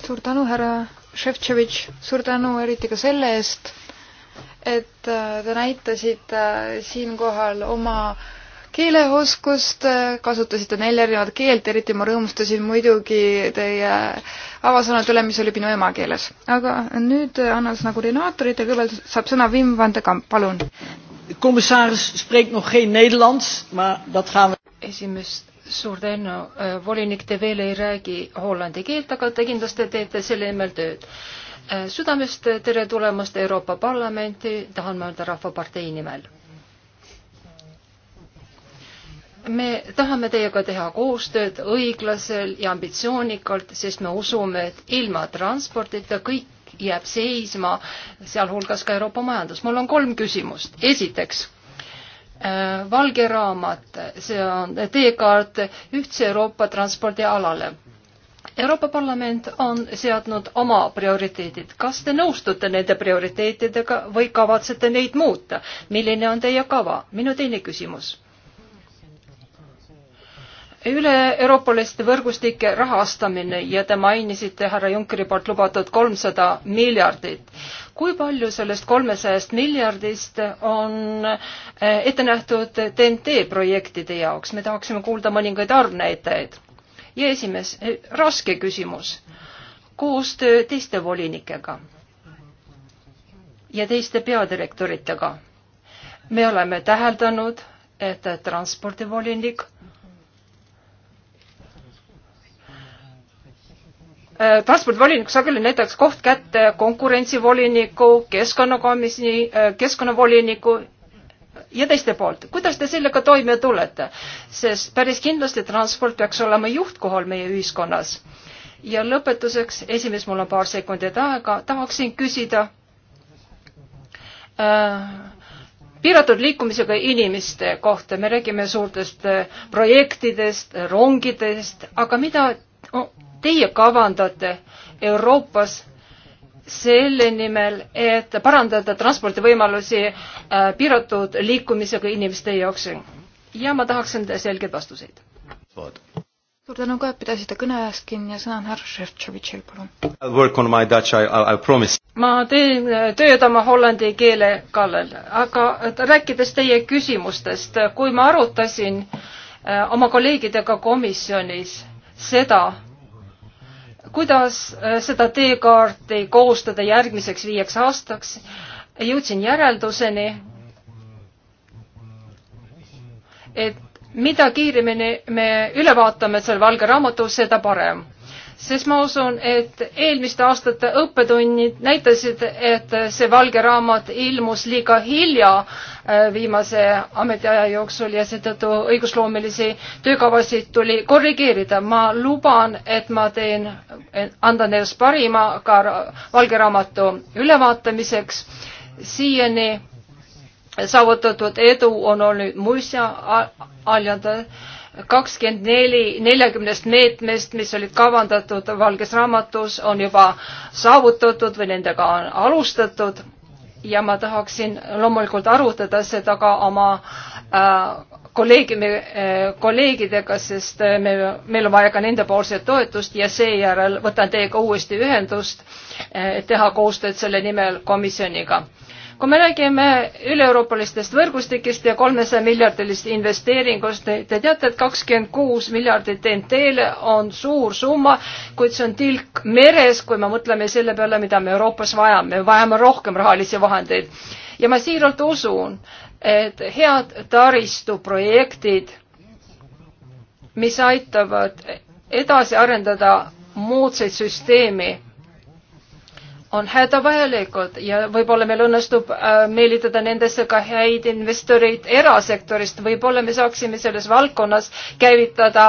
suur tänu, härra Šefčovitš, suur tänu eriti ka selle eest, et äh, te näitasite äh, siinkohal oma keeleoskust, äh, kasutasite nelja erinevat keelt, eriti ma rõõmustasin muidugi teie avasõnade üle, mis oli minu emakeeles. aga nüüd annan sõna koordinaatoritele, kõigepealt saab sõna Wim van de Kamp, palun. komissaris spreekt nog geen nederlands, ma dat gaan we. esimees suur tänu, äh, volinik, te veel ei räägi hollandi keelt, aga te kindlasti teete selle nimel tööd. Äh, südamest tere tulemast Euroopa Parlamenti, tahan ma öelda Rahvapartei nimel me tahame teiega teha koostööd õiglasel ja ambitsioonikalt, sest me usume, et ilma transpordita kõik jääb seisma, sealhulgas ka Euroopa majandus. mul on kolm küsimust. esiteks, Äh, valge raamat, see on teekaart ühtse Euroopa transpordialale. Euroopa Parlament on seadnud oma prioriteedid. kas te nõustute nende prioriteetidega või kavatsete neid muuta? milline on teie kava? minu teine küsimus üle-euroopaliste võrgustike rahastamine ja te mainisite härra Junckeri poolt lubatud kolmsada miljardit. kui palju sellest kolmesajast miljardist on eh, ette nähtud TNT projektide jaoks, me tahaksime kuulda mõningaid arvnäitajaid. ja esimees, eh, raske küsimus, koostöö teiste volinikega ja teiste peadirektoritega. me oleme täheldanud, et transpordivolinik Äh, transpordivolinik sageli näitaks koht kätte konkurentsivoliniku, keskkonnakomisjoni, äh, keskkonnavoliniku ja teiste poolt. kuidas te sellega toime tulete? sest päris kindlasti transport peaks olema juhtkohal meie ühiskonnas. ja lõpetuseks, esimees, mul on paar sekundit aega, tahaksin küsida äh, piiratud liikumisega inimeste kohta, me räägime suurtest äh, projektidest, rongidest, aga mida teie kavandate Euroopas selle nimel, et parandada transpordivõimalusi äh, piiratud liikumisega inimeste jaoks? ja ma tahaksin selgeid vastuseid. suur tänu ka, et pidasite kõne ajast kinni ja sõna on härra Šeftšovitšil, palun. ma teen äh, tööd oma hollandi keele kallal, aga rääkides teie küsimustest, kui ma arutasin äh, oma kolleegidega komisjonis seda, kuidas äh, seda teekaarti koostada järgmiseks viieks aastaks, jõudsin järelduseni, et mida kiiremini me üle vaatame selle valge raamatu, seda parem sest ma usun, et eelmiste aastate õppetunnid näitasid, et see valge raamat ilmus liiga hilja äh, viimase ametiaja jooksul ja seetõttu õigusloomelisi töökavasid tuli korrigeerida. ma luban, et ma teen, andan endast parima ka valge raamatu ülevaatamiseks. siiani saavutatud edu on olnud muisja aljade al al al kakskümmend neli, neljakümnest meetmest, mis olid kavandatud Valges Raamatus, on juba saavutatud või nendega on alustatud ja ma tahaksin loomulikult arutada seda ka oma äh, kolleegiumi äh,, kolleegidega, sest äh, me, meil on vaja ka nendepoolset toetust ja seejärel võtan teiega uuesti ühendust äh,, et teha koostööd selle nimel komisjoniga äh, kui me räägime üle-euroopalistest võrgustikest ja kolmesaja miljardilist investeeringust, te teate, et kakskümmend kuus miljardit NT-le on suur summa, kuid see on tilk meres, kui me mõtleme selle peale, mida me Euroopas vajame, vajame rohkem rahalisi vahendeid. ja ma siiralt usun, et head taristuprojektid, mis aitavad edasi arendada moodsaid süsteemi on hädavajalikud ja võib-olla meil õnnestub äh, meelitada nendesse ka häid investoreid erasektorist, võib-olla me saaksime selles valdkonnas käivitada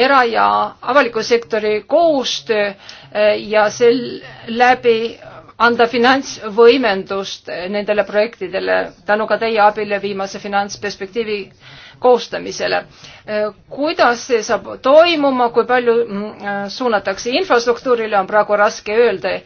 era- ja avaliku sektori koostöö äh, ja sel läbi anda finantsvõimendust nendele projektidele tänu ka teie abile viimase finantsperspektiivi koostamisele. Äh, kuidas see saab toimuma, kui palju mm, suunatakse infrastruktuurile, on praegu raske öelda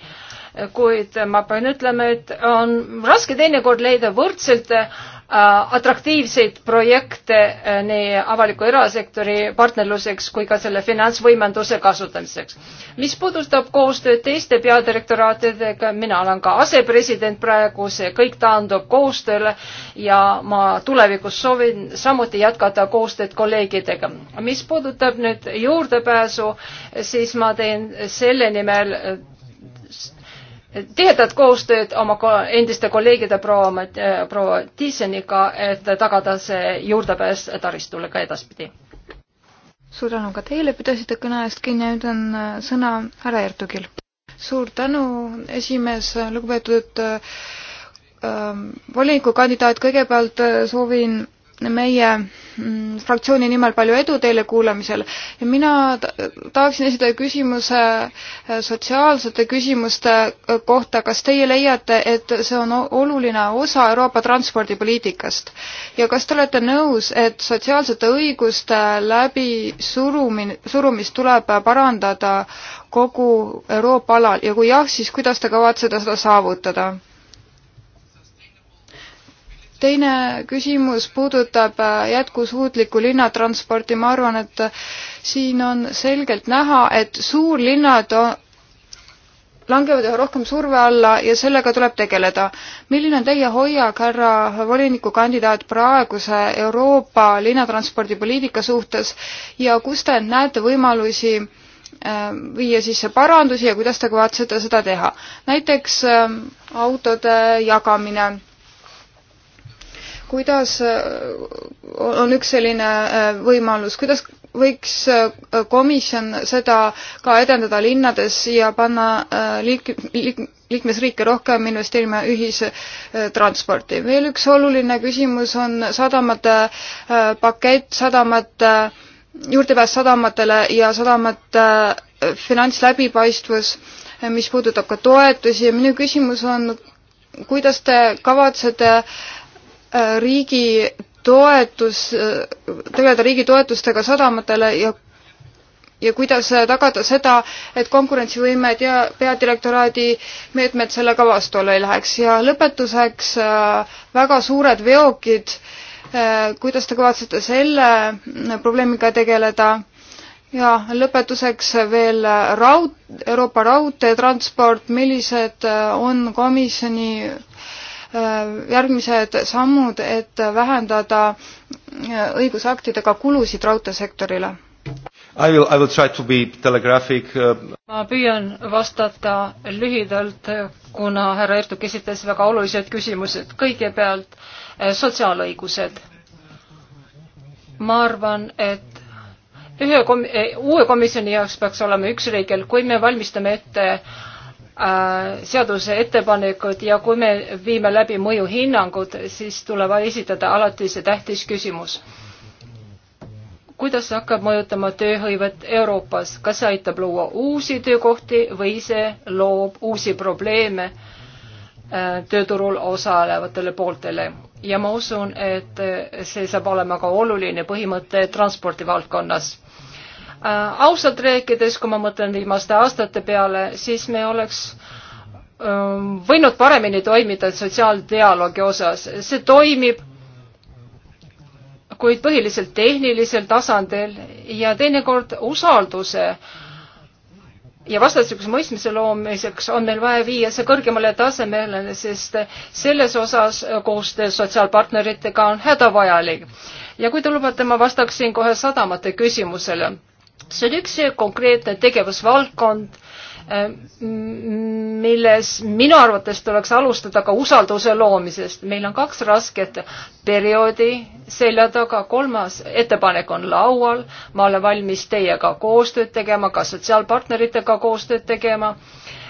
kuid ma pean ütlema, et on raske teinekord leida võrdselt äh, atraktiivseid projekte äh, nii avaliku erasektori partnerluseks kui ka selle finantsvõimenduse kasutamiseks. mis puudutab koostööd teiste peadirektoraatidega, mina olen ka asepresident praegu, see kõik taandub koostööle ja ma tulevikus soovin samuti jätkata koostööd kolleegidega. mis puudutab nüüd juurdepääsu, siis ma teen selle nimel tihedat koostööd oma endiste kolleegide proua, äh, proua Tiiseniga, et tagada see juurdepääs taristule ka edaspidi. suur tänu ka teile, pidasite kõne eest kinni ja nüüd on äh, sõna härra Ertugil. suur tänu, esimees, lugupeetud äh, äh volinikukandidaat, kõigepealt soovin meie mm, fraktsiooni nimel palju edu teile kuulamisel ja mina tahaksin esitada küsimuse äh, sotsiaalsete küsimuste äh, kohta, kas teie leiate, et see on oluline osa Euroopa transpordipoliitikast ja kas te olete nõus, et sotsiaalsete õiguste läbi surumi, surumist tuleb parandada kogu Euroopa alal ja kui jah, siis kuidas te kavatsete seda saavutada? teine küsimus puudutab äh, jätkusuutlikku linnatransporti, ma arvan, et äh, siin on selgelt näha, et suurlinnad langevad üha rohkem surve alla ja sellega tuleb tegeleda. milline on teie hoiak, härra volinikukandidaat, praeguse Euroopa linnatranspordipoliitika suhtes ja kus te näete võimalusi äh, viia sisse parandusi ja kuidas te kavatsete seda teha? näiteks autode jagamine kuidas äh, on üks selline äh, võimalus, kuidas võiks äh, komisjon seda ka edendada linnades ja panna liik-, liik-, liikmesriike rohkem investeerima ühistransporti. veel üks oluline küsimus on sadamate pakett, sadamate, juurdepääs sadamatele ja sadamate finantsläbipaistvus, mis puudutab ka toetusi ja minu küsimus on, kuidas te kavatsete äh, Äh, riigi toetus, äh, tegeleda riigi toetustega sadamatele ja ja kuidas äh, tagada seda, et konkurentsivõime tea, peadirektoraadi meetmed sellega vastuollu ei läheks ja lõpetuseks väga suured veokid, kuidas te kavatsete selle probleemiga tegeleda ja lõpetuseks veel raud-, Euroopa raudteetransport, millised on komisjoni Äh, järgmised sammud, et vähendada äh, õigusaktidega kulusid raudteesektorile? I will, I will try to be telegraphic. Uh, ma püüan vastata lühidalt, kuna härra Ertuk esitas väga olulised küsimused. kõigepealt äh, sotsiaalõigused. ma arvan, et ühe kom-, uue komisjoni jaoks peaks olema üks reegel, kui me valmistame ette äh, Äh, seaduseettepanekud ja kui me viime läbi mõjuhinnangud, siis tuleb esitada alati see tähtis küsimus. kuidas hakkab mõjutama tööhõivet Euroopas, kas see aitab luua uusi töökohti või see loob uusi probleeme äh, tööturul osalevatele pooltele? ja ma usun, et see saab olema ka oluline põhimõte transpordivaldkonnas Äh, ausalt rääkides, kui ma mõtlen viimaste aastate peale, siis me oleks ähm, võinud paremini toimida sotsiaaldialoogi osas. see toimib, kuid põhiliselt tehnilisel tasandil ja teinekord usalduse ja vastastikuse mõistmise loomiseks on meil vaja viia see kõrgemale tasemele, sest selles osas koostöö sotsiaalpartneritega on hädavajalik. ja kui te lubate, ma vastaksin kohe sadamate küsimusele see on üks konkreetne tegevusvaldkond, äh, milles minu arvates tuleks alustada ka usalduse loomisest. meil on kaks rasket perioodi selja taga, kolmas ettepanek on laual, ma olen valmis teiega koostööd tegema, ka sotsiaalpartneritega koostööd tegema,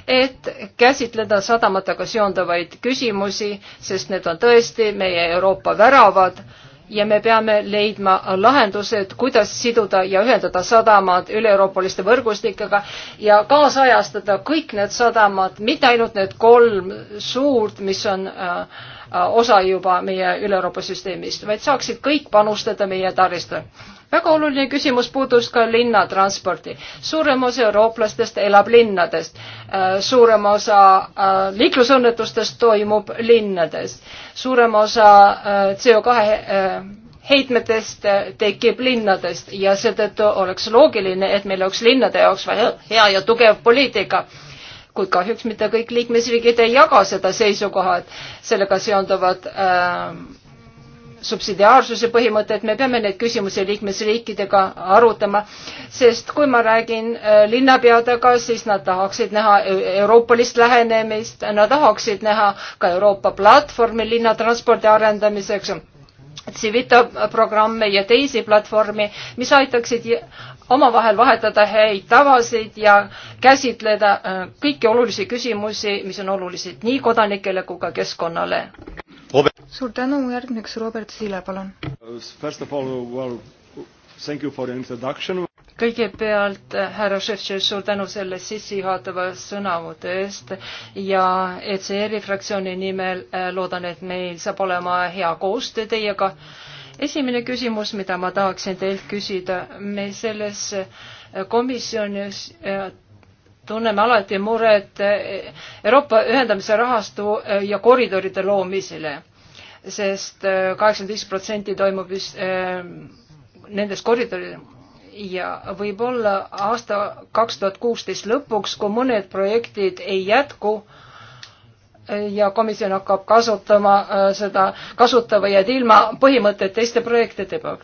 et käsitleda sadamatega seonduvaid küsimusi, sest need on tõesti meie Euroopa väravad ja me peame leidma lahendused, kuidas siduda ja ühendada sadamad üle-euroopaliste võrgustikega ja kaasajastada kõik need sadamad, mitte ainult need kolm suurt, mis on äh, osa juba meie üle-Euroopa süsteemist, vaid saaksid kõik panustada meie taristu väga oluline küsimus puudus ka linnatransporti. suurem osa eurooplastest elab linnades, äh, suurem osa äh, liiklusõnnetustest toimub linnades, suurem osa äh, CO2 heitmetest tekib linnadest ja seetõttu oleks loogiline, et meil oleks linnade jaoks vaja hea ja tugev poliitika kuid kahjuks mitte kõik liikmesriigid ei jaga seda seisukoha, et sellega seonduvad äh, subsidiaarsuse põhimõtet, me peame neid küsimusi liikmesriikidega arutama, sest kui ma räägin äh, linnapeadega, siis nad tahaksid näha e-, euroopalist lähenemist, nad tahaksid näha ka Euroopa platvormi linnatranspordi arendamiseks, Civita programme ja teisi platvormi, mis aitaksid omavahel vahetada häid tavasid ja käsitleda äh, kõiki olulisi küsimusi, mis on olulised nii kodanikele kui ka keskkonnale suur tänu, järgmiseks Robert Sile, palun. kõigepealt äh, härra Šefčev, suur tänu selle sissejuhatava sõnavõtu eest ja ECR-i fraktsiooni nimel äh, loodan, et meil saab olema hea koostöö teiega. esimene küsimus, mida ma tahaksin teilt küsida, me selles äh, komisjonis tunneme alati muret eh, Euroopa ühendamise rahastu eh, ja koridoride loomisele sest, sest eh, kaheksakümmend viis protsenti toimub just nendes koridorides ja võib-olla aasta kaks tuhat kuusteist lõpuks, kui mõned projektid ei jätku, ja komisjon hakkab kasutama äh, seda kasutava ja ilma põhimõtet teiste projektide peal.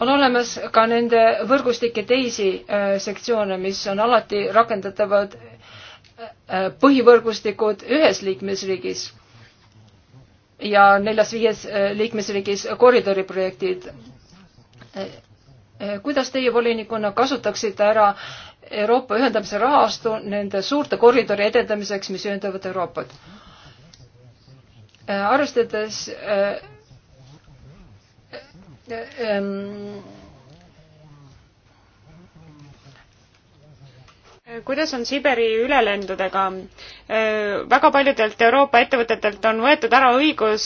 on olemas ka nende võrgustike teisi äh, sektsioone, mis on alati rakendatavad äh, põhivõrgustikud ühes liikmesriigis ja neljas-viies liikmesriigis koridoriprojektid. kuidas teie volinikuna kasutaksite ära Euroopa ühendamise rahastu nende suurte koridori edendamiseks, mis ühendavad Euroopat? Äh, arvestades äh, äh, ähm, kuidas on Siberi ülelendudega? väga paljudelt Euroopa ettevõtetelt on võetud ära õigus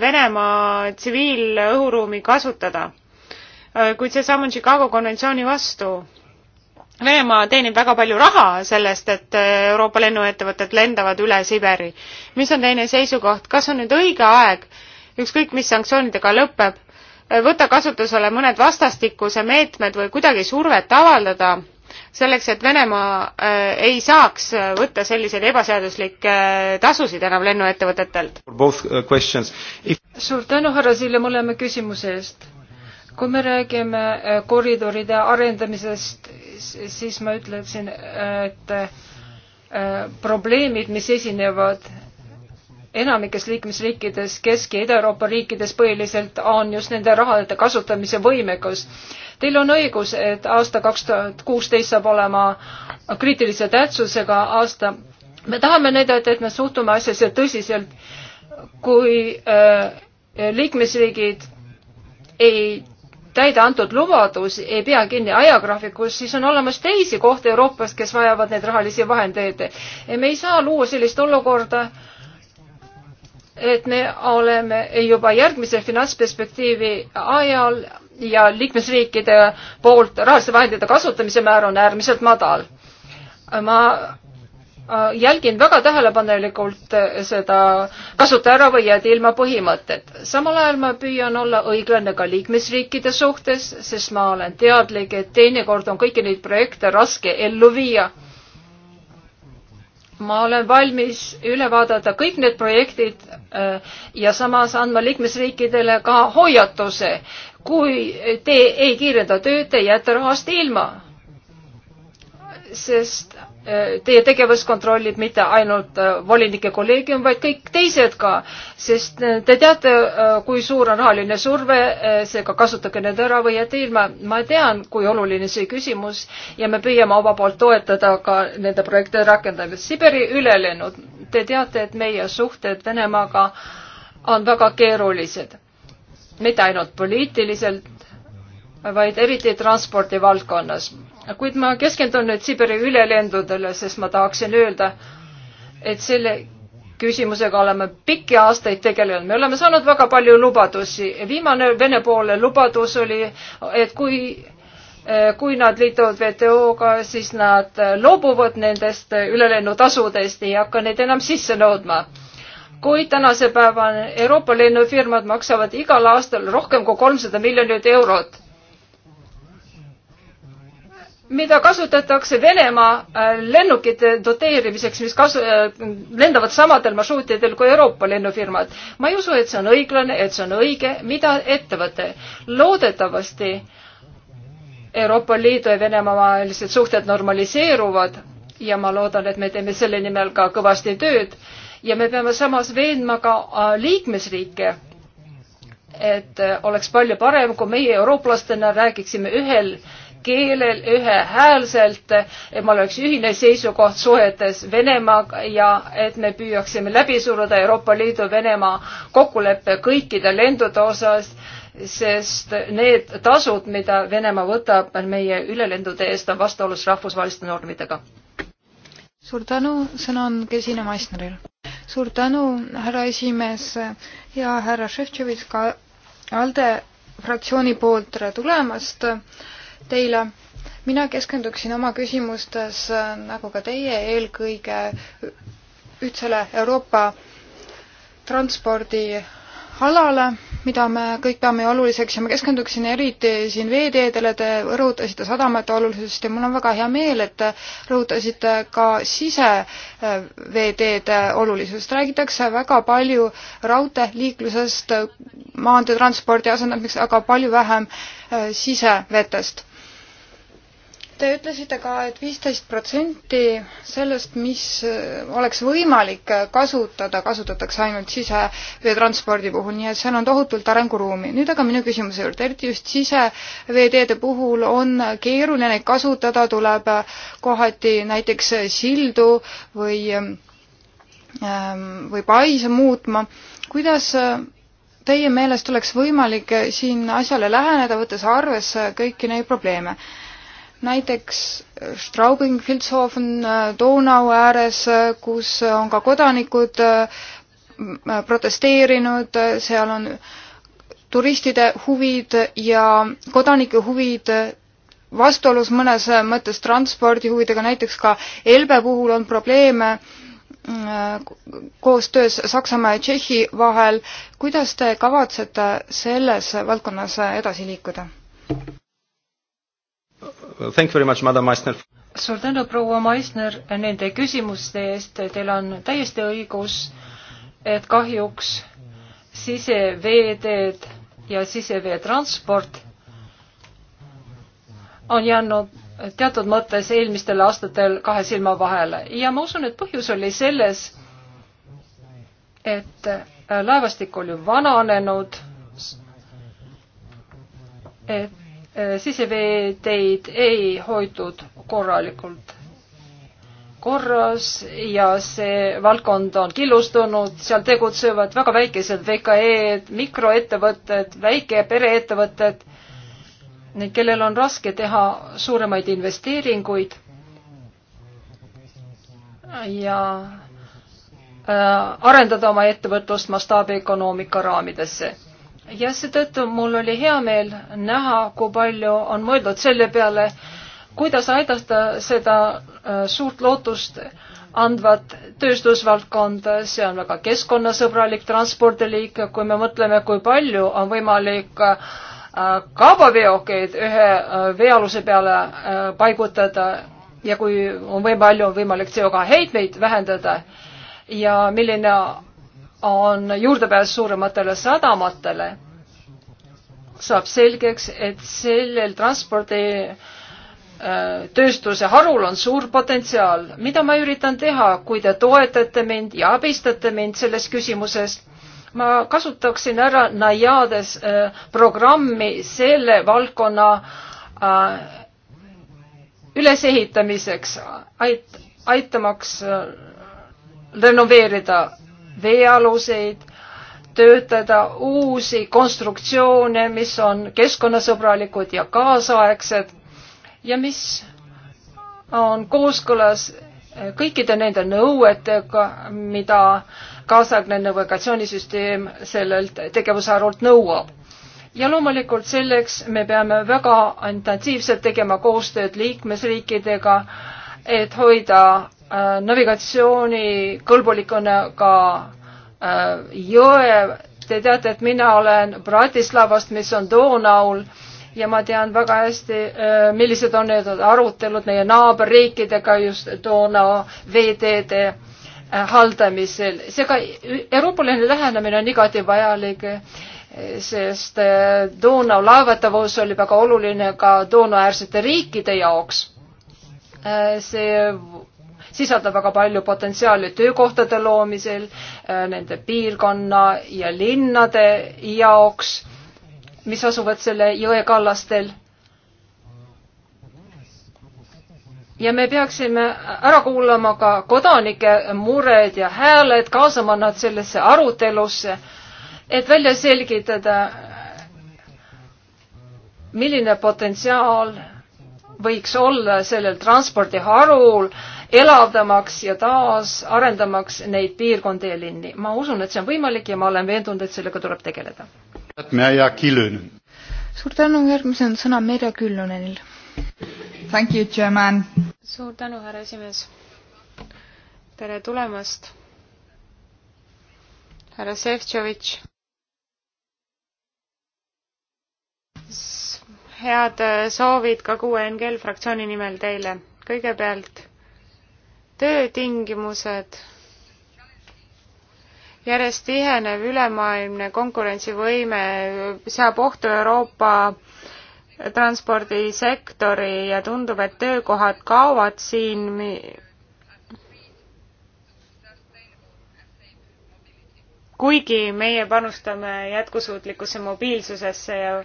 Venemaa tsiviilõhuruumi kasutada, kuid see samm on Chicago konventsiooni vastu Venemaa teenib väga palju raha sellest, et äh, Euroopa lennuettevõtted lendavad üle Siberi. mis on teine seisukoht, kas on nüüd õige aeg, ükskõik mis sanktsioonidega lõpeb, äh, võtta kasutusele mõned vastastikuse meetmed või kuidagi survet avaldada selleks, et Venemaa äh, ei saaks äh, võtta selliseid ebaseaduslikke äh, tasusid enam lennuettevõtetelt? If... suur tänu, härra Sille, mõlema küsimuse eest kui me räägime äh, koridoride arendamisest, siis ma ütleksin, et äh, probleemid, mis esinevad enamikes liikmesriikides, Kesk- ja Ida-Euroopa riikides põhiliselt, on just nende rahade kasutamise võimekus. Teil on õigus, et aasta kaks tuhat kuusteist saab olema kriitilise tähtsusega aasta. me tahame näidata, et me suhtume asjasse tõsiselt, kui äh, liikmesriigid ei täida antud lubadus, ei pea kinni ajagraafikust, siis on olemas teisi kohti Euroopas, kes vajavad neid rahalisi vahendeid. me ei saa luua sellist olukorda, et me oleme juba järgmise finantsperspektiivi ajal ja liikmesriikide poolt rahaliste vahendite kasutamise määr on äärmiselt madal. ma Äh, jälgin väga tähelepanelikult äh, seda kasuta ära või jääd ilma põhimõtet. samal ajal ma püüan olla õiglane ka liikmesriikide suhtes, sest ma olen teadlik, et teinekord on kõiki neid projekte raske ellu viia. ma olen valmis üle vaadata kõik need projektid äh, ja samas andma liikmesriikidele ka hoiatuse, kui te ei kiirenda tööd, te jääte rahast ilma. sest Äh, teie tegevust kontrollib mitte ainult äh, volinike kolleegium, vaid kõik teised ka, sest äh, te teate, kui suur on rahaline surve, seega kasutage need ära või jääte ilma. ma tean, kui oluline see küsimus ja me püüame oma poolt toetada ka nende projektide rakendamist. Siberi ülelennud, te teate, et meie suhted Venemaaga on väga keerulised, mitte ainult poliitiliselt, vaid eriti transpordivaldkonnas kuid ma keskendun nüüd Siberi ülelendudele, sest ma tahaksin öelda, et selle küsimusega oleme pikki aastaid tegelenud, me oleme saanud väga palju lubadusi, viimane Vene poole lubadus oli, et kui eh, kui nad liituvad WTO-ga, siis nad loobuvad nendest ülelennutasudest, ei hakka neid enam sisse nõudma kuid tänase päeva Euroopa lennufirmad maksavad igal aastal rohkem kui kolmsada miljonit eurot mida kasutatakse Venemaa äh, lennukite doteerimiseks, mis kasu-, äh, lendavad samadel marsruutidel kui Euroopa lennufirmad. ma ei usu, et see on õiglane, et see on õige, mida ettevõte. loodetavasti Euroopa Liidu ja Venemaa vahelised suhted normaliseeruvad ja ma loodan, et me teeme selle nimel ka kõvasti tööd ja me peame samas veenma ka äh, liikmesriike, et oleks palju parem, kui meie eurooplastena räägiksime ühel äh, keelel ühehäälselt, et meil oleks ühine seisukoht suhetes Venemaaga ja et me püüaksime läbi suruda Euroopa Liidu Venemaa kokkuleppe kõikide lendude osas, sest need tasud, mida Venemaa võtab meie ülelendude eest, on vastuolus rahvusvaheliste normidega. suur tänu, sõna on Gesine Meissneril. suur tänu, härra esimees ja härra Šeftšovitš ka ALDE fraktsiooni poolt tere tulemast teile. mina keskenduksin oma küsimustes, äh, nagu ka teie, eelkõige ühtsele Euroopa transpordialale, mida me kõik peame oluliseks ja ma keskenduksin eriti siin veeteedele, te rõhutasite sadamate olulisust ja mul on väga hea meel, et te rõhutasite ka siseveeteede äh, olulisust. räägitakse väga palju raudteeliiklusest maanteetranspordi asendamiseks, aga palju vähem äh, sisevetest Te ütlesite ka et, et viisteist protsenti sellest, mis äh, oleks võimalik äh, kasutada, kasutatakse ainult siseveetranspordi puhul, nii et seal on tohutult arenguruumi. nüüd aga minu küsimuse juurde, eriti just siseveeteede puhul on keeruline neid kasutada, tuleb äh, kohati näiteks sildu või, ähm, ähm, või paise muutma. kuidas teie meelest oleks võimalik siin asjale läheneda, võttes arvesse kõiki neid probleeme? näiteks Straubing, Filthofen, äh, Donau ääres, äh, kus on ka kodanikud äh, protesteerinud, seal on turistide huvid ja kodanike huvid vastuolus mõnes mõttes transpordi huvidega, näiteks ka Elbe puhul on probleeme koostöös Saksamaa ja Tšehhi vahel. kuidas te kavatsete selles valdkonnas edasi liikuda? Thank you very much, madam Meissner. suur tänu, proua Meissner, nende küsimuste eest. Teil on täiesti õigus, et kahjuks siseveeteed ja siseveetransport on jäänud teatud mõttes eelmistel aastatel kahe silma vahele ja ma usun, et põhjus oli selles, et laevastik oli vananenud, et Äh, siseveeteid ei hoitud korralikult korras ja see valdkond on killustunud, seal tegutsevad väga väikesed VKE-d, mikroettevõtted, väike pereettevõtted, kellel on raske teha suuremaid investeeringuid ja äh, arendada oma ettevõtlust mastaabiökonoomika raamidesse ja seetõttu mul oli hea meel näha, kui palju on mõeldud selle peale, kuidas aidata seda äh, suurt lootust andvat tööstusvaldkonda, see on väga keskkonnasõbralik transpordiliik, kui me mõtleme, kui palju on võimalik äh, kaubaveokeid ühe äh, veealuse peale paigutada ja kui on või palju on võimalik CO2 heitmeid vähendada ja milline on juurdepääs suurematele sadamatele, saab selgeks, et sellel transpordi äh, tööstuse harul on suur potentsiaal. mida ma üritan teha, kui te toetate mind ja abistate mind selles küsimuses? ma kasutaksin ära Najades äh, programmi selle valdkonna äh, ülesehitamiseks, ait-, aitamaks renoveerida veealuseid, töötada uusi konstruktsioone, mis on keskkonnasõbralikud ja kaasaegsed ja mis on kooskõlas kõikide nende nõuetega, mida kaasaegne navigatsioonisüsteem sellelt tegevusharult nõuab. ja loomulikult selleks me peame väga intensiivselt tegema koostööd liikmesriikidega, et hoida Äh, navigatsiooni kõlbulik on ka äh, jõe. Te teate, et mina olen Bratislavast, mis on Donaul ja ma tean väga hästi, äh, millised on need arutelud meie naaberriikidega just Donau veeteede haldamisel. seega euroopaline lähenemine on igati vajalik sest Donau laevatavus oli väga oluline ka Donauäärsete riikide jaoks. see sisaldab väga palju potentsiaali töökohtade loomisel äh, nende piirkonna ja linnade jaoks, mis asuvad selle jõe kallastel. ja me peaksime ära kuulama ka kodanike mured ja hääled, kaasama nad sellesse arutelusse, et välja selgitada, milline potentsiaal võiks olla sellel transpordiharul äh, elavdamaks ja taasarendamaks neid piirkondi ja linni. ma usun, et see on võimalik ja ma olen veendunud, et sellega tuleb tegeleda. suur tänu, järgmisena on sõna Merje Küllonenil. Thank you, German. suur tänu, härra esimees. tere tulemast, härra Šefčovitš. head äh, soovid ka QNGL fraktsiooni nimel teile. kõigepealt töötingimused, järjest tihenev ülemaailmne konkurentsivõime seab ohtu Euroopa transpordisektori ja tundub, et töökohad kaovad siin. kuigi meie panustame jätkusuutlikkusse mobiilsusesse ja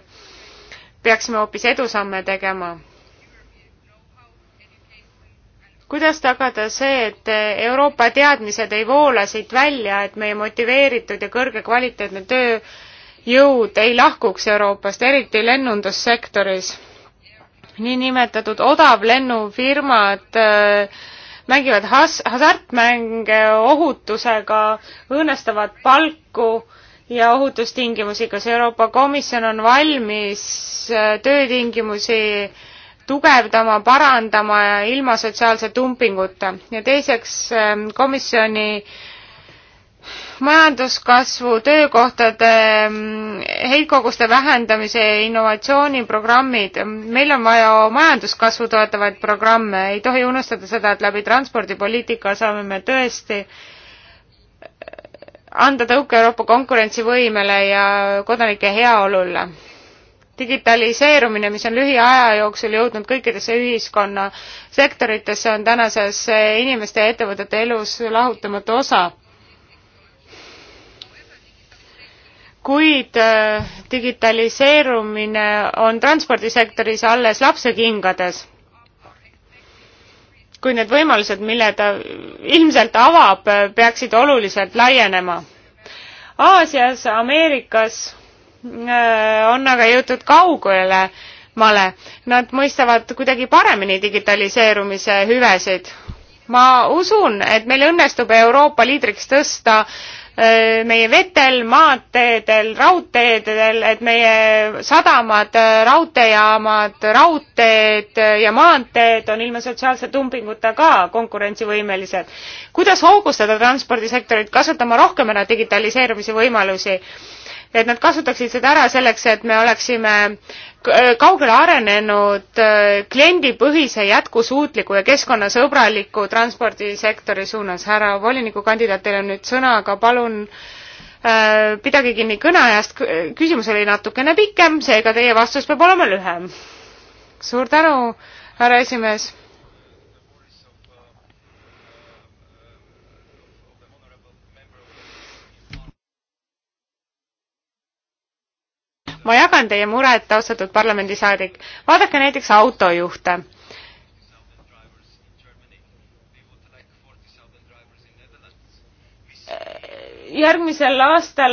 peaksime hoopis edusamme tegema kuidas tagada see, et Euroopa teadmised ei voola siit välja, et meie motiveeritud ja kõrgekvaliteetne tööjõud ei lahkuks Euroopast, eriti lennundussektoris? niinimetatud odavlennufirmad äh, mängivad has-, hasartmänge ohutusega, õõnestavad palku ja ohutustingimusi. kas Euroopa Komisjon on valmis äh, töötingimusi äh, tugevdama, parandama ilma sotsiaalse dumpinguta ja teiseks ähm, komisjoni majanduskasvu, töökohtade, ähm, heitkoguste vähendamise innovatsiooniprogrammid. meil on vaja majanduskasvu toetavaid programme, ei tohi unustada seda, et läbi transpordipoliitika saame me tõesti äh, anda tõuke Euroopa konkurentsivõimele ja kodanike heaolule digitaliseerumine, mis on lühiaja jooksul jõudnud kõikidesse ühiskonnasektoritesse, on tänases eh, inimeste ja ettevõtete elus lahutamatu osa. kuid eh, digitaliseerumine on transpordisektoris alles lapsekingades kui need võimalused, mille ta ilmselt avab, eh, peaksid oluliselt laienema. Aasias, Ameerikas Äh, on aga jõutud kaugele male. Nad mõistavad kuidagi paremini digitaliseerumise hüvesid. ma usun, et meil õnnestub Euroopa liidriks tõsta äh, meie vetel, maanteedel, raudteedel, et meie sadamad, äh, raudteejaamad, raudteed ja maanteed on ilma sotsiaalse dumpinguta ka konkurentsivõimelised. kuidas hoogustada transpordisektorit, kasutama rohkem ära digitaliseerumise võimalusi? et nad kasutaksid seda ära selleks, et me oleksime äh, kaugele arenenud äh, kliendipõhise jätkusuutliku ja keskkonnasõbraliku transpordisektori suunas. härra volinikukandidaat, teil on nüüd sõna, aga palun äh, pidage kinni kõneajast, äh, küsimus oli natukene pikem, seega teie vastus peab olema lühem. suur tänu, härra esimees ma jagan teie muret, austatud parlamendisaadik. vaadake näiteks autojuhte järgmisel aastal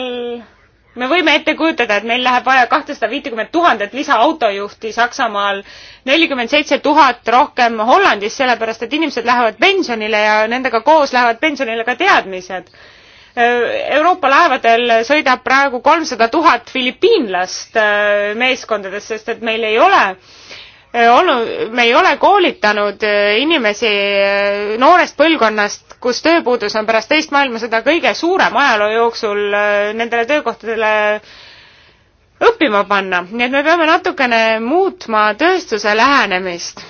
me võime ette kujutada, et meil läheb vaja kahtesada viitekümmet tuhandet lisaautojuhti Saksamaal, nelikümmend seitse tuhat rohkem Hollandis, sellepärast et inimesed lähevad pensionile ja nendega koos lähevad pensionile ka teadmised. Äh, Euroopa laevadel sõidab praegu kolmsada tuhat filipiinlast äh, meeskondades, sest et meil ei ole äh, olnud, me ei ole koolitanud inimesi noorest põlvkonnast, kus tööpuudus on pärast teist maailmasõda kõige suurem ajaloo jooksul nendele töökohtadele õppima panna, nii et me peame natukene muutma tööstuse lähenemist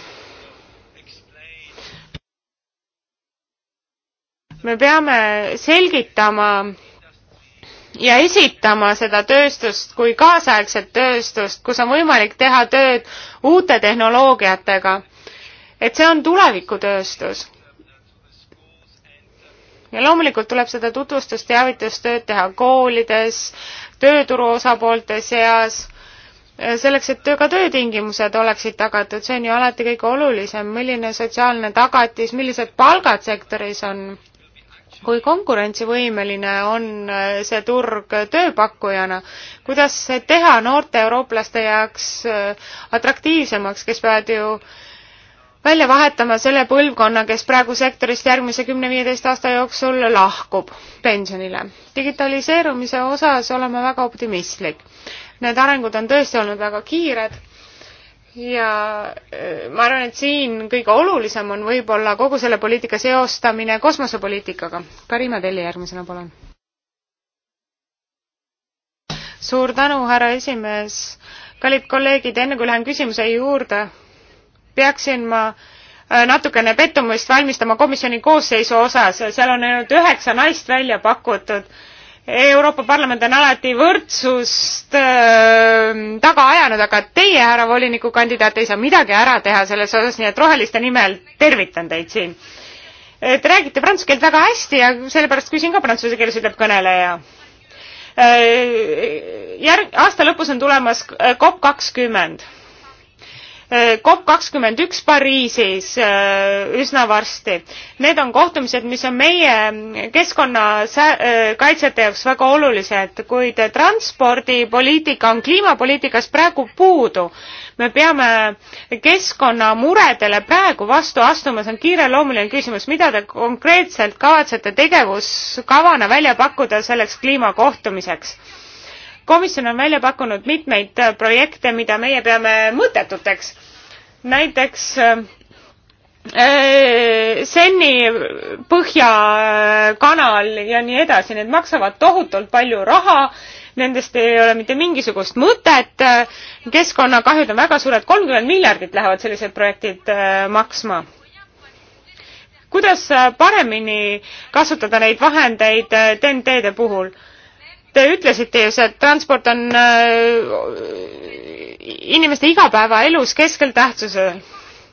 me peame selgitama ja esitama seda tööstust kui kaasaegset tööstust, kus on võimalik teha tööd uute tehnoloogiatega. et see on tulevikutööstus. ja loomulikult tuleb seda tutvustust, teavitustööd teha koolides, tööturu osapoolte seas, selleks, et ka töötingimused oleksid tagatud, see on ju alati kõige olulisem, milline sotsiaalne tagatis, millised palgad sektoris on kui konkurentsivõimeline on äh, see turg tööpakkujana, kuidas teha noorte eurooplaste jaoks äh, atraktiivsemaks, kes peavad ju välja vahetama selle põlvkonna, kes praegu sektorist järgmise kümne-viieteist aasta jooksul lahkub pensionile. digitaliseerumise osas olen ma väga optimistlik. Need arengud on tõesti olnud väga kiired ja eh, ma arvan, et siin kõige olulisem on võib-olla kogu selle poliitika seostamine kosmosepoliitikaga. Karima Telli järgmisena, palun. suur tänu, härra esimees. kallid kolleegid, enne kui lähen küsimuse juurde, peaksin ma eh, natukene pettumust valmistama komisjoni koosseisu osas, seal on ainult üheksa naist välja pakutud Euroopa Parlament on alati võrdsust äh, taga ajanud, aga teie, härra volinikukandidaat, ei saa midagi ära teha selles osas, nii et roheliste nimel tervitan teid siin. Te räägite prantsuse keelt väga hästi ja sellepärast küsin ka prantsuse keeles, ütleb kõneleja äh, järg-, aasta lõpus on tulemas COP kakskümmend COP kakskümmend üks Pariisis äh, üsna varsti. Need on kohtumised, mis on meie keskkonnakaitsjate äh, jaoks väga olulised, kuid transpordipoliitika on kliimapoliitikas praegu puudu. me peame keskkonnamuredele praegu vastu astuma, see on kiireloomuline küsimus, mida te konkreetselt kavatsete tegevuskavana välja pakkuda selleks kliimakohtumiseks? komisjon on välja pakkunud mitmeid äh, projekte, mida meie peame mõttetuteks. näiteks äh, äh, Senni Põhjakanal ja nii edasi, need maksavad tohutult palju raha, nendest ei ole mitte mingisugust mõtet, keskkonnakahjud on väga suured, kolmkümmend miljardit lähevad sellised projektid maksma kuidas paremini kasutada neid vahendeid TNT-de puhul? Te ütlesite ju, et transport on äh, inimeste igapäevaelus keskel tähtsusel.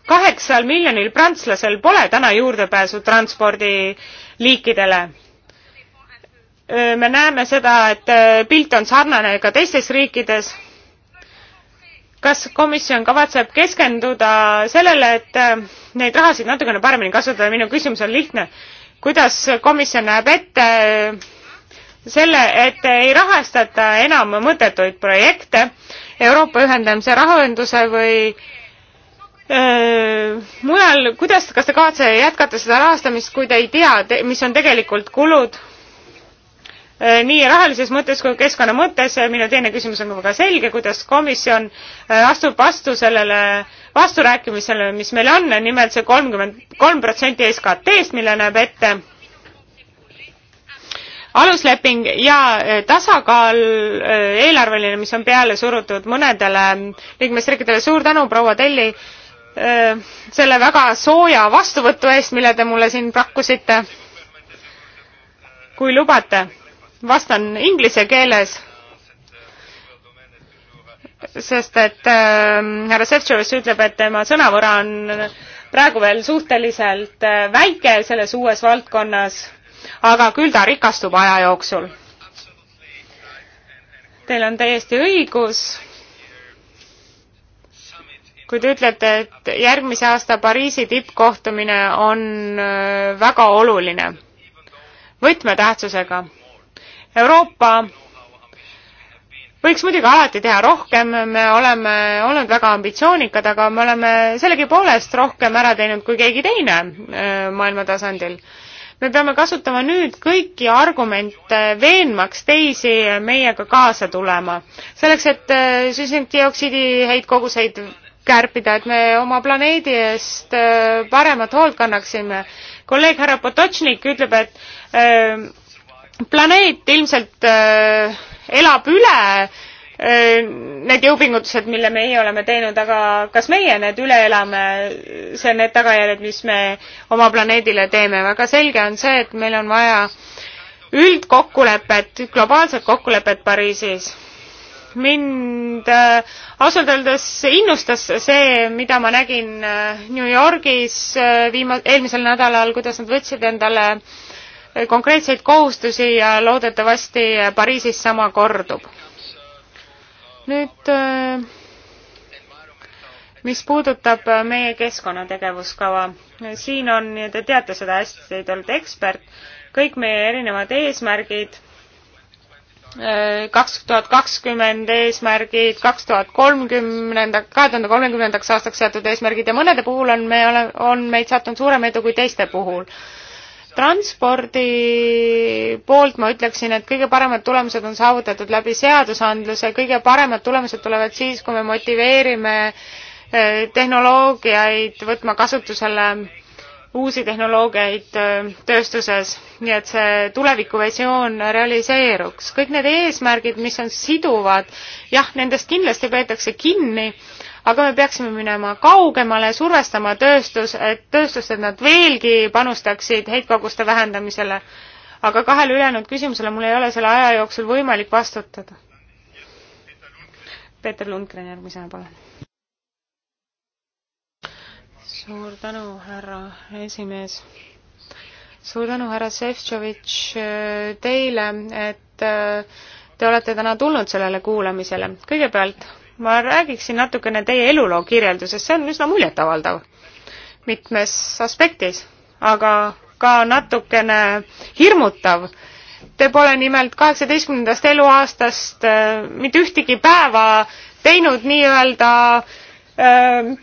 kaheksal miljonil prantslasel pole täna juurdepääsu transpordiliikidele äh, me näeme seda, et äh, pilt on sarnane ka teistes riikides. kas komisjon kavatseb keskenduda sellele, et neid rahasid natukene paremini kasutada, minu küsimus on lihtne. kuidas komisjon näeb ette selle, et ei rahastata enam mõttetuid projekte Euroopa ühendamise rahanduse või öö, mujal, kuidas, kas te kavatsete jätkata seda rahastamist, kui te ei tea, mis on tegelikult kulud? nii rahalises mõttes kui keskkonna mõttes, minu teine küsimus on ka väga selge, kuidas komisjon astub vastu sellele vasturääkimisele, mis meil on, nimelt see kolmkümmend kolm protsenti SKT-st, mille näeb ette alusleping ja eh, tasakaal eh, eelarveline, mis on peale surutud mõnedele liikmesriikidele, suur tänu, proua Telli, eh, selle väga sooja vastuvõtu eest, mille te mulle siin pakkusite. kui lubate, vastan inglise keeles sest et ehm, härra äh, Šefčovis ütleb, et tema sõnavõra on praegu veel suhteliselt väike selles uues valdkonnas aga küll ta rikastub aja jooksul. Teil on täiesti õigus. kui te ütlete, et järgmise aasta Pariisi tippkohtumine on äh, väga oluline, võtmetähtsusega. Euroopa võiks muidugi alati teha rohkem, me oleme olnud väga ambitsioonikad, aga me oleme sellegipoolest rohkem ära teinud kui keegi teine äh, maailma tasandil me peame kasutama nüüd kõiki argumente veenmaks teisi meiega kaasa tulema, selleks et äh, süsinikdioksiidi heitkoguseid kärpida, et me oma planeedi eest äh, paremat hoolt kannaksime. kolleeg härra Potočnik ütleb, et öö, äh, planeet ilmselt öö, elab üle need jõupingutused, mille meie oleme teinud, aga kas meie need üle elame, see, need tagajärjed, mis me oma planeedile teeme. väga selge on see, et meil on vaja üldkokkulepet, globaalset kokkulepet Pariisis. mind äh, ausalt öeldes innustas see, mida ma nägin äh, New Yorgis äh, viima-, eelmisel nädalal, kuidas nad võtsid endale äh, konkreetseid kohustusi ja loodetavasti äh, Pariisis sama kordub nüüd äh, mis puudutab äh, meie keskkonnategevuskava, siin on, te teate seda hästi, te olete ekspert, kõik meie erinevad eesmärgid, äh, kaks tuhat kakskümmend eesmärgid, kaks tuhat kolmkümnenda, kahe tuhande kolmekümnendaks aastaks seatud eesmärgid ja mõnede puhul on me, on meid sattunud suurem edu kui teiste puhul transpordi poolt ma ütleksin, et kõige paremad tulemused on saavutatud läbi seadusandluse, kõige paremad tulemused tulevad siis, kui me motiveerime eh, tehnoloogiaid võtma kasutusele uusi tehnoloogiaid eh, tööstuses, nii et see tulevikuvisioon realiseeruks. kõik need eesmärgid, mis on siduvad, jah, nendest kindlasti peetakse kinni, aga me peaksime minema kaugemale, survestama tööstus, et tööstust, et nad veelgi panustaksid heitkoguste vähendamisele. aga kahele ülejäänud küsimusele mul ei ole selle aja jooksul võimalik vastutada. Peeter Lundgren järgmisena, palun. suur tänu, härra esimees suur tänu, härra Šefčovitš, teile, et äh, te olete täna tulnud sellele kuulamisele. kõigepealt ma räägiksin natukene teie eluloo kirjeldusest, see on üsna muljetavaldav mitmes aspektis, aga ka natukene hirmutav. Te pole nimelt kaheksateistkümnendast eluaastast äh, mitte ühtegi päeva teinud nii-öelda äh,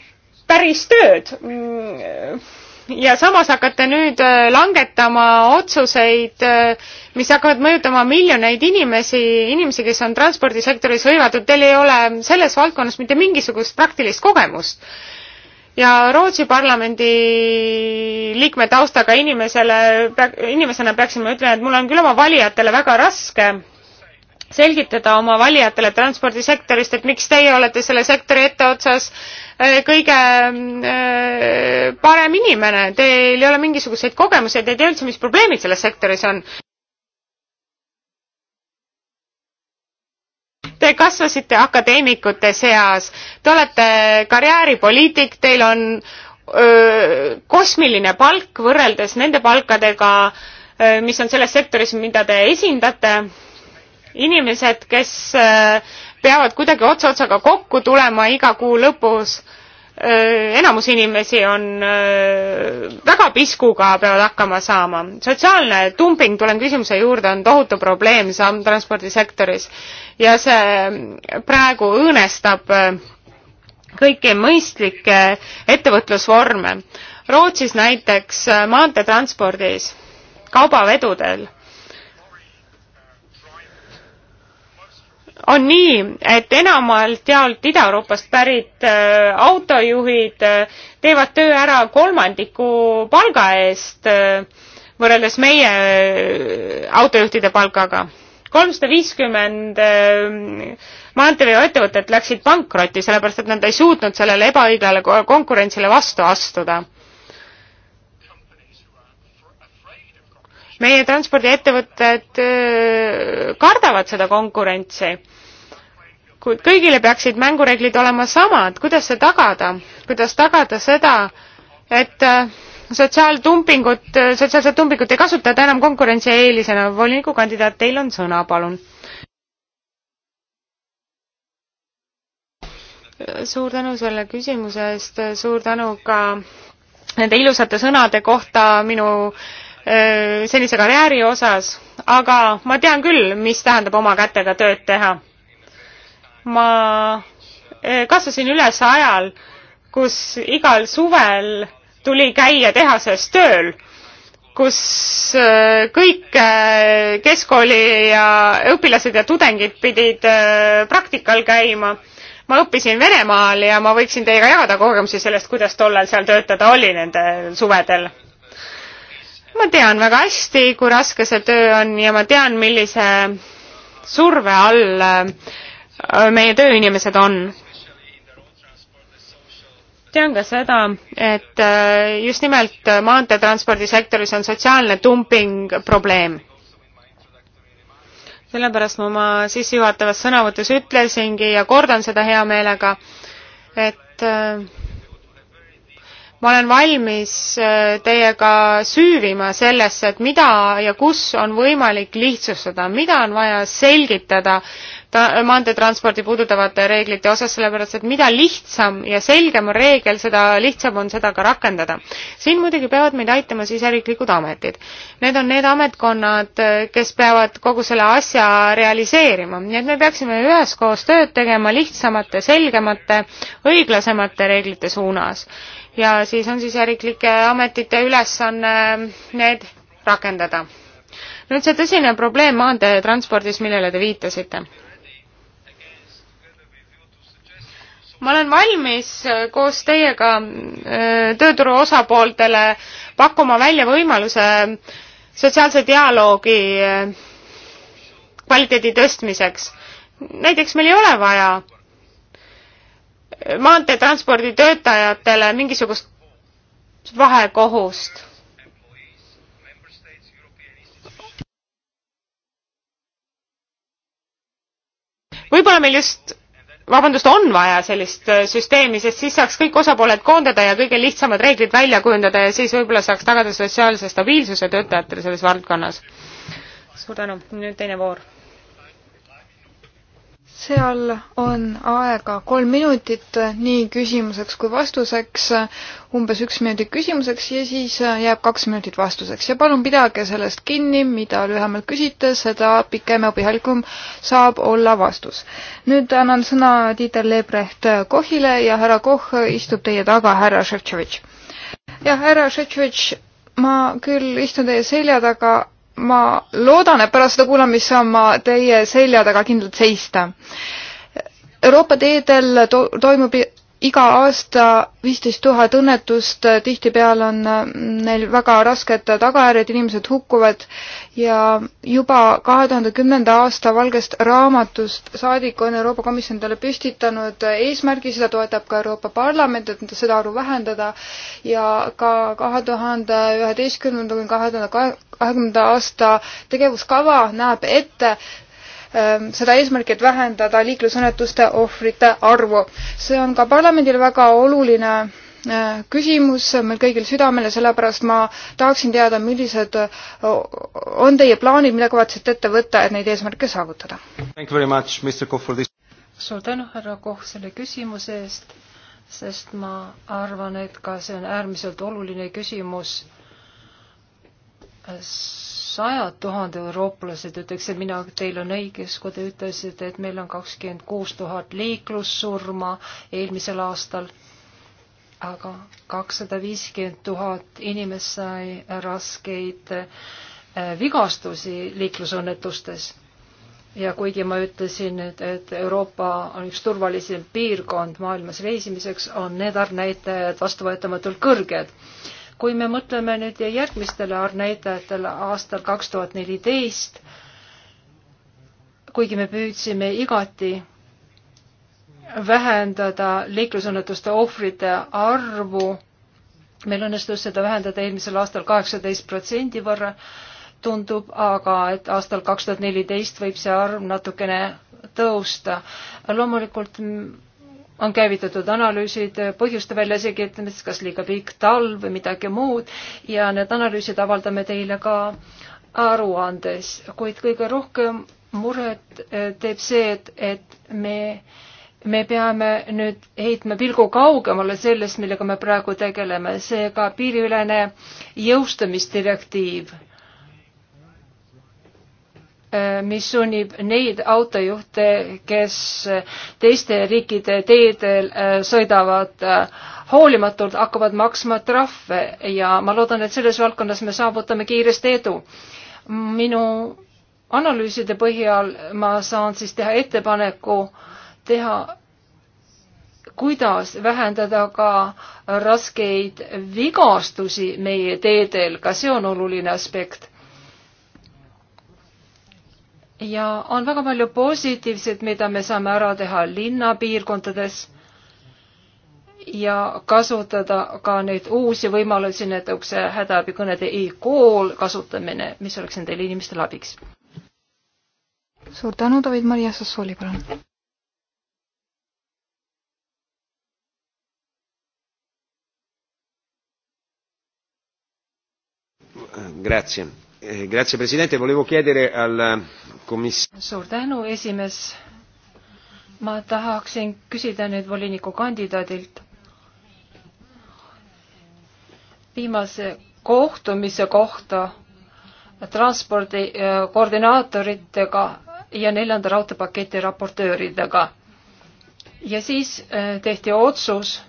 päris tööd mm, ja samas hakkate nüüd äh, langetama otsuseid, äh, mis hakkavad mõjutama miljoneid inimesi, inimesi, kes on transpordisektoris hõivatud, teil ei ole selles valdkonnas mitte mingisugust praktilist kogemust. ja Rootsi parlamendi liikme taustaga inimesele, inimesena peaksime ütlema, et mul on küll oma valijatele väga raske selgitada oma valijatele transpordisektorist, et miks teie olete selle sektori etteotsas äh, kõige äh, parem inimene, teil ei ole mingisuguseid kogemusi, te ei tea üldse, mis probleemid selles sektoris on. Te kasvasite akadeemikute seas, te olete karjääripoliitik, teil on öö, kosmiline palk võrreldes nende palkadega, mis on selles sektoris, mida te esindate inimesed, kes äh, peavad kuidagi ots otsaga kokku tulema iga kuu lõpus. Äh, enamus inimesi on äh, väga piskuga, peavad hakkama saama. sotsiaalne dumping, tulen küsimuse juurde, on tohutu probleem samm transpordisektoris ja see praegu õõnestab kõiki mõistlikke ettevõtlusvorme. Rootsis näiteks maanteetranspordis, kaubavedudel on nii, et enamalt jaolt Ida-Euroopast pärit äh, autojuhid äh, teevad töö ära kolmandiku palga eest äh, võrreldes meie äh, autojuhtide palgaga. kolmsada viiskümmend äh, maanteeveoettevõtet läksid pankrotti, sellepärast et nad ei suutnud sellele ebaõiglale konkurentsile vastu astuda meie transpordiettevõtted äh, kardavad seda konkurentsi. kuid kõigile peaksid mängureeglid olema samad, kuidas see tagada, kuidas tagada seda, et äh, sotsiaaltumpingut, äh, sotsiaalset tumpingut ei kasutata enam konkurentsieelisena. volinikukandidaat, teil on sõna, palun. suur tänu selle küsimuse eest, suur tänu ka nende ilusate sõnade kohta minu äh, senise karjääri osas, aga ma tean küll, mis tähendab oma kätega tööd teha. ma kasvasin üles ajal, kus igal suvel tuli käia tehases tööl, kus kõik keskkooli ja õpilased ja tudengid pidid praktikal käima. ma õppisin Venemaal ja ma võiksin teiega jagada kogemusi sellest, kuidas tollal seal töötada oli nendel suvedel ma tean väga hästi, kui raske see töö on ja ma tean, millise surve all äh, meie tööinimesed on. tean ka seda, et äh, just nimelt maanteetranspordisektoris on sotsiaalne dumping probleem. sellepärast ma oma sissejuhatavas sõnavõtus ütlesingi ja kordan seda hea meelega, et äh, ma olen valmis äh, teiega süüvima sellesse, et mida ja kus on võimalik lihtsustada, mida on vaja selgitada maanteetranspordi puudutavate reeglite osas, sellepärast et mida lihtsam ja selgem on reegel, seda lihtsam on seda ka rakendada. siin muidugi peavad meid aitama siseriiklikud ametid. Need on need ametkonnad, äh, kes peavad kogu selle asja realiseerima, nii et me peaksime üheskoos tööd tegema lihtsamate, selgemate, õiglasemate reeglite suunas ja siis on siseriiklike ametite ülesanne need rakendada. nüüd see tõsine probleem maanteetranspordis, millele te viitasite. ma olen valmis koos teiega äh, tööturu osapooltele pakkuma välja võimaluse sotsiaalse dialoogi äh, kvaliteedi tõstmiseks. näiteks meil ei ole vaja maanteetranspordi töötajatele mingisugust vahekohust. võib-olla meil just, vabandust, on vaja sellist äh, süsteemi, sest siis saaks kõik osapooled koondada ja kõige lihtsamad reeglid välja kujundada ja siis võib-olla saaks tagada sotsiaalse stabiilsuse töötajatele selles valdkonnas. suur tänu, nüüd teine voor seal on aega kolm minutit nii küsimuseks kui vastuseks, umbes üks minutit küsimuseks ja siis jääb kaks minutit vastuseks ja palun pidage sellest kinni, mida lühemalt küsite, seda pikem ja põhjalikum saab olla vastus. nüüd annan sõna Tiitel Lebrecht Kohile ja härra Koh istub teie taga, härra Šeftšovitš. jah, härra Šeftšovitš, ma küll istun teie selja taga, ma loodan, et pärast seda kuulamist saan ma teie selja taga kindlalt seista Euroopa teedel to toimub iga aasta viisteist tuhat õnnetust, tihtipeale on äh, neil väga rasked tagajärjed, inimesed hukkuvad ja juba kahe tuhande kümnenda aasta valgest raamatust saadik on Euroopa Komisjon talle püstitanud eesmärgi, seda toetab ka Euroopa Parlament, et seda arvu vähendada ja ka kahe tuhande üheteistkümnenda kuni kahe tuhande kahekümnenda aasta tegevuskava näeb ette Ähm, seda eesmärki, et vähendada liiklusõnnetuste ohvrite arvu. see on ka parlamendil väga oluline äh, küsimus meil kõigil südamel ja sellepärast ma tahaksin teada, millised äh, on teie plaanid, mida kavatsete ette võtta, et neid eesmärke saavutada? suur tänu, härra Koh, selle küsimuse eest, sest ma arvan, et ka see on äärmiselt oluline küsimus sajad tuhanded eurooplased ütleks, et mina, teil on õigus, kui te ütlesite, et meil on kakskümmend kuus tuhat liiklussurma eelmisel aastal, aga kakssada viiskümmend tuhat inimest sai raskeid äh, vigastusi liiklusõnnetustes. ja kuigi ma ütlesin, et, et Euroopa on üks turvalisem piirkond maailmas reisimiseks, on need arvnäitajad vastuvõetamatult kõrged kui me mõtleme nüüd järgmistele näitajatele aastal kaks tuhat neliteist, kuigi me püüdsime igati vähendada liiklusõnnetuste ohvrite arvu, meil õnnestus seda vähendada eelmisel aastal kaheksateist protsendi võrra, tundub aga, et aastal kaks tuhat neliteist võib see arv natukene tõusta. loomulikult on käivitatud analüüsid põhjuste väljaselgitamiseks, kas liiga pikk talv või midagi muud ja need analüüsid avaldame teile ka aruandes, kuid kõige rohkem muret eh, teeb see, et, et me, me peame nüüd heitma pilgu kaugemale sellest, millega me praegu tegeleme, seega piiriülene jõustamisdirektiiv Äh, mis sunnib neid autojuhte, kes teiste riikide teedel äh, sõidavad äh, hoolimatult, hakkavad maksma trahve ja ma loodan, et selles valdkonnas me saavutame kiiresti edu. minu analüüside põhjal ma saan siis teha ettepaneku teha, kuidas vähendada ka raskeid vigastusi meie teedel, ka see on oluline aspekt ja on väga palju positiivset, mida me saame ära teha linnapiirkondades ja kasutada ka neid uusi võimalusi, näiteks hädaabikõnede e-kool kasutamine, mis oleks nendele inimestele abiks. suur tänu, David Maria Sassooli, palun. Grazie Eh, grazie Presidente, volevo chiedere al eh, commiss-. suur tänu, esimees. ma tahaksin küsida nüüd volinikukandidaadilt. viimase kohtumise kohta transpordi eh, koordinaatoritega ja neljanda raudteepaketi raportööridega. ja siis tehti otsus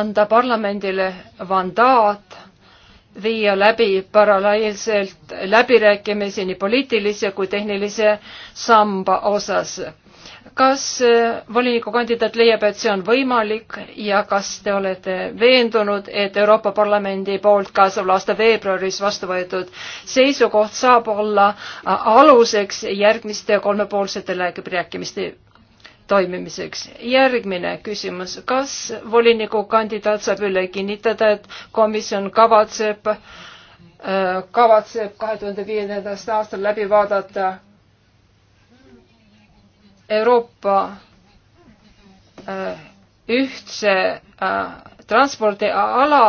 anda parlamendile mandaat viia läbi paralleelselt läbirääkimisi nii poliitilise kui tehnilise samba osas. kas äh, voliniku kandidaat leiab, et see on võimalik ja kas te olete veendunud, et Euroopa Parlamendi poolt käesoleva aasta veebruaris vastu võetud seisukoht saab olla äh, aluseks järgmiste kolmepoolsete läbirääkimiste toimimiseks. järgmine küsimus, kas volinikukandidaat saab üle kinnitada, et komisjon kavatseb, äh, kavatseb kahe tuhande viiendast aastal läbi vaadata Euroopa äh, ühtse äh, transpordiala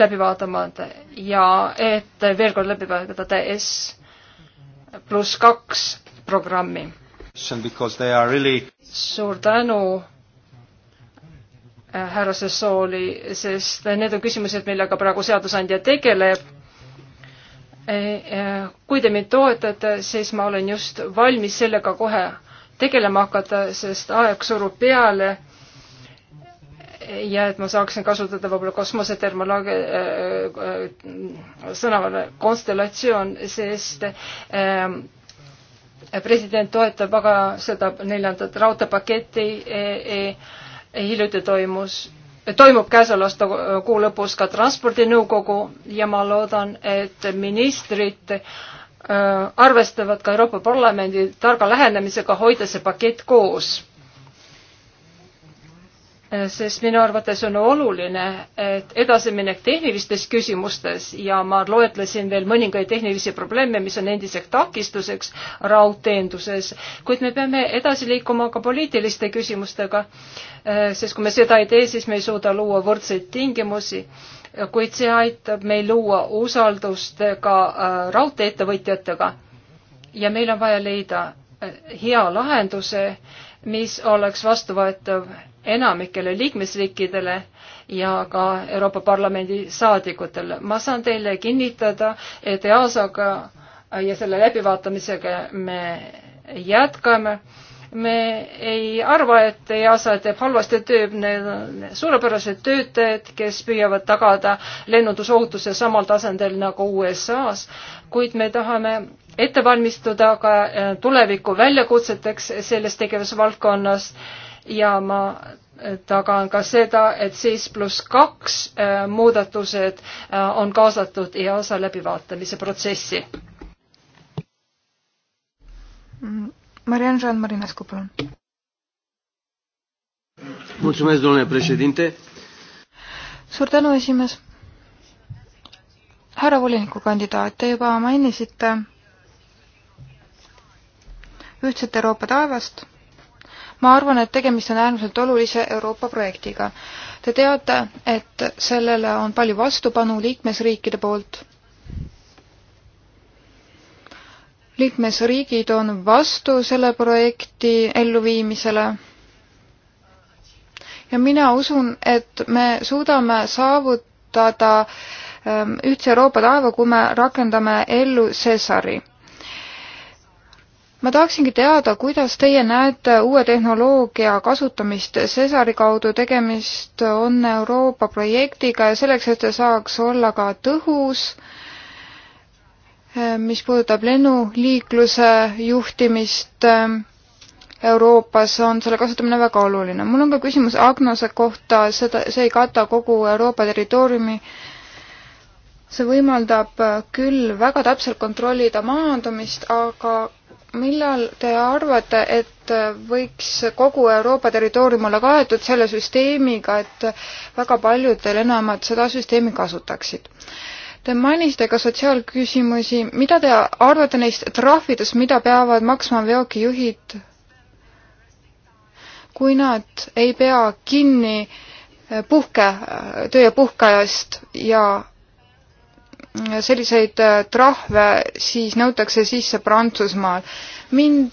läbi vaatamata ja et veel kord läbi vaadata S pluss kaks programmi Really... suur tänu, äh, härra Sessooli, sest need on küsimused, millega praegu seadusandja tegeleb. Äh, äh, kui te mind toetate, siis ma olen just valmis sellega kohe tegelema hakata, sest aeg surub peale ja et ma saaksin kasutada võib-olla kosmosetermoloogia äh, äh, sõnavara konstellatsioon, sest äh, president toetab aga seda neljandat raudteepaketti e, e, e, hiljuti toimus, toimub käesoleva aasta kuu lõpus ka transpordinõukogu ja ma loodan, et ministrid äh, arvestavad ka Euroopa Parlamendi targa lähenemisega hoida see pakett koos sest minu arvates on oluline, et edasiminek tehnilistes küsimustes ja ma loetlesin veel mõningaid tehnilisi probleeme, mis on endiseks takistuseks raudteenduses, kuid me peame edasi liikuma ka poliitiliste küsimustega, eh, sest kui me seda ei tee, siis me ei suuda luua võrdseid tingimusi, kuid see aitab meil luua usaldust ka eh, raudtee-ettevõtjatega. ja meil on vaja leida eh, hea lahenduse, mis oleks vastuvõetav enamikele liikmesriikidele ja ka Euroopa Parlamendi saadikutele. ma saan teile kinnitada, et EASA-ga ja selle läbivaatamisega me jätkame. me ei arva, et EASA teeb halvasti tööd, need on suurepärased töötajad, kes püüavad tagada lennundusohutuse samal tasandil nagu USA-s, kuid me tahame ette valmistuda ka tuleviku väljakutseteks selles tegevusvaldkonnas ja ma tagan ka seda, et seis pluss kaks äh, muudatused äh, on kaasatud EASA läbivaatamise protsessi. Marian Jean Marinescu, palun. mulțumesc, domnule președinte. suur tänu, esimees. härra volinikukandidaat, te juba mainisite ühtset Euroopa taevast ma arvan, et tegemist on äärmiselt olulise Euroopa projektiga. Te teate, et sellele on palju vastupanu liikmesriikide poolt. liikmesriigid on vastu selle projekti elluviimisele ja mina usun, et me suudame saavutada ähm, ühtse Euroopa taeva, kui me rakendame ellu Cesari ma tahaksingi teada, kuidas teie näete uue tehnoloogia kasutamist Cesari kaudu, tegemist on Euroopa projektiga ja selleks, et ta saaks olla ka tõhus, eh, mis puudutab lennuliikluse juhtimist eh, Euroopas, on selle kasutamine väga oluline. mul on ka küsimus Agnose kohta, seda, see ei kata kogu Euroopa territooriumi, see võimaldab küll väga täpselt kontrollida maandumist, aga millal te arvate, et võiks kogu Euroopa territoorium olla kaetud selle süsteemiga, et väga paljudel enamad seda süsteemi kasutaksid? Te mainisite ka sotsiaalküsimusi, mida te arvate neist trahvidest, mida peavad maksma veokijuhid, kui nad ei pea kinni puhke, töö ja puhkeajast ja selliseid äh, trahve siis nõutakse sisse Prantsusmaal. mind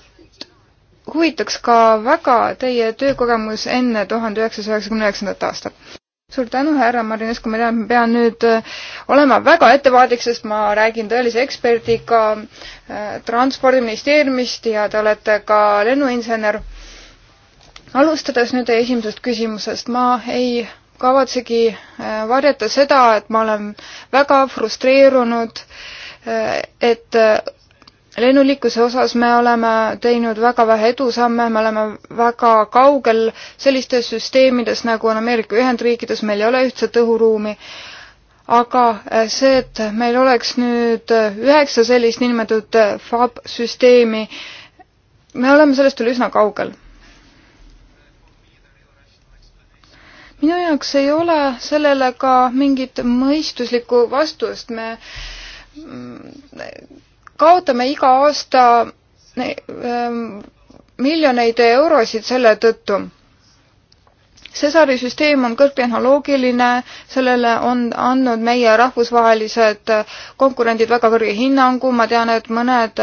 huvitaks ka väga teie töökogemus enne tuhande üheksasaja üheksakümne üheksandat aastat. suur tänu, härra Marinescu, ma tean, ma pean nüüd äh, olema väga ettevaatlik, sest ma räägin tõelise eksperdiga äh, Transpordiministeeriumist ja te olete ka lennuinsener. alustades nüüd teie esimesest küsimusest, ma ei kavatsegi äh, varjata seda, et ma olen väga frustreerunud, äh, et äh, lennuliikluse osas me oleme teinud väga vähe edusamme, me oleme väga kaugel sellistes süsteemides, nagu on Ameerika Ühendriikides, meil ei ole ühtset õhuruumi, aga see, et meil oleks nüüd üheksa sellist niinimetatud FAB süsteemi, me oleme sellest veel üsna kaugel minu jaoks ei ole sellele ka mingit mõistuslikku vastust, me mm, kaotame iga aasta ähm, miljoneid eurosid selle tõttu. Cesari süsteem on kõrgtehnoloogiline, sellele on andnud meie rahvusvahelised konkurendid väga kõrge hinnangu, ma tean, et mõned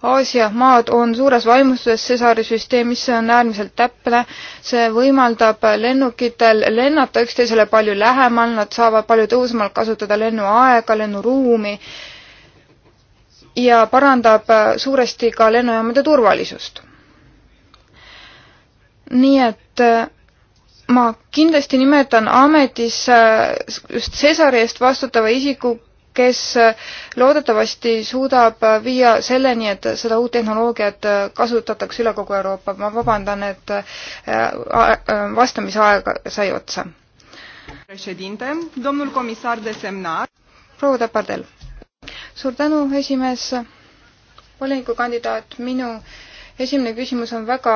Aasia maad on suures vaimustuses Cesari süsteemis, see on äärmiselt täpne, see võimaldab lennukitel lennata üksteisele palju lähemal, nad saavad palju tõhusamalt kasutada lennuaega, lennuruumi ja parandab suuresti ka lennujaamade turvalisust. nii et äh, ma kindlasti nimetan ametisse just Cesari eest vastutava isiku kes äh, loodetavasti suudab äh, viia selleni, et seda uut tehnoloogiat äh, kasutatakse üle kogu Euroopa. ma vabandan, et vastamisaeg sai otsa. proua Tepardel. suur tänu, esimees, volinikukandidaat, minu esimene küsimus on väga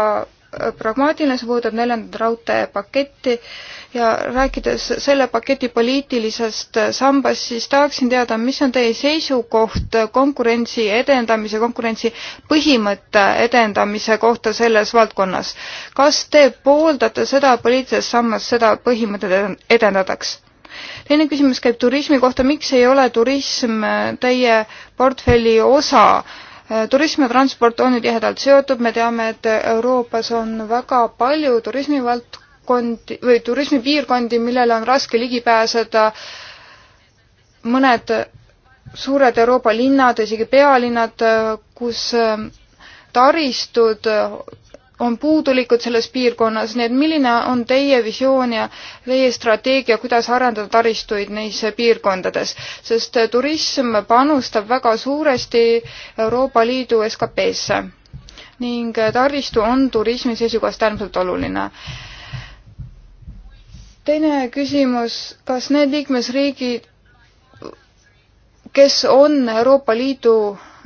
pragmaatiline, see puudutab neljandat raudteepaketti ja rääkides selle paketi poliitilisest sambast, siis tahaksin teada, mis on teie seisukoht konkurentsi edendamise, konkurentsi põhimõtte edendamise kohta selles valdkonnas. kas te pooldate seda poliitilises sammas, seda põhimõtet edendataks? teine küsimus käib turismi kohta, miks ei ole turism teie portfelli osa? Äh, turism ja transport on nüüd tihedalt seotud, me teame, et Euroopas on väga palju turismivaldkondi või turismipiirkondi, millele on raske ligi pääseda. mõned suured Euroopa linnad, isegi pealinnad, kus äh, taristud on puudulikud selles piirkonnas, nii et milline on teie visioon ja teie strateegia, kuidas arendada taristuid neis piirkondades, sest turism panustab väga suuresti Euroopa Liidu SKP-sse ning taristu on turismi seisukohast äärmiselt oluline teine küsimus, kas need liikmesriigid, kes on Euroopa Liidu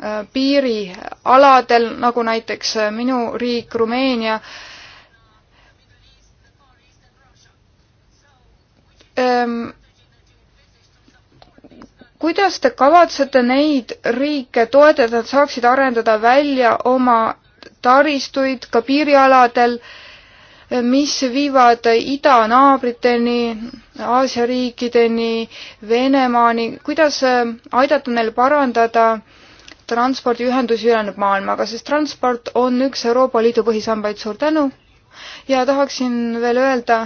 Äh, piirialadel, nagu näiteks äh, minu riik Rumeenia, ähm, kuidas te kavatsete neid riike toetada, et saaksid arendada välja oma taristuid ka piirialadel, äh, mis viivad idanaabriteni, Aasia riikideni, Venemaani, kuidas aidata neil parandada äh, transpordiühendusi ülejäänud maailmaga, sest transport on üks Euroopa Liidu põhisambaid, suur tänu. ja tahaksin veel öelda,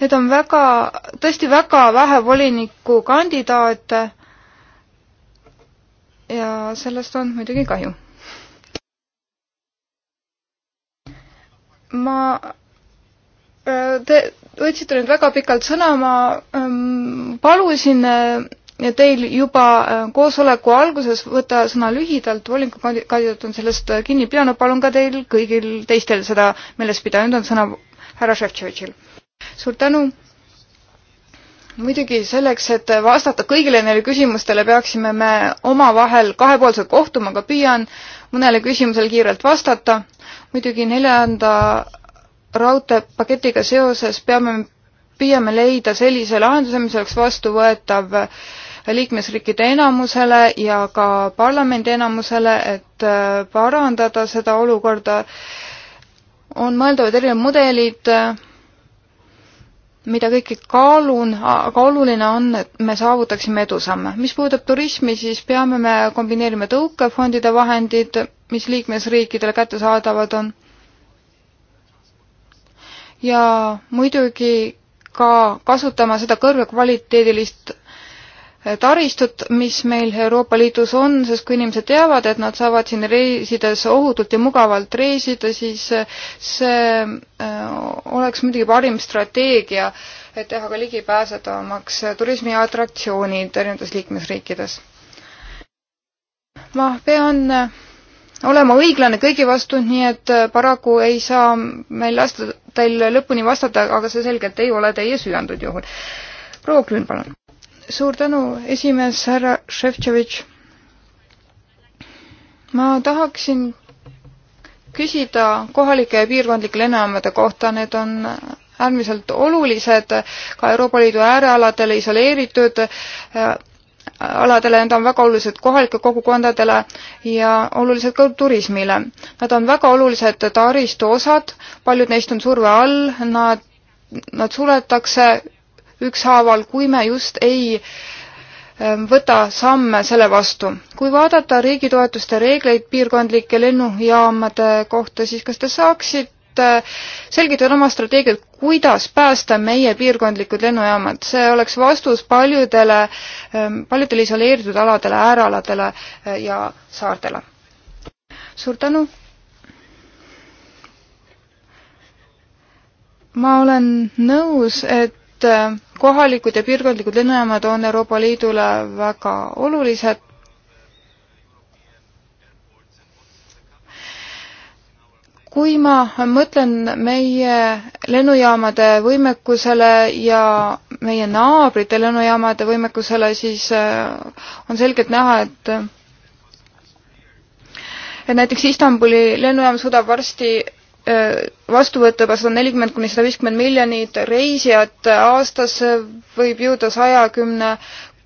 et on väga, tõesti väga vähe volinikukandidaate ja sellest on muidugi kahju. ma Äh, te võtsite nüüd väga pikalt sõna, ma ähm, palusin äh, teil juba äh, koosoleku alguses võtta sõna lühidalt, volinikukandidaat on sellest äh, kinni pidanud, palun ka teil kõigil teistel seda meeles pidada, nüüd on sõna härra Šefčovitšil. suur tänu muidugi selleks, et vastata kõigile neile küsimustele, peaksime me omavahel kahepoolselt kohtuma, aga püüan mõnele küsimusele kiirelt vastata. muidugi neljanda raudteepaketiga seoses peame, püüame leida sellise lahenduse, mis oleks vastuvõetav liikmesriikide enamusele ja ka parlamendi enamusele, et äh, parandada seda olukorda. on mõeldavad erinevad mudelid, mida kõike kaalun, aga oluline on, et me saavutaksime edusamme. mis puudutab turismi, siis peame me kombineerima tõukefondide vahendid, mis liikmesriikidele kättesaadavad on ja muidugi ka kasutama seda kõrgekvaliteedilist eh, taristut, mis meil Euroopa Liidus on, sest kui inimesed teavad, et nad saavad siin reisides ohutult ja mugavalt reisida, siis eh, see eh, oleks muidugi parim strateegia, et teha ka ligipääsetavamaks turismi atraktsioonid erinevates liikmesriikides. ma pean olema õiglane kõigi vastu, nii et paraku ei saa meil lasta teil lõpuni vastata, aga see selgelt ei ole teie süü antud juhul. proua Grün, palun. suur tänu, esimees härra Šefčovitš. ma tahaksin küsida kohalike ja piirkondlike lennujaamade kohta, need on äärmiselt olulised ka Euroopa Liidu äärealadele isoleeritud aladele, need on väga olulised kohalike kogukondadele ja olulised ka turismile. Nad on väga olulised taristu osad, paljud neist on surve all, nad, nad suletakse ükshaaval, kui me just ei ähm, võta samme selle vastu. kui vaadata riigi toetuste reegleid piirkondlike lennujaamade kohta, siis kas te saaksite Äh, selgitada oma strateegiat, kuidas päästa meie piirkondlikud lennujaamad. see oleks vastus paljudele, ähm, paljudele isoleeritud aladele, äärealadele äh, ja saartele. suur tänu! ma olen nõus, et äh, kohalikud ja piirkondlikud lennujaamad on Euroopa Liidule väga olulised kui ma mõtlen meie lennujaamade võimekusele ja meie naabrite lennujaamade võimekusele, siis äh, on selgelt näha, et et näiteks Istanbuli lennujaam suudab varsti äh, vastu võtta juba sada nelikümmend kuni sada viiskümmend miljonit reisijat aastas, võib jõuda saja kümne,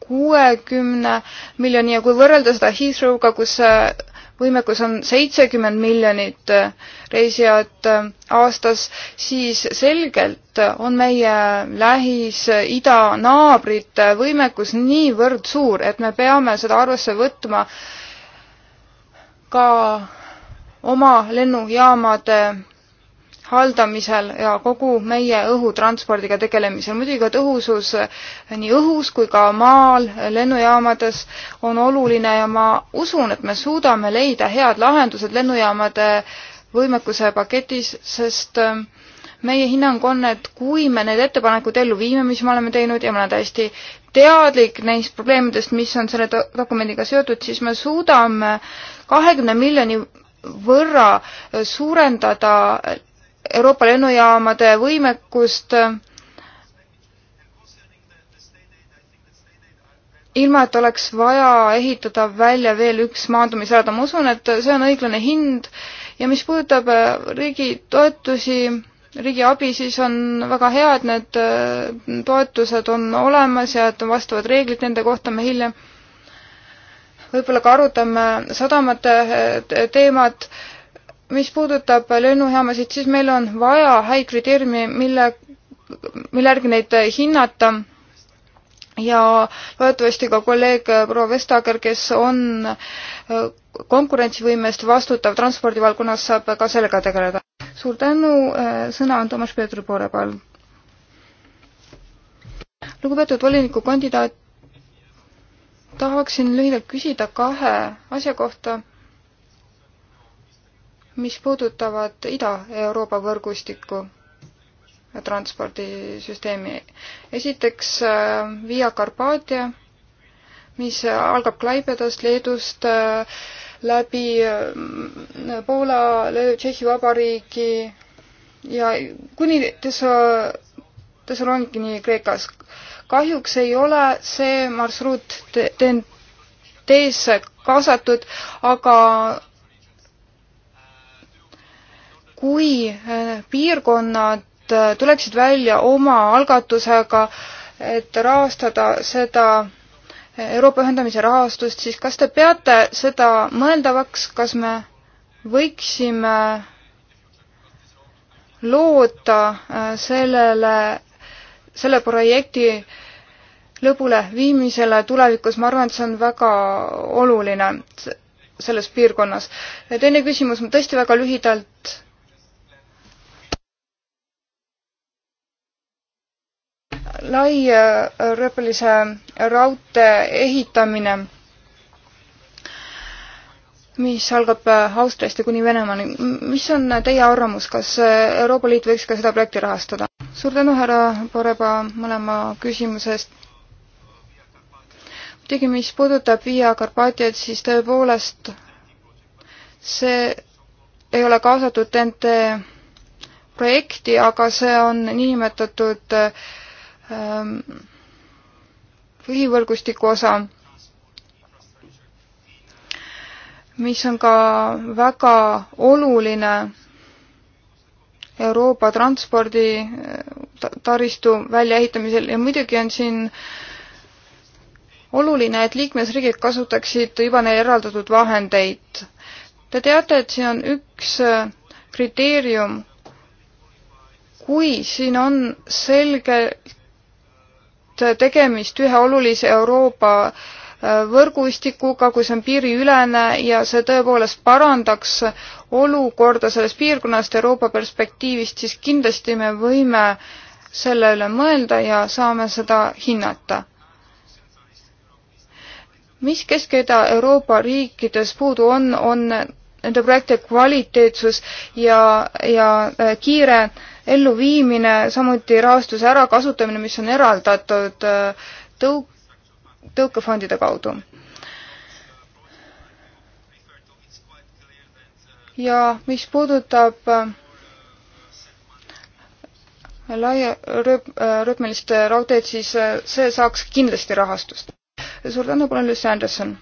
kuuekümne miljoni ja kui võrrelda seda Heathrow'ga, kus äh, võimekus on seitsekümmend miljonit äh, reisijat äh, aastas, siis selgelt on meie Lähis-Ida naabrite võimekus niivõrd suur, et me peame seda arvesse võtma ka oma lennujaamade haldamisel ja kogu meie õhutranspordiga tegelemisel. muidugi tõhusus eh, nii õhus kui ka maal, lennujaamades on oluline ja ma usun, et me suudame leida head lahendused lennujaamade võimekuse paketis, sest eh, meie hinnang on, et kui me need ettepanekud ellu viime, mis me oleme teinud ja ma olen täiesti teadlik neist probleemidest, mis on selle dokumendiga seotud, siis me suudame kahekümne miljoni võrra eh, suurendada Euroopa lennujaamade võimekust ilma, et oleks vaja ehitada välja veel üks maandumisrada. ma usun, et see on õiglane hind ja mis puudutab äh, riigi toetusi, riigi abi, siis on väga hea, et need äh, toetused on olemas ja et on vastavad reeglid nende kohta, me hiljem võib-olla ka arutame sadamate äh, teemat mis puudutab lennujaamasid, siis meil on vaja häid kriteeriumi, mille, mille järgi neid hinnata ja loodetavasti ka kolleeg proua Vestager, kes on äh, konkurentsivõimest vastutav transpordivaldkonnas, saab ka sellega tegeleda. suur tänu, äh, sõna on Toomas Peetri poole peal. lugupeetud volinikukandidaat, tahaksin lühidalt küsida kahe asja kohta mis puudutavad Ida-Euroopa võrgustiku transpordisüsteemi. esiteks äh, Via Carpatia, mis algab Klaipedast, Leedust äh, läbi äh, Poola, Tšehhi Vabariigi ja kuni Thessalonikini Kreekas. kahjuks ei ole see marsruut TNT-s kaasatud, aga kui äh, piirkonnad äh, tuleksid välja oma algatusega, et rahastada seda äh, Euroopa ühendamise rahastust, siis kas te peate seda mõeldavaks, kas me võiksime loota sellele, selle projekti lõpule viimisele tulevikus, ma arvan, et see on väga oluline selles piirkonnas. ja teine küsimus, ma tõesti väga lühidalt laiarööpelise äh, raudtee ehitamine, mis algab äh, Austriast ja kuni Venemaani. mis on äh, teie arvamus, kas Euroopa Liit võiks ka seda projekti rahastada? suur tänu, härra Poreba, mõlema küsimuse eest. muidugi, mis puudutab Via Carpatiat, siis tõepoolest see ei ole kaasatud TNT projekti, aga see on niinimetatud äh, Ähm, põhivõrgustiku osa, mis on ka väga oluline Euroopa transporditaristu äh, väljaehitamisel ja muidugi on siin oluline, et liikmesriigid kasutaksid juba neile eraldatud vahendeid. Te teate, et siin on üks äh, kriteerium, kui siin on selgelt tegemist ühe olulise Euroopa äh, võrgustikuga, kus on piiriülene ja see tõepoolest parandaks olukorda selles piirkonnas Euroopa perspektiivist, siis kindlasti me võime selle üle mõelda ja saame seda hinnata. mis Kesk-Ida-Euroopa riikides puudu on, on nende projekti kvaliteetsus ja, ja äh, kiire äh, elluviimine, samuti rahastuse ärakasutamine, mis on eraldatud äh, tõu-, tõukefondide kaudu. ja mis puudutab äh, laia rüp-, äh, rütmelist raudteed, siis see saaks kindlasti rahastust. suur tänu, palun, Lucy Anderson!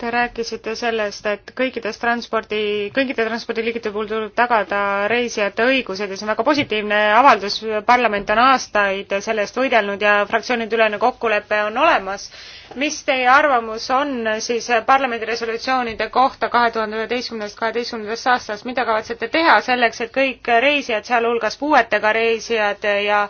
Te rääkisite sellest, et kõikides transpordi, kõikide transpordiliigide puhul tuleb tagada reisijate õigused ja see on väga positiivne avaldus, parlament on aastaid selle eest võidelnud ja fraktsioonideülene kokkulepe on olemas. mis teie arvamus on siis parlamendi resolutsioonide kohta kahe tuhande üheteistkümnendast, kaheteistkümnendast aastast, mida kavatsete teha selleks, et kõik reisijad, sealhulgas puuetega reisijad ja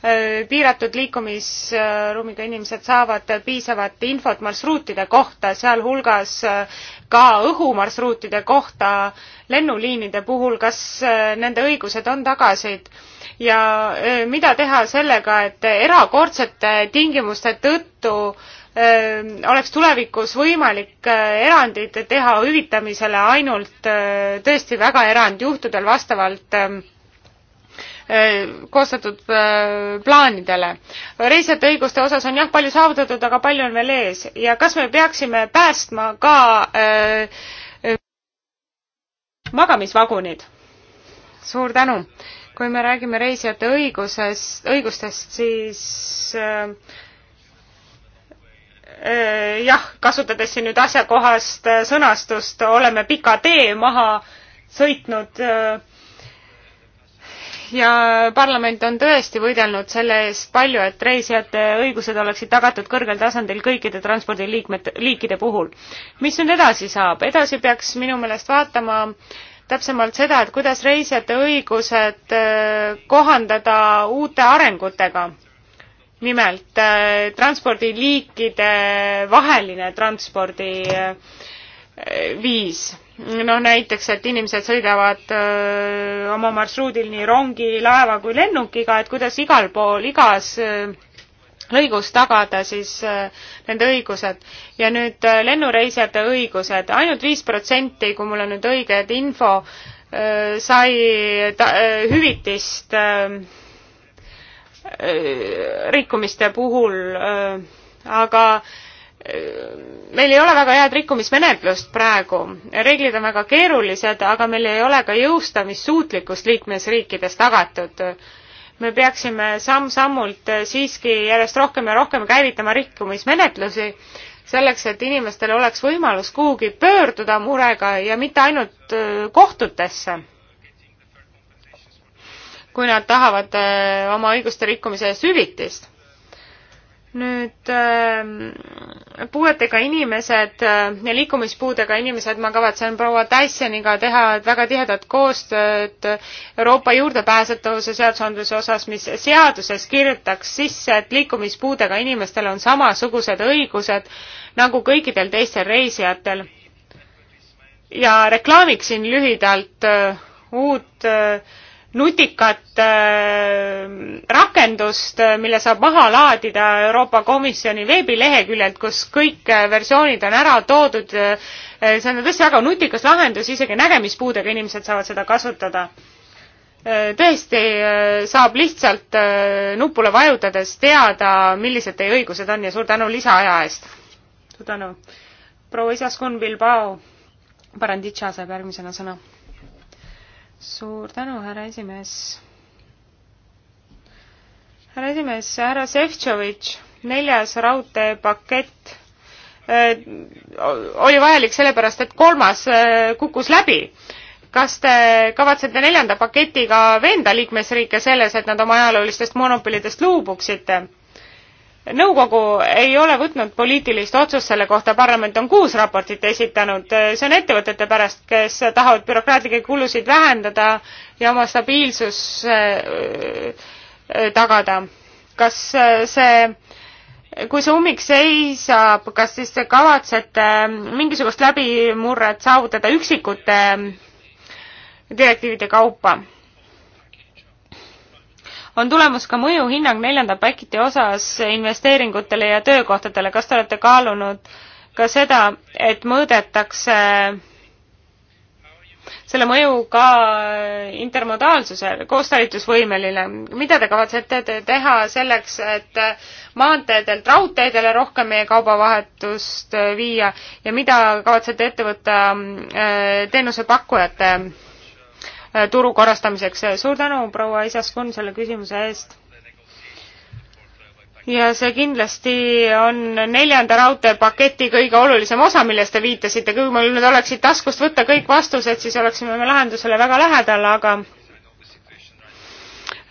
Äh, piiratud liikumisruumiga inimesed saavad piisavat infot marsruutide kohta, sealhulgas äh, ka õhumarsruutide kohta lennuliinide puhul, kas äh, nende õigused on tagasid ja mida teha sellega, et erakordsete tingimuste tõttu öö, oleks tulevikus võimalik erandid teha hüvitamisele ainult öö, tõesti väga erandjuhtudel vastavalt öö, Eh, koostatud eh, plaanidele. reisijate õiguste osas on jah, palju saavutatud, aga palju on veel ees ja kas me peaksime päästma ka äh, magamisvagunid? suur tänu! kui me räägime reisijate õigusest, õigustest, siis äh, äh, jah, kasutades siin nüüd asjakohast äh, sõnastust, oleme pika tee maha sõitnud äh, ja parlament on tõesti võidelnud selle eest palju, et reisijate õigused oleksid tagatud kõrgel tasandil kõikide transpordiliikmete, liikide puhul. mis nüüd edasi saab? edasi peaks minu meelest vaatama täpsemalt seda, et kuidas reisijate õigused äh, kohandada uute arengutega. nimelt äh, transpordiliikide vaheline transpordiviis äh, noh, näiteks, et inimesed sõidavad öö, oma marsruudil nii rongi, laeva kui lennukiga, et kuidas igal pool, igas öö, lõigus tagada siis öö, nende õigused. ja nüüd öö, lennureisijate õigused, ainult viis protsenti, kui mul on nüüd õige info, sai ta, öö, hüvitist öö, öö, rikkumiste puhul, aga öö, meil ei ole väga head rikkumismenetlust praegu, reeglid on väga keerulised, aga meil ei ole ka jõustamissuutlikkust liikmesriikides tagatud. me peaksime samm-sammult siiski järjest rohkem ja rohkem käivitama rikkumismenetlusi, selleks et inimestel oleks võimalus kuhugi pöörduda murega ja mitte ainult kohtutesse kui nad tahavad oma õiguste rikkumise eest hüvitist nüüd äh, puuetega inimesed äh, ja liikumispuudega inimesed, ma kavatsen proua Tyssoniga teha väga tihedat koostööd Euroopa juurdepääsetavuse seadusandluse osas, mis seaduses kirjutaks sisse, et liikumispuudega inimestel on samasugused õigused nagu kõikidel teistel reisijatel. ja reklaamiksin lühidalt äh, uut äh, nutikat äh, rakendust, äh, mille saab maha laadida Euroopa Komisjoni veebileheküljelt, kus kõik äh, versioonid on ära toodud äh, äh,. see on tõesti väga nutikas lahendus, isegi nägemispuudega inimesed saavad seda kasutada äh,. tõesti äh, saab lihtsalt äh, nupule vajutades teada, millised teie õigused on ja suur tänu lisaaja eest. suur tänu. proua Isaskun Bilbao, Baranditša saab järgmisena sõna suur tänu, härra esimees. härra esimees, härra Šefčovitš, neljas raudteepakett äh, oli vajalik sellepärast, et kolmas äh, kukkus läbi. kas te kavatsete neljanda paketiga veenda liikmesriike selles, et nad oma ajaloolistest monopolidest loobuksid? nõukogu ei ole võtnud poliitilist otsust selle kohta, parlament on kuus raportit esitanud, see on ettevõtete pärast, kes tahavad bürokraatlikke kulusid vähendada ja oma stabiilsus äh, tagada. kas äh, see, kui see ummik seisab, kas siis te kavatsete mingisugust läbimurret saavutada üksikute äh, direktiivide kaupa? on tulemas ka mõjuhinnang neljanda paketi osas investeeringutele ja töökohtadele. kas te olete kaalunud ka seda, et mõõdetakse selle mõju ka intermodaalsusele, koostalitusvõimeline. mida te kavatsete te teha selleks, et maanteedelt raudteedele rohkem meie kaubavahetust viia ja mida kavatsete ette võtta äh, teenusepakkujate Äh, turu korrastamiseks. suur tänu, proua Isaskun, selle küsimuse eest! ja see kindlasti on neljanda raudteepaketi kõige olulisem osa, millest te viitasite, kui mul nüüd oleksid taskust võtta kõik vastused, siis oleksime me lahendusele väga lähedal, aga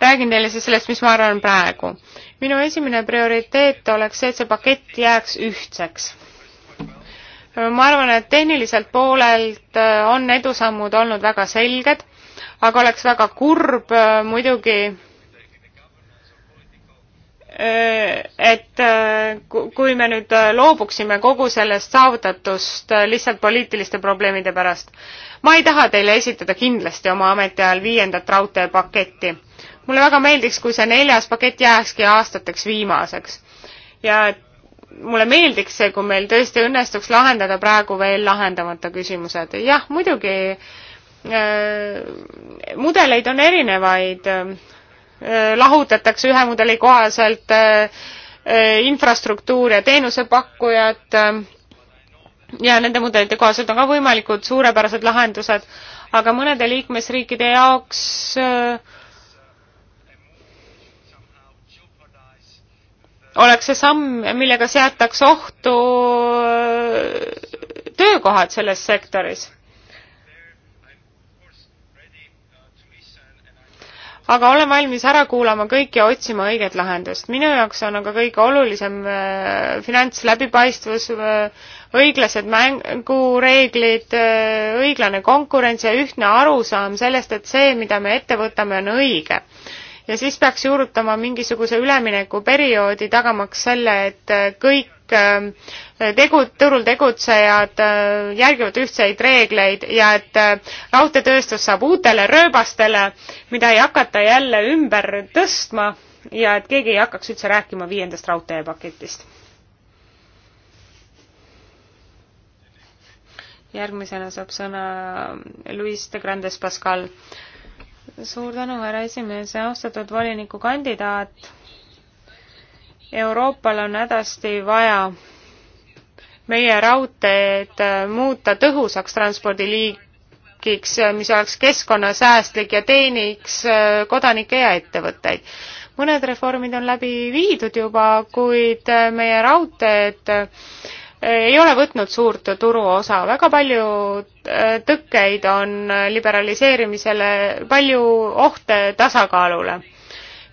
räägin teile siis sellest, mis ma arvan praegu. minu esimene prioriteet oleks see, et see pakett jääks ühtseks. ma arvan, et tehniliselt poolelt äh, on edusammud olnud väga selged aga oleks väga kurb äh, muidugi, äh, et äh, kui me nüüd loobuksime kogu sellest saavutatust lihtsalt poliitiliste probleemide pärast. ma ei taha teile esitada kindlasti oma ametiajal viiendat raudteepaketti. mulle väga meeldiks, kui see neljas pakett jääkski aastateks viimaseks. ja mulle meeldiks see, kui meil tõesti õnnestuks lahendada praegu veel lahendamata küsimused. jah, muidugi äh, Äh, mudeleid on erinevaid, äh, lahutatakse ühe mudeli kohaselt äh, infrastruktuur ja teenusepakkujad ja nende mudelite kohaselt on ka võimalikud suurepärased lahendused, aga mõnede liikmesriikide jaoks oleks see samm, millega seatakse ohtu töökohad selles sektoris aga olen valmis ära kuulama kõik ja otsima õiget lahendust. minu jaoks on aga kõige olulisem äh, finantsläbipaistvus, äh, õiglased mängureeglid, äh, õiglane konkurents ja ühtne arusaam sellest, et see, mida me ette võtame, on õige ja siis peaks juurutama mingisuguse üleminekuperioodi, tagamaks selle, et kõik kõik äh, tegud, turul tegutsejad äh, järgivad ühtseid reegleid ja et äh, raudteetööstus saab uutele rööbastele, mida ei hakata jälle ümber tõstma ja et keegi ei hakkaks üldse rääkima viiendast raudteepaketist. järgmisena saab sõna Luis de Grandes Pascal. suur tänu, härra esimees, austatud volinikukandidaat Euroopal on hädasti vaja meie raudteed äh, muuta tõhusaks transpordiliigiks, äh, mis oleks keskkonnasäästlik ja teeniks äh, kodanikke ja ettevõtteid. mõned reformid on läbi viidud juba, kuid meie raudteed ei ole võtnud suurt turuosa, väga palju tõkkeid on liberaliseerimisele, palju ohte tasakaalule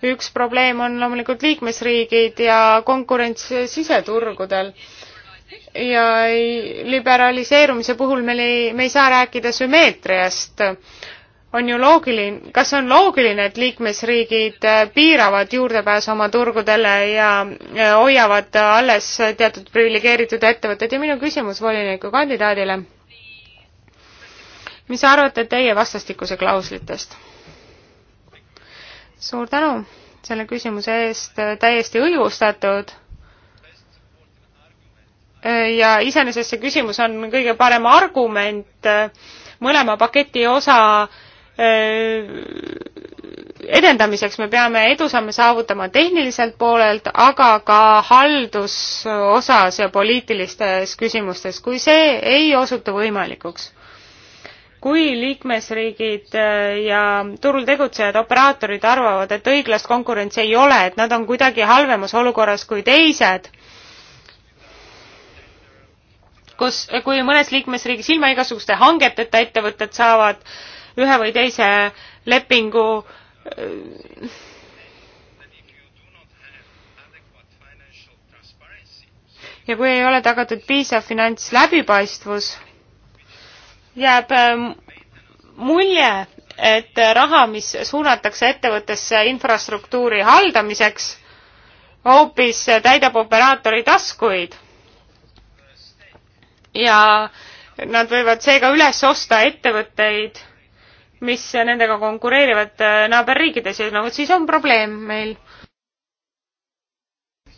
üks probleem on loomulikult liikmesriigid ja konkurents siseturgudel ja liberaliseerumise puhul meil ei, me ei saa rääkida sümmeetriast. on ju loogiline, kas on loogiline, et liikmesriigid piiravad juurdepääsu oma turgudele ja hoiavad alles teatud priviligeeritud ettevõtted ja minu küsimus volinikukandidaadile. mis arvate teie vastastikuse klauslitest? suur tänu selle küsimuse eest, täiesti õigustatud. ja iseenesest see küsimus on kõige parem argument äh, mõlema paketi osa äh, edendamiseks me peame edusamme saavutama tehniliselt poolelt, aga ka haldusosas ja poliitilistes küsimustes, kui see ei osutu võimalikuks kui liikmesriigid äh, ja turul tegutsejad, operaatorid arvavad, et õiglast konkurentsi ei ole, et nad on kuidagi halvemas olukorras kui teised, kus, kui mõnes liikmesriigis ilma igasuguste hangeteta ettevõtted saavad ühe või teise lepingu äh, ja kui ei ole tagatud piisav finantsläbipaistvus jääb äh, mulje, et raha, mis suunatakse ettevõttesse infrastruktuuri haldamiseks, hoopis täidab operaatori taskuid. ja nad võivad seega üles osta ettevõtteid, mis nendega konkureerivad äh, naaberriikides ja no vot siis on probleem meil.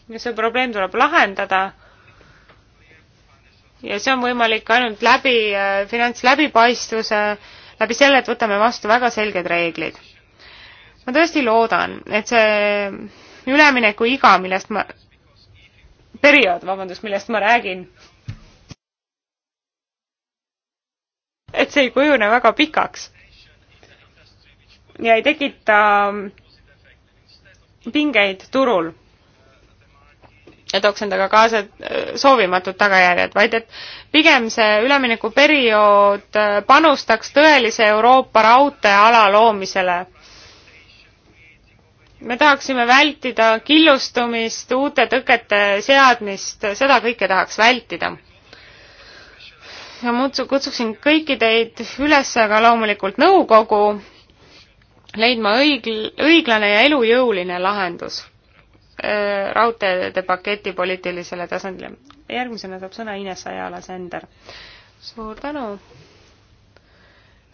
ja see probleem tuleb lahendada ja see on võimalik ainult läbi äh, finantsläbipaistvuse, läbi selle, et võtame vastu väga selged reeglid. ma tõesti loodan, et see üleminekuiga, millest ma, periood, vabandust, millest ma räägin, et see ei kujune väga pikaks ja ei tekita pingeid turul ja tooks endaga kaasa äh, soovimatud tagajärjed, vaid et pigem see üleminekuperiood äh, panustaks tõelise Euroopa raudteeala loomisele. me tahaksime vältida killustumist, uute tõkete seadmist, seda kõike tahaks vältida. ja mutsu-, kutsuksin kõiki teid üles, aga loomulikult nõukogu, leidma õig-, õiglane ja elujõuline lahendus Äh, raudteede paketi poliitilisele tasandile. järgmisena saab sõna Ines Ajala-Sender. suur tänu,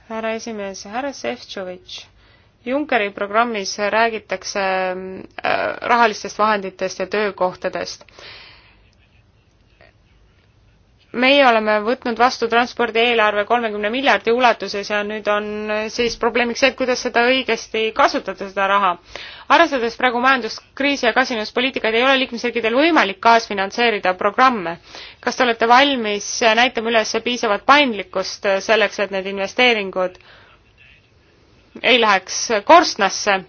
härra esimees, härra Šefčovitš. Junckeri programmis räägitakse äh, rahalistest vahenditest ja töökohtadest meie oleme võtnud vastu transpordi eelarve kolmekümne miljardi ulatuses ja nüüd on siis probleemiks see, et kuidas seda õigesti kasutada, seda raha. arvestades praegu majanduskriisi ja kasinuspoliitikat, ei ole liikmesriikidel võimalik kaasfinantseerida programme. kas te olete valmis näitama üles piisavat paindlikkust selleks, et need investeeringud ei läheks korstnasse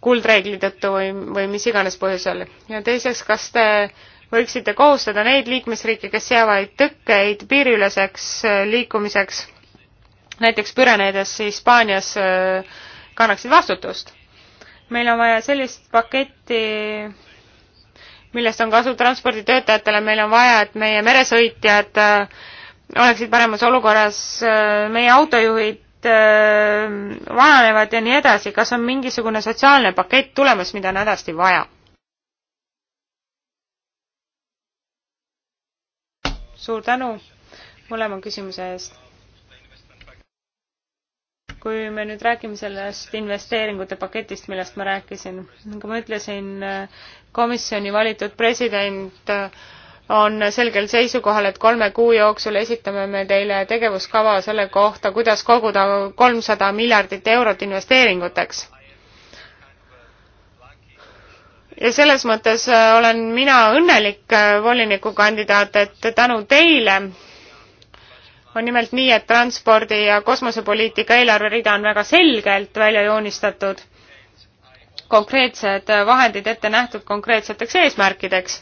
kuldreegli tõttu või, või mis iganes põhjusel? ja teiseks, kas te võiksite kohustada neid liikmesriike, kes seavad tõkkeid piiriüleseks äh, liikumiseks, näiteks Püreneedes Hispaanias, äh, kannaksid vastutust. meil on vaja sellist paketti, millest on kasu transporditöötajatele, meil on vaja, et meie meresõitjad äh, oleksid paremas olukorras, meie autojuhid vananevad ja nii edasi, kas on mingisugune sotsiaalne pakett tulemas, mida on hädasti vaja? suur tänu mõlema küsimuse eest. kui me nüüd räägime sellest investeeringute paketist, millest ma rääkisin, nagu ma ütlesin, komisjoni valitud president on selgel seisukohal, et kolme kuu jooksul esitame me teile tegevuskava selle kohta, kuidas koguda kolmsada miljardit eurot investeeringuteks ja selles mõttes äh, olen mina õnnelik äh, volinikukandidaat, et tänu teile on nimelt nii, et transpordi ja kosmosepoliitika eelarverida on väga selgelt välja joonistatud, konkreetsed vahendid ette nähtud konkreetseteks eesmärkideks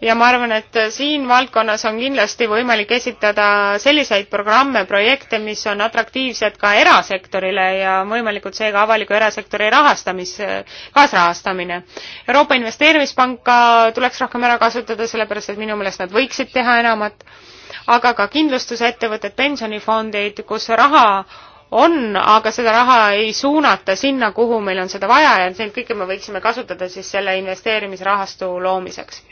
ja ma arvan, et siin valdkonnas on kindlasti võimalik esitada selliseid programme, projekte, mis on atraktiivsed ka erasektorile ja võimalikult seega avaliku erasektori rahastamis, kaasrahastamine. Euroopa Investeerimispanka tuleks rohkem ära kasutada, sellepärast et minu meelest nad võiksid teha enamat, aga ka kindlustusettevõtted, pensionifondid, kus raha on, aga seda raha ei suunata sinna, kuhu meil on seda vaja ja neid kõike me võiksime kasutada siis selle investeerimisrahastu loomiseks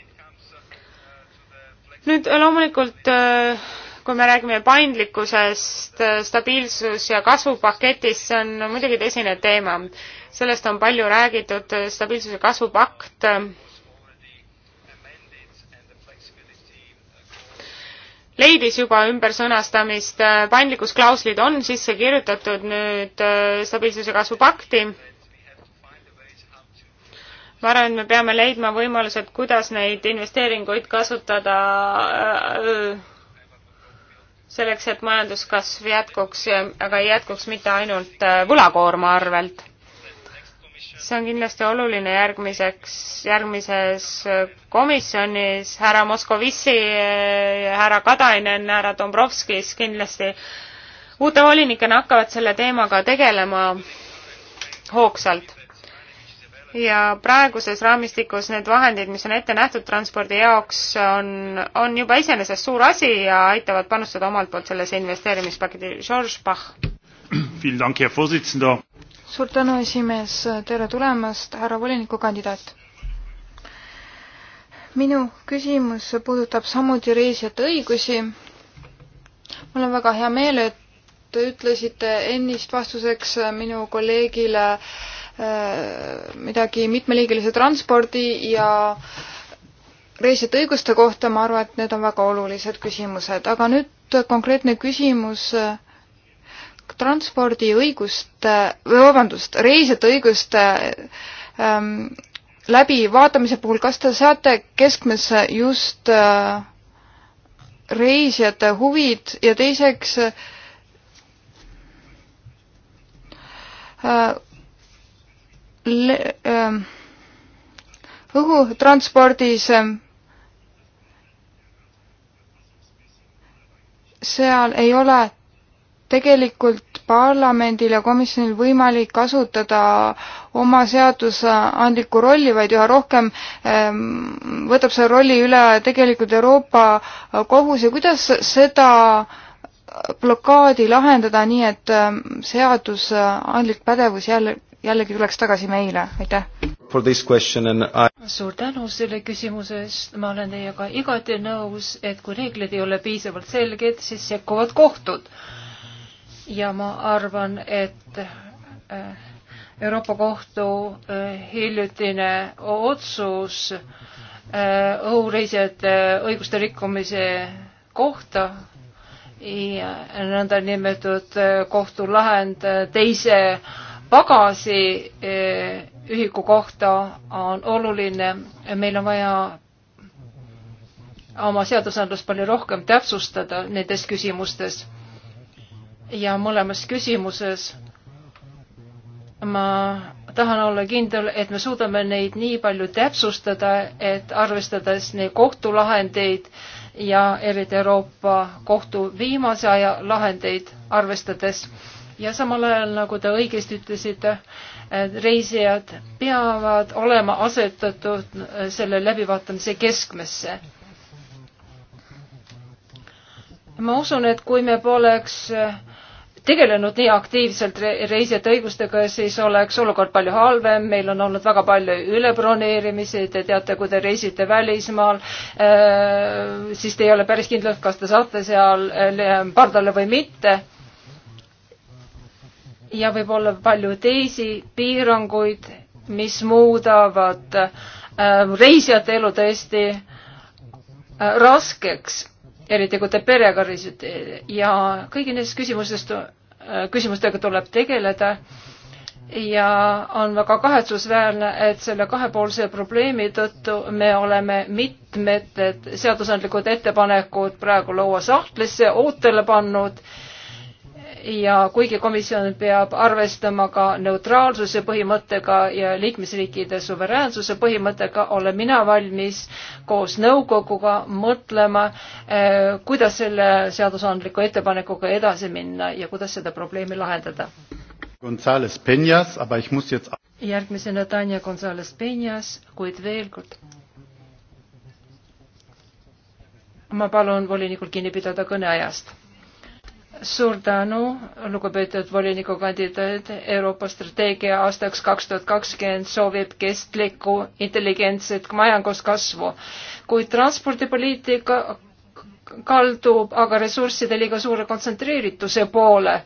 nüüd äh, loomulikult äh, kui me räägime paindlikkusest, äh, stabiilsus- ja kasvupaketist, see on muidugi tõsine teema. sellest on palju räägitud, stabiilsus- ja kasvupakt leidis juba ümbersõnastamist, paindlikkusklauslid on sisse kirjutatud nüüd stabiilsuse kasvupakti ma arvan, et me peame leidma võimalused, kuidas neid investeeringuid kasutada äh, selleks, et majanduskasv jätkuks, aga ei jätkuks mitte ainult äh, võlakoorma arvelt. see on kindlasti oluline järgmiseks, järgmises äh, komisjonis härra Moskovissi, härra Katainen, härra Dombrovskis kindlasti uute volinikena hakkavad selle teemaga tegelema hoogsalt ja praeguses raamistikus need vahendid, mis on ette nähtud transpordi jaoks, on, on juba iseenesest suur asi ja aitavad panustada omalt poolt sellesse investeerimispaketi. George Bach. suur tänu, esimees, tere tulemast, härra volinikukandidaat minu küsimus puudutab samuti reisijate õigusi. mul on väga hea meel, et te ütlesite ennist vastuseks minu kolleegile äh, Äh, midagi mitmeliigilise transpordi ja reisijate õiguste kohta, ma arvan, et need on väga olulised küsimused, aga nüüd konkreetne küsimus äh, transpordiõiguste, vabandust, reisijate õiguste ähm, läbivaatamise puhul, kas te seate keskmesse just äh, reisijate huvid ja teiseks äh, Ähm, õhutranspordis ähm, seal ei ole tegelikult parlamendil ja komisjonil võimalik kasutada oma seadusandlikku rolli, vaid üha rohkem ähm, võtab selle rolli üle tegelikult Euroopa Kohus ja kuidas seda blokaadi lahendada nii, et seadusandlik pädevus jälle jällegi tuleks tagasi meile, aitäh! I... suur tänu selle küsimuse eest, ma olen teiega igati nõus, et kui reeglid ei ole piisavalt selged, siis sekkuvad kohtud. ja ma arvan, et äh, Euroopa Kohtu äh, hiljutine otsus äh, õhureisijate õiguste rikkumise kohta ja nõndanimetatud kohtulahend teise pagasi eh, ühiku kohta on oluline, meil on vaja oma seadusandlust palju rohkem täpsustada nendes küsimustes. ja mõlemas küsimuses ma tahan olla kindel, et me suudame neid nii palju täpsustada, et arvestades neid kohtulahendeid ja eriti Euroopa Kohtu viimase aja lahendeid arvestades ja samal ajal, nagu te õigesti ütlesite, reisijad peavad olema asetatud äh, selle läbivaatamise keskmesse. ma usun, et kui me poleks äh, tegelenud nii aktiivselt reisijate õigustega, siis oleks olukord palju halvem, meil on olnud väga palju ülebroneerimisi, te teate, kui te reisite välismaal, äh, siis te ei ole päris kindlad, kas te saate seal pardale või mitte ja võib-olla palju teisi piiranguid, mis muudavad äh, reisijate elu tõesti äh, raskeks, eriti kui te perega reisite ja kõigi nendest küsimustest, äh, küsimustega tuleb tegeleda ja on väga kahetsusväärne, et selle kahepoolse probleemi tõttu me oleme mitmed seadusandlikud ettepanekud praegu lauasahtlisse ootele pannud ja kuigi komisjon peab arvestama ka neutraalsuse põhimõttega ja liikmesriikide suveräänsuse põhimõttega, olen mina valmis koos nõukoguga mõtlema, eh, kuidas selle seadusandliku ettepanekuga edasi minna ja kuidas seda probleemi lahendada. Gonzales Penjas, aga ich muss jetzt järgmisena Tanja Gonzales Penjas, kuid veel kord ma palun volinikul kinni pidada kõneajast suur tänu, lugupeetud volinikukandidaat, Euroopa strateegia aastaks kaks tuhat kakskümmend soovib kestlikku intelligentset majanduskasvu, kuid transpordipoliitika kaldub aga ressursside liiga suure kontsentreerituse poole.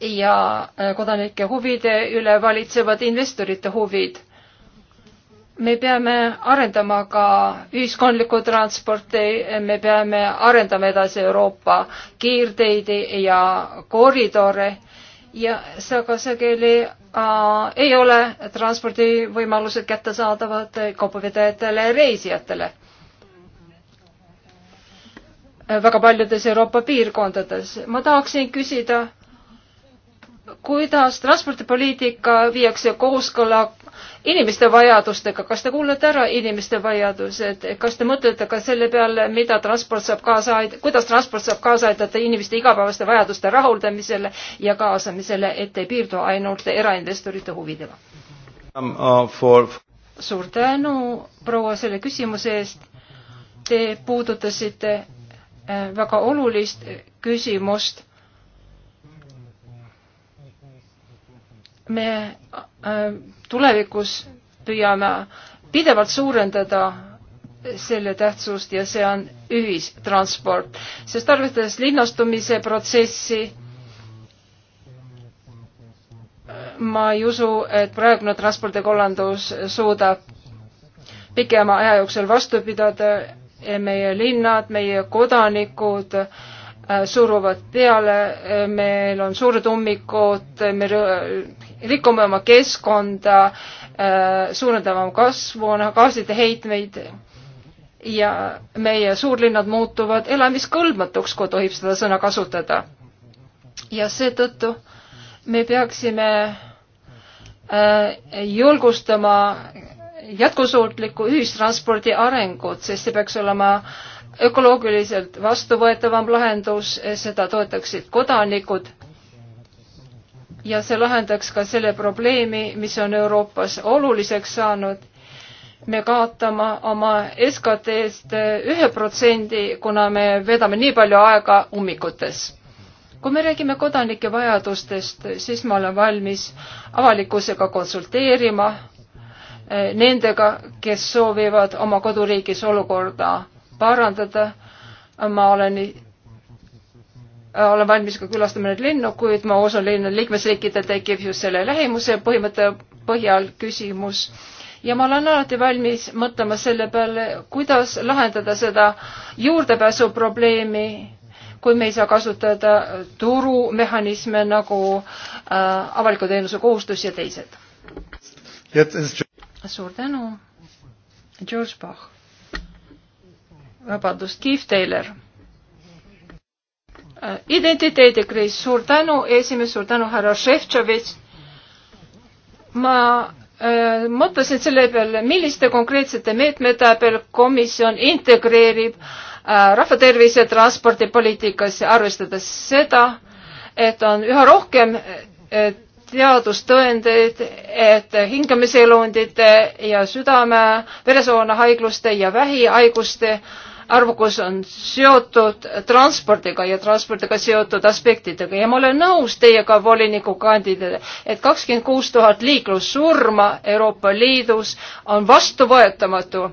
ja kodanike huvide üle valitsevad investorite huvid me peame arendama ka ühiskondlikku transporti, me peame arendama edasi Euroopa kiirteid ja koridore ja aga sageli äh, ei ole transpordivõimalused kättesaadavad kaubavedajatele ja reisijatele. väga paljudes Euroopa piirkondades. ma tahaksin küsida kuidas transpordipoliitika viiakse kooskõla inimeste vajadustega, kas te kuulete ära inimeste vajadused, kas te mõtlete ka selle peale, mida transport saab kaasa ait-, kuidas transport saab kaasa aidata inimeste igapäevaste vajaduste rahuldamisele ja kaasamisele, et ei piirdu ainult erainvestorite huvidega um,? Uh, for... suur tänu, proua, selle küsimuse eest. Te puudutasite äh, väga olulist küsimust me äh, tulevikus püüame pidevalt suurendada selle tähtsust ja see on ühistransport, sest arvestades linnastumise protsessi, ma ei usu, et praegune transpordikollandus suudab pikema aja jooksul vastu pidada ja meie linnad, meie kodanikud äh, suruvad peale, meil on suured ummikud, me rikume oma keskkonda, äh, suurendame oma kasvuhoonegaaside heitmeid ja meie suurlinnad muutuvad elamiskõlbmatuks, kui tohib seda sõna kasutada. ja seetõttu me peaksime äh, julgustama jätkusuutliku ühistranspordi arengut, sest see peaks olema ökoloogiliselt vastuvõetavam lahendus, seda toetaksid kodanikud ja see lahendaks ka selle probleemi, mis on Euroopas oluliseks saanud. me kaotame oma SKT-st ühe protsendi, kuna me veedame nii palju aega ummikutes. kui me räägime kodanike vajadustest, siis ma olen valmis avalikkusega konsulteerima, eh, nendega, kes soovivad oma koduriigis olukorda parandada. ma olen olen valmis ka külastama neid linnu, kuid ma usun, linna liikmesriikidel tekib just selle lähimuse põhimõtte põhjal küsimus. ja ma olen alati valmis mõtlema selle peale, kuidas lahendada seda juurdepääsu probleemi, kui me ei saa kasutada turumehhanisme nagu äh, avaliku teenuse kohustus ja teised. suur tänu. George Bach. vabandust, Keith Taylor Äh, identiteedikriis, suur tänu, esimees, suur tänu, härra Šeftšovitš. ma äh, mõtlesin selle peale, milliste konkreetsete meetmete peale komisjon integreerib äh, rahvatervise transpordipoliitikasse, arvestades seda, et on üha rohkem äh, teadustõendeid, et hingamiselundite ja südame, veresoona haigluste ja vähihaiguste äh, arvukus on seotud transpordiga ja transpordiga seotud aspektidega ja ma olen nõus teiega, volinikukandidaat, et kakskümmend kuus tuhat liiklussurma Euroopa Liidus on vastuvõetamatu.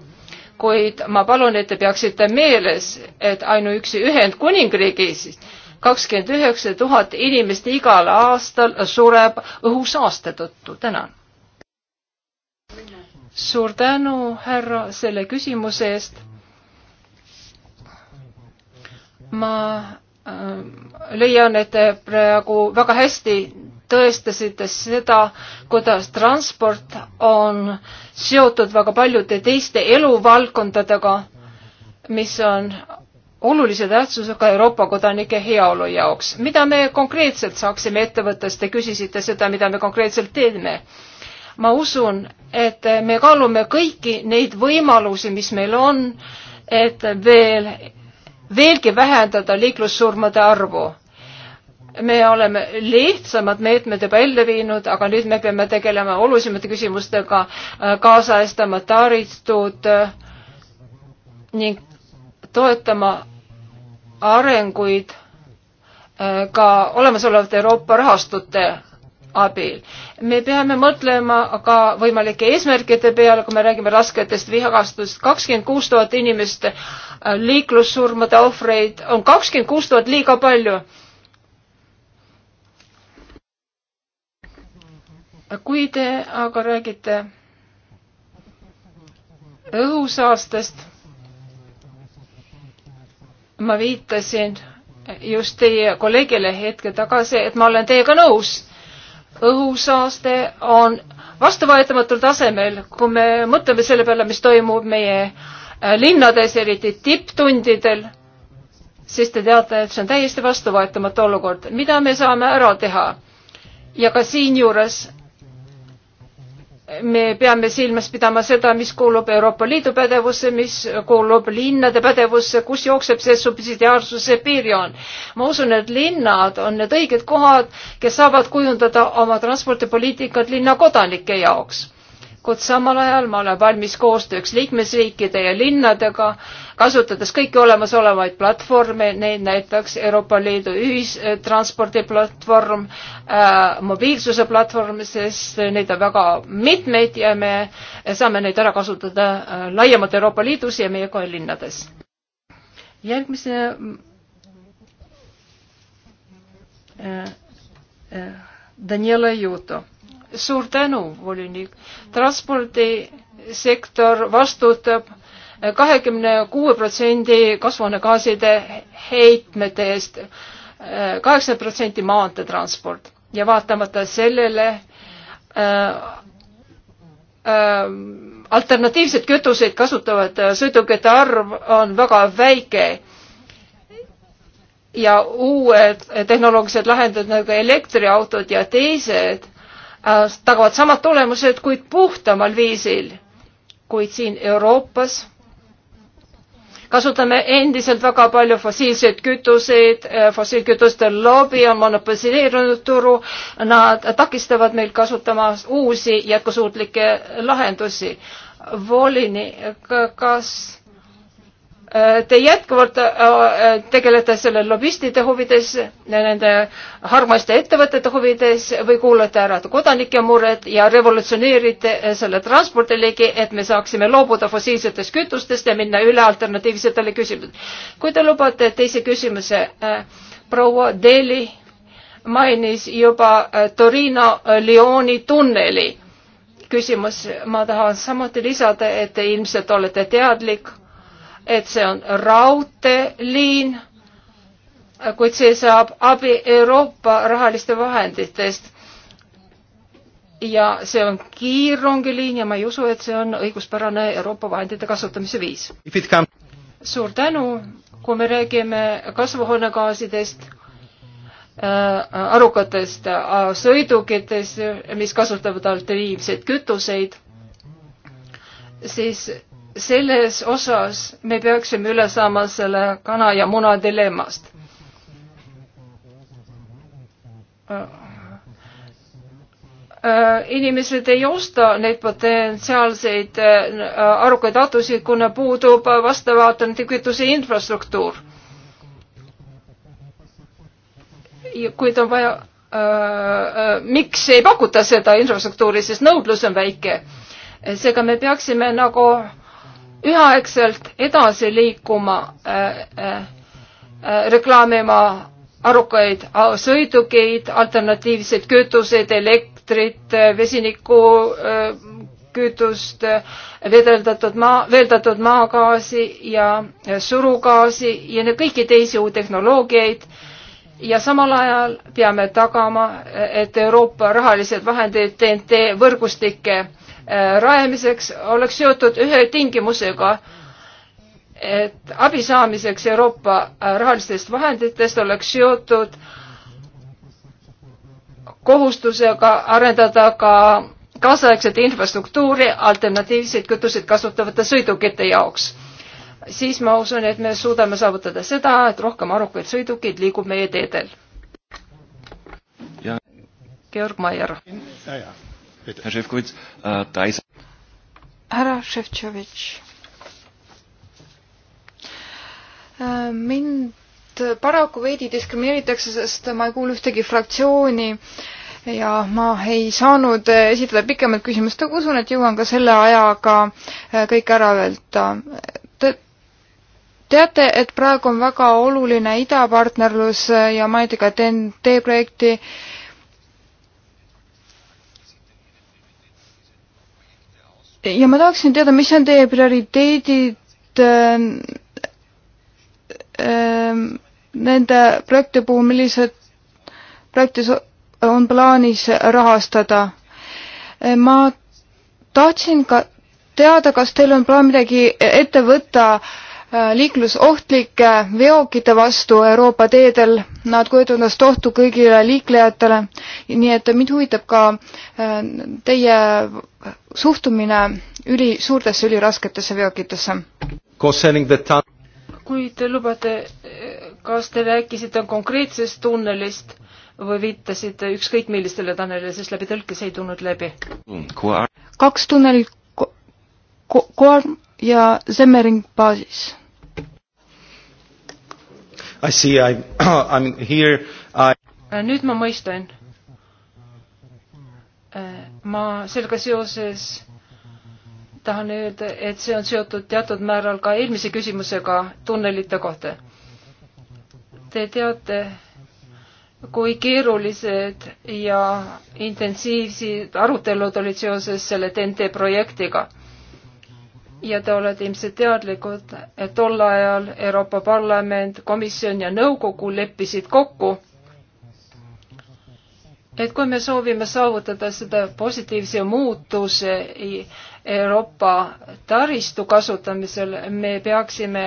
kuid ma palun, et te peaksite meeles, et ainuüksi Ühendkuningriigis kakskümmend üheksa tuhat inimest igal aastal sureb õhusaaste tõttu. tänan. suur tänu, härra, selle küsimuse eest ma äh, leian, et te praegu väga hästi tõestasite seda, kuidas transport on seotud väga paljude teiste eluvaldkondadega, mis on olulise tähtsusega Euroopa kodanike heaolu jaoks. mida me konkreetselt saaksime ette võtta, sest te küsisite seda, mida me konkreetselt teeme. ma usun, et me kaalume kõiki neid võimalusi, mis meil on, et veel veelgi vähendada liiklussurmade arvu. me oleme lihtsamad meetmed juba ellu viinud, aga nüüd me peame tegelema olulisemate küsimustega, äh, kaasajastama taristud äh, ning toetama arenguid äh, ka olemasolevate Euroopa rahastute abil. me peame mõtlema ka võimalike eesmärkide peale, kui me räägime rasketest vihakastust. kakskümmend kuus tuhat inimest äh, liiklussurmade ohvreid on kakskümmend kuus tuhat liiga palju kui te aga räägite õhusaastest, ma viitasin just teie kolleegile hetke tagasi, et ma olen teiega nõus õhusaaste on vastuvõetamatul tasemel, kui me mõtleme selle peale, mis toimub meie äh, linnades, eriti tipptundidel, siis te teate, et see on täiesti vastuvõetamatu olukord. mida me saame ära teha? ja ka siinjuures me peame silmas pidama seda, mis kuulub Euroopa Liidu pädevusse, mis kuulub linnade pädevusse, kus jookseb see subsidiaarsuse piirjoon. ma usun, et linnad on need õiged kohad, kes saavad kujundada oma transpordipoliitikat linna kodanike jaoks kuid samal ajal ma olen valmis koostööks liikmesriikide ja linnadega, kasutades kõiki olemasolevaid platvorme, neid näiteks Euroopa Liidu ühistranspordiplatvorm äh,, mobiilsuse platvorm, sest neid on väga mitmeid ja me saame neid ära kasutada äh, laiemalt Euroopa Liidus ja meie kohe linnades. järgmise äh, äh Daniela Juto suur tänu, volinik. transpordisektor vastutab kahekümne kuue protsendi kasvuhoonegaaside heitmete eest, kaheksakümmend protsenti maanteetransport ja vaatamata sellele äh, äh, alternatiivseid kütuseid kasutavate sõidukite arv on väga väike ja uued tehnoloogilised lahendused nagu elektriautod ja teised Äh, tagavad samad tulemused, kuid puhtamal viisil. kuid siin Euroopas kasutame endiselt väga palju fossiilseid kütuseid, äh, fossiilkütuste lobi on monopoliseerinud turu, nad takistavad meil kasutamast uusi jätkusuutlikke lahendusi. volini, kas Äh, te jätkuvalt äh, äh, tegelete selle lobistide huvides, nende harmaste ettevõtete huvides või kuulate ära kodanike mured ja revolutsioneerite selle transpordiligi, et me saaksime loobuda fossiilsetest kütustest ja minna üle alternatiivsetele küsimustele. kui te lubate teise küsimuse, proua Deli mainis juba Torino-Lyoni tunneli. küsimus, ma tahan samuti lisada, et te ilmselt olete teadlik et see on raudteeliin, kuid see saab abi Euroopa rahaliste vahenditest. ja see on kiirrongiliin ja ma ei usu, et see on õiguspärane Euroopa vahendite kasutamise viis. suur tänu, kui me räägime kasvuhoonegaasidest äh, arukatest äh, sõidukitest, mis kasutavad alternatiivseid kütuseid, siis selles osas me peaksime üle saama selle kana ja muna dilemmast. Äh, äh, inimesed ei osta neid potentsiaalseid äh, arukaid atusid, kuna puudub vastav alternatiivkütuse infrastruktuur. kuid on vaja, miks ei pakuta seda infrastruktuuri, sest nõudlus on väike. seega me peaksime nagu äh, üheaegselt edasi liikuma äh, äh, äh reklaamima arukaid sõidukeid, alternatiivseid kütuseid, elektrit, äh, vesinikku äh,, kütust, äh, vedeldatud maa, veeldatud maagaasi ja surugaasi ja kõiki teisi uue tehnoloogiaid. ja samal ajal peame tagama, et Euroopa rahalised vahendid TNT võrgustike äh, Äh, rajamiseks oleks seotud ühe tingimusega, et abi saamiseks Euroopa äh, rahalistest vahenditest oleks seotud kohustusega arendada ka kaasaegset infrastruktuuri alternatiivseid kütuseid kasutavate sõidukite jaoks. siis ma usun, et me suudame saavutada seda, et rohkem arukaid sõidukeid liigub meie teedel. Georg Maier. Herr Šefkovič, da is... härra Šefčovitš. mind paraku veidi diskrimineeritakse, sest ma ei kuulu ühtegi fraktsiooni ja ma ei saanud esitada pikemat küsimust, aga usun, et jõuan ka selle ajaga eh, kõik ära öelda teate, et praegu on väga oluline idapartnerlus ja mainiti ka TNT projekti ja ma tahaksin teada, mis on teie prioriteedid äh, äh, nende projekti puhul, millised projektis on plaanis rahastada. Äh, ma tahtsin ka teada, kas teil on plaan midagi ette võtta äh, Äh, liiklusohtlike veokite vastu Euroopa teedel. Nad kujutavad endast ohtu kõigile liiklejatele. nii et mind huvitab ka äh, teie suhtumine üli, suurtesse ülirasketesse veokitesse. kui te lubate, kas te rääkisite konkreetsest tunnelist või viitasite ükskõik millistele tunnelile, sest läbi tõlke see ei tulnud läbi? Hmm, kaks tunnelit ko-, Korm ja Semmering baasis. I see, I, I am here I äh, nüüd ma mõistan. Äh, ma sellega seoses tahan öelda, et see on seotud teatud määral ka eelmise küsimusega tunnelite kohta. Te teate, kui keerulised ja intensiivsed arutelud olid seoses selle TNT projektiga ja te olete ilmselt teadlikud, et tol ajal Euroopa Parlament, komisjon ja nõukogu leppisid kokku, et kui me soovime saavutada seda positiivse muutuse Euroopa taristu kasutamisel, me peaksime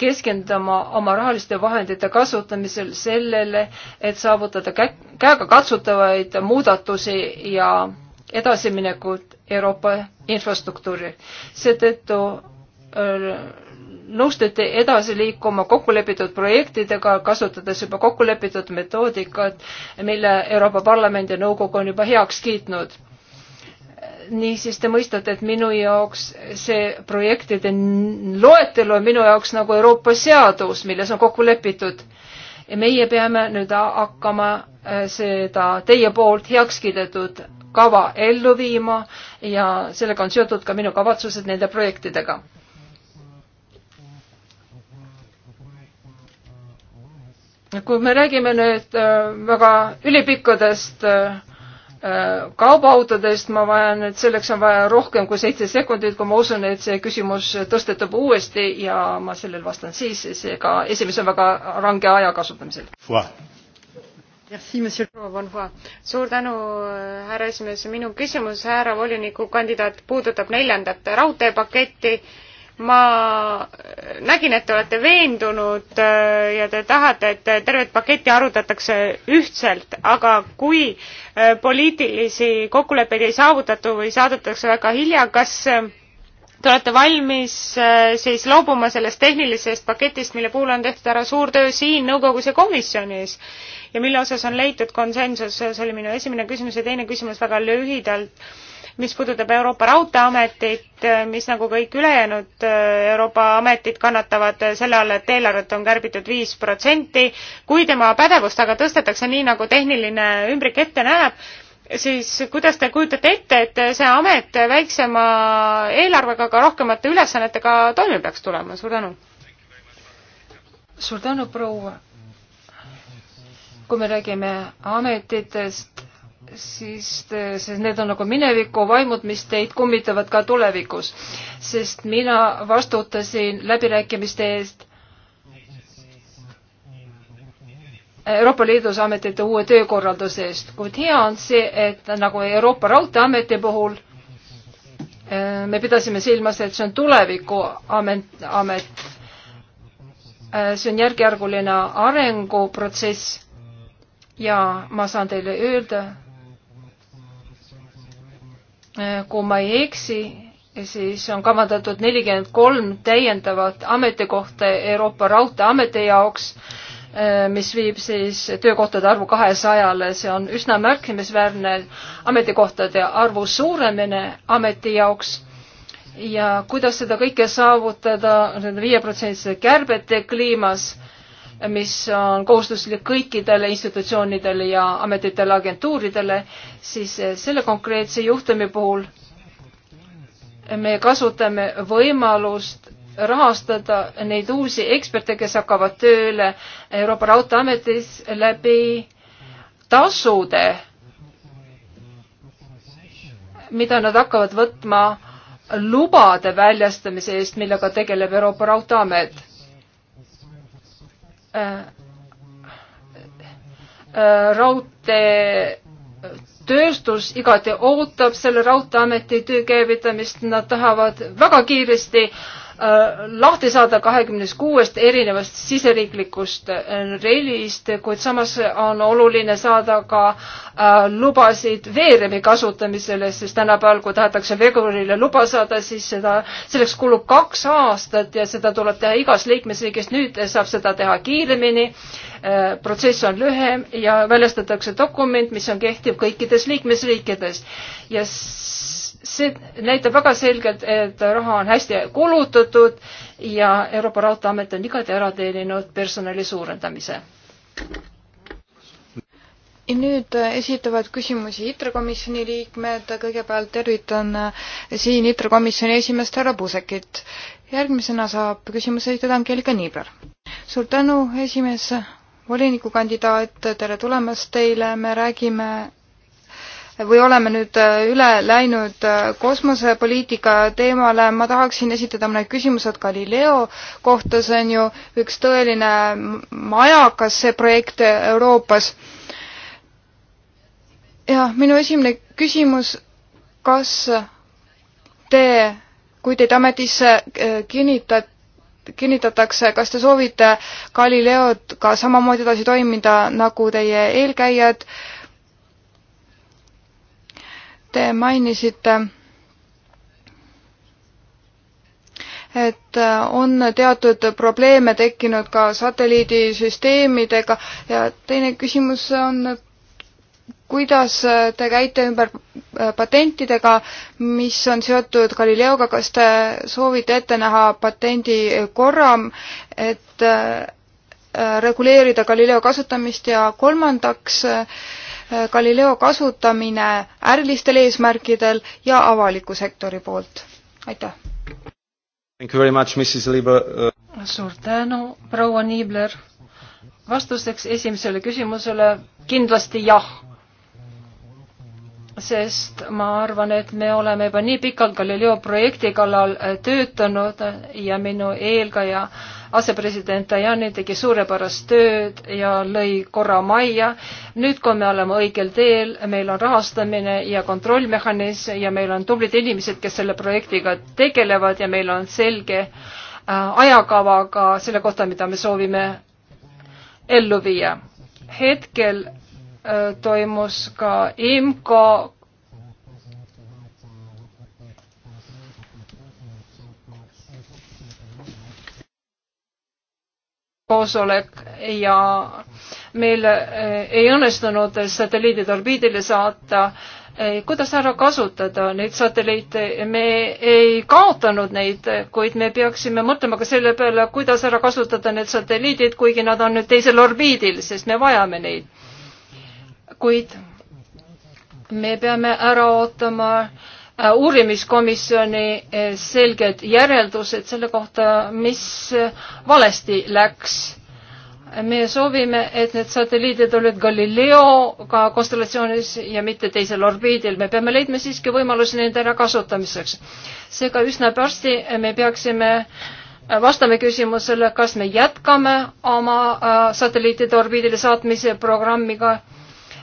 keskenduma oma rahaliste vahendite kasutamisel sellele, et saavutada käega katsutavaid muudatusi ja edasiminekut Euroopa infrastruktuuri. seetõttu äh, nõustuti edasi liikuma kokkulepitud projektidega, kasutades juba kokkulepitud metoodikat, mille Euroopa Parlament ja Nõukogu on juba heaks kiitnud. niisiis te mõistate, et minu jaoks see projektide loetelu on minu jaoks nagu Euroopa seadus, milles on kokku lepitud. ja meie peame nüüd hakkama äh, seda teie poolt heaks kiidetud kava ellu viima ja sellega on seotud ka minu kavatsused nende projektidega. kui me räägime nüüd äh, väga ülipikkadest äh, äh, kaubaautodest, ma vajan, et selleks on vaja rohkem kui seitse sekundit, kui ma usun, et see küsimus tõstetub uuesti ja ma sellele vastan siis, seega esimese väga range aja kasutamisel suur tänu, äh, härra esimees, minu küsimus härra volinikukandidaat puudutab neljandat raudteepaketti. ma äh, nägin, et te olete veendunud äh, ja te tahate, et tervet paketti arutatakse ühtselt, aga kui poliitilisi kokkuleppeid ei saavutatu või saadetakse väga hilja, kas Te olete valmis äh, siis loobuma sellest tehnilisest paketist, mille puhul on tehtud ära suur töö siin nõukogus ja komisjonis ja mille osas on leitud konsensus, see oli minu esimene küsimus ja teine küsimus väga lühidalt, mis puudutab Euroopa Raudteeametit, äh, mis nagu kõik ülejäänud äh, Euroopa ametid kannatavad selle all, et eelarvet on kärbitud viis protsenti, kui tema pädevust aga tõstetakse nii, nagu tehniline ümbrik ette näeb, siis kuidas te kujutate ette, et see amet väiksema eelarvega, aga rohkemate ülesannetega toime peaks tulema, suur tänu! suur tänu, proua! kui me räägime ametitest, siis, siis need on nagu mineviku vaimud, mis teid kummitavad ka tulevikus. sest mina vastutasin läbirääkimiste eest Euroopa Liidus ametite uue töökorralduse eest, kuid hea on see, et nagu Euroopa Raudteeameti puhul äh, me pidasime silmas, et see on tuleviku amet, amet. Äh, see on järk-järguline arenguprotsess ja ma saan teile öelda, äh, kui ma ei eksi, siis on kavandatud nelikümmend kolm täiendavat ametikohta Euroopa Raudteeameti jaoks Äh, mis viib siis töökohtade arvu kahesajale, see on üsna märkimisväärne ametikohtade arvu suuremine ameti jaoks ja kuidas seda kõike saavutada nende viieprotsendiliste kärbete kliimas, mis on kohustuslik kõikidele institutsioonidele ja ametitele, agentuuridele, siis äh, selle konkreetse juhtumi puhul me kasutame võimalust rahastada neid uusi eksperte, kes hakkavad tööle Euroopa Raudteeametis läbi tasude, mida nad hakkavad võtma lubade väljastamise eest, millega tegeleb Euroopa Raudteeamet. raudteetööstus igati ootab selle Raudteeameti töö käivitamist, nad tahavad väga kiiresti äh, Äh, lahti saada kahekümnest kuuest erinevast siseriiklikust äh, relist, kuid samas on oluline saada ka äh, lubasid veerevi kasutamisele, sest tänapäeval, kui tahetakse vegurile luba saada, siis seda, selleks kulub kaks aastat ja seda tuleb teha igas liikmesriigis. nüüd saab seda teha kiiremini, protsess on lühem ja väljastatakse dokument, mis on kehtiv kõikides liikmesriikides ja see näitab väga selgelt, et raha on hästi kulutatud ja Euroopa Raudteeamet on igati ära teeninud personali suurendamise. nüüd äh, esitavad küsimusi ITRE komisjoni liikmed, kõigepealt tervitan äh, siin ITRE komisjoni esimeest härra Pusekit. järgmisena saab küsimuse esitada Angelika Niibler. suur tänu, esimees, volinikukandidaat, tere tulemast teile, me räägime või oleme nüüd äh, üle läinud äh, kosmosepoliitika teemale, ma tahaksin esitada mõned küsimused Galileo kohta, see on ju üks tõeline majakas, see projekt Euroopas. jah, minu esimene küsimus, kas te, kui teid ametisse äh, kinnitate, kinnitatakse, kas te soovite Galileod ka samamoodi edasi toimida nagu teie eelkäijad äh, Te mainisite, et on teatud probleeme tekkinud ka satelliidisüsteemidega ja teine küsimus on, kuidas te käite ümber patentidega, mis on seotud Galileoga, kas te soovite ette näha patendikorra, et äh, reguleerida Galileo kasutamist ja kolmandaks äh, Galileo kasutamine ärilistel eesmärkidel ja avaliku sektori poolt. aitäh! suur tänu, proua Niibler. vastuseks esimesele küsimusele kindlasti jah. sest ma arvan, et me oleme juba nii pikalt Galileo projekti kallal äh, töötanud ja minu eelkäija äh, asepresident Tajani tegi suurepärast tööd ja lõi korra majja. nüüd, kui me oleme õigel teel, meil on rahastamine ja kontrollmehhanism ja meil on tublid inimesed, kes selle projektiga tegelevad ja meil on selge äh, ajakava ka selle kohta, mida me soovime ellu viia. hetkel äh, toimus ka IMCO koosolek ja meil eh, ei õnnestunud satelliidid orbiidile saata. Eh, kuidas ära kasutada neid satelliite? me ei kaotanud neid, kuid me peaksime mõtlema ka selle peale, kuidas ära kasutada need satelliidid, kuigi nad on nüüd teisel orbiidil, sest me vajame neid. kuid me peame ära ootama äh, Äh, uurimiskomisjoni äh, selged järeldused selle kohta, mis äh, valesti läks. me soovime, et need satelliidid olid Galileoga konstellatsioonis ja mitte teisel orbiidil. me peame leidma siiski võimalusi nende ärakasutamiseks. seega üsna varsti me peaksime vastame küsimusele, kas me jätkame oma satelliitide orbiidile saatmise programmiga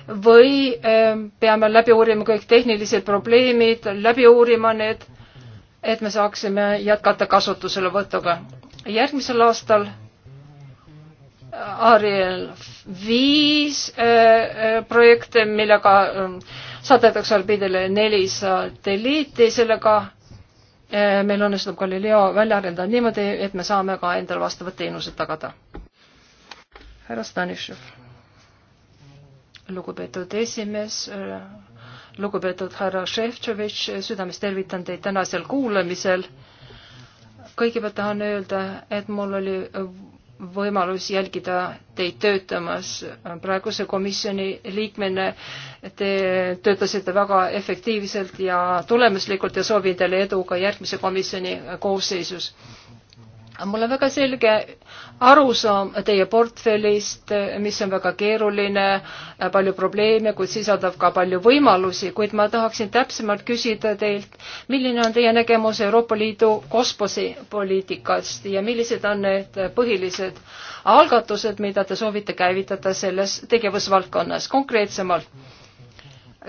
või ähm, peame läbi uurima kõik tehnilised probleemid, läbi uurima need, et me saaksime jätkata kasutuselevõtuga. järgmisel aastal äh, Ariel viis äh, äh, projekte, millega ähm, saadetakse orbiidile neli satelliiti, sellega meil õnnestub Galileo välja arendada niimoodi, et me saame ka endale vastavad teenused tagada. härra Stanišev lugupeetud esimees, lugupeetud härra Šeftšovitš, südamest tervitan teid tänasel kuulamisel. kõigepealt tahan öelda, et mul oli võimalus jälgida teid töötamas praeguse komisjoni liikmena. Te töötasite väga efektiivselt ja tulemuslikult ja soovin teile edu ka järgmise komisjoni koosseisus mul on väga selge arusaam teie portfellist, mis on väga keeruline, palju probleeme, kuid sisaldab ka palju võimalusi, kuid ma tahaksin täpsemalt küsida teilt, milline on teie nägemus Euroopa Liidu kosmosi poliitikast ja millised on need põhilised algatused, mida te soovite käivitada selles tegevusvaldkonnas konkreetsemalt?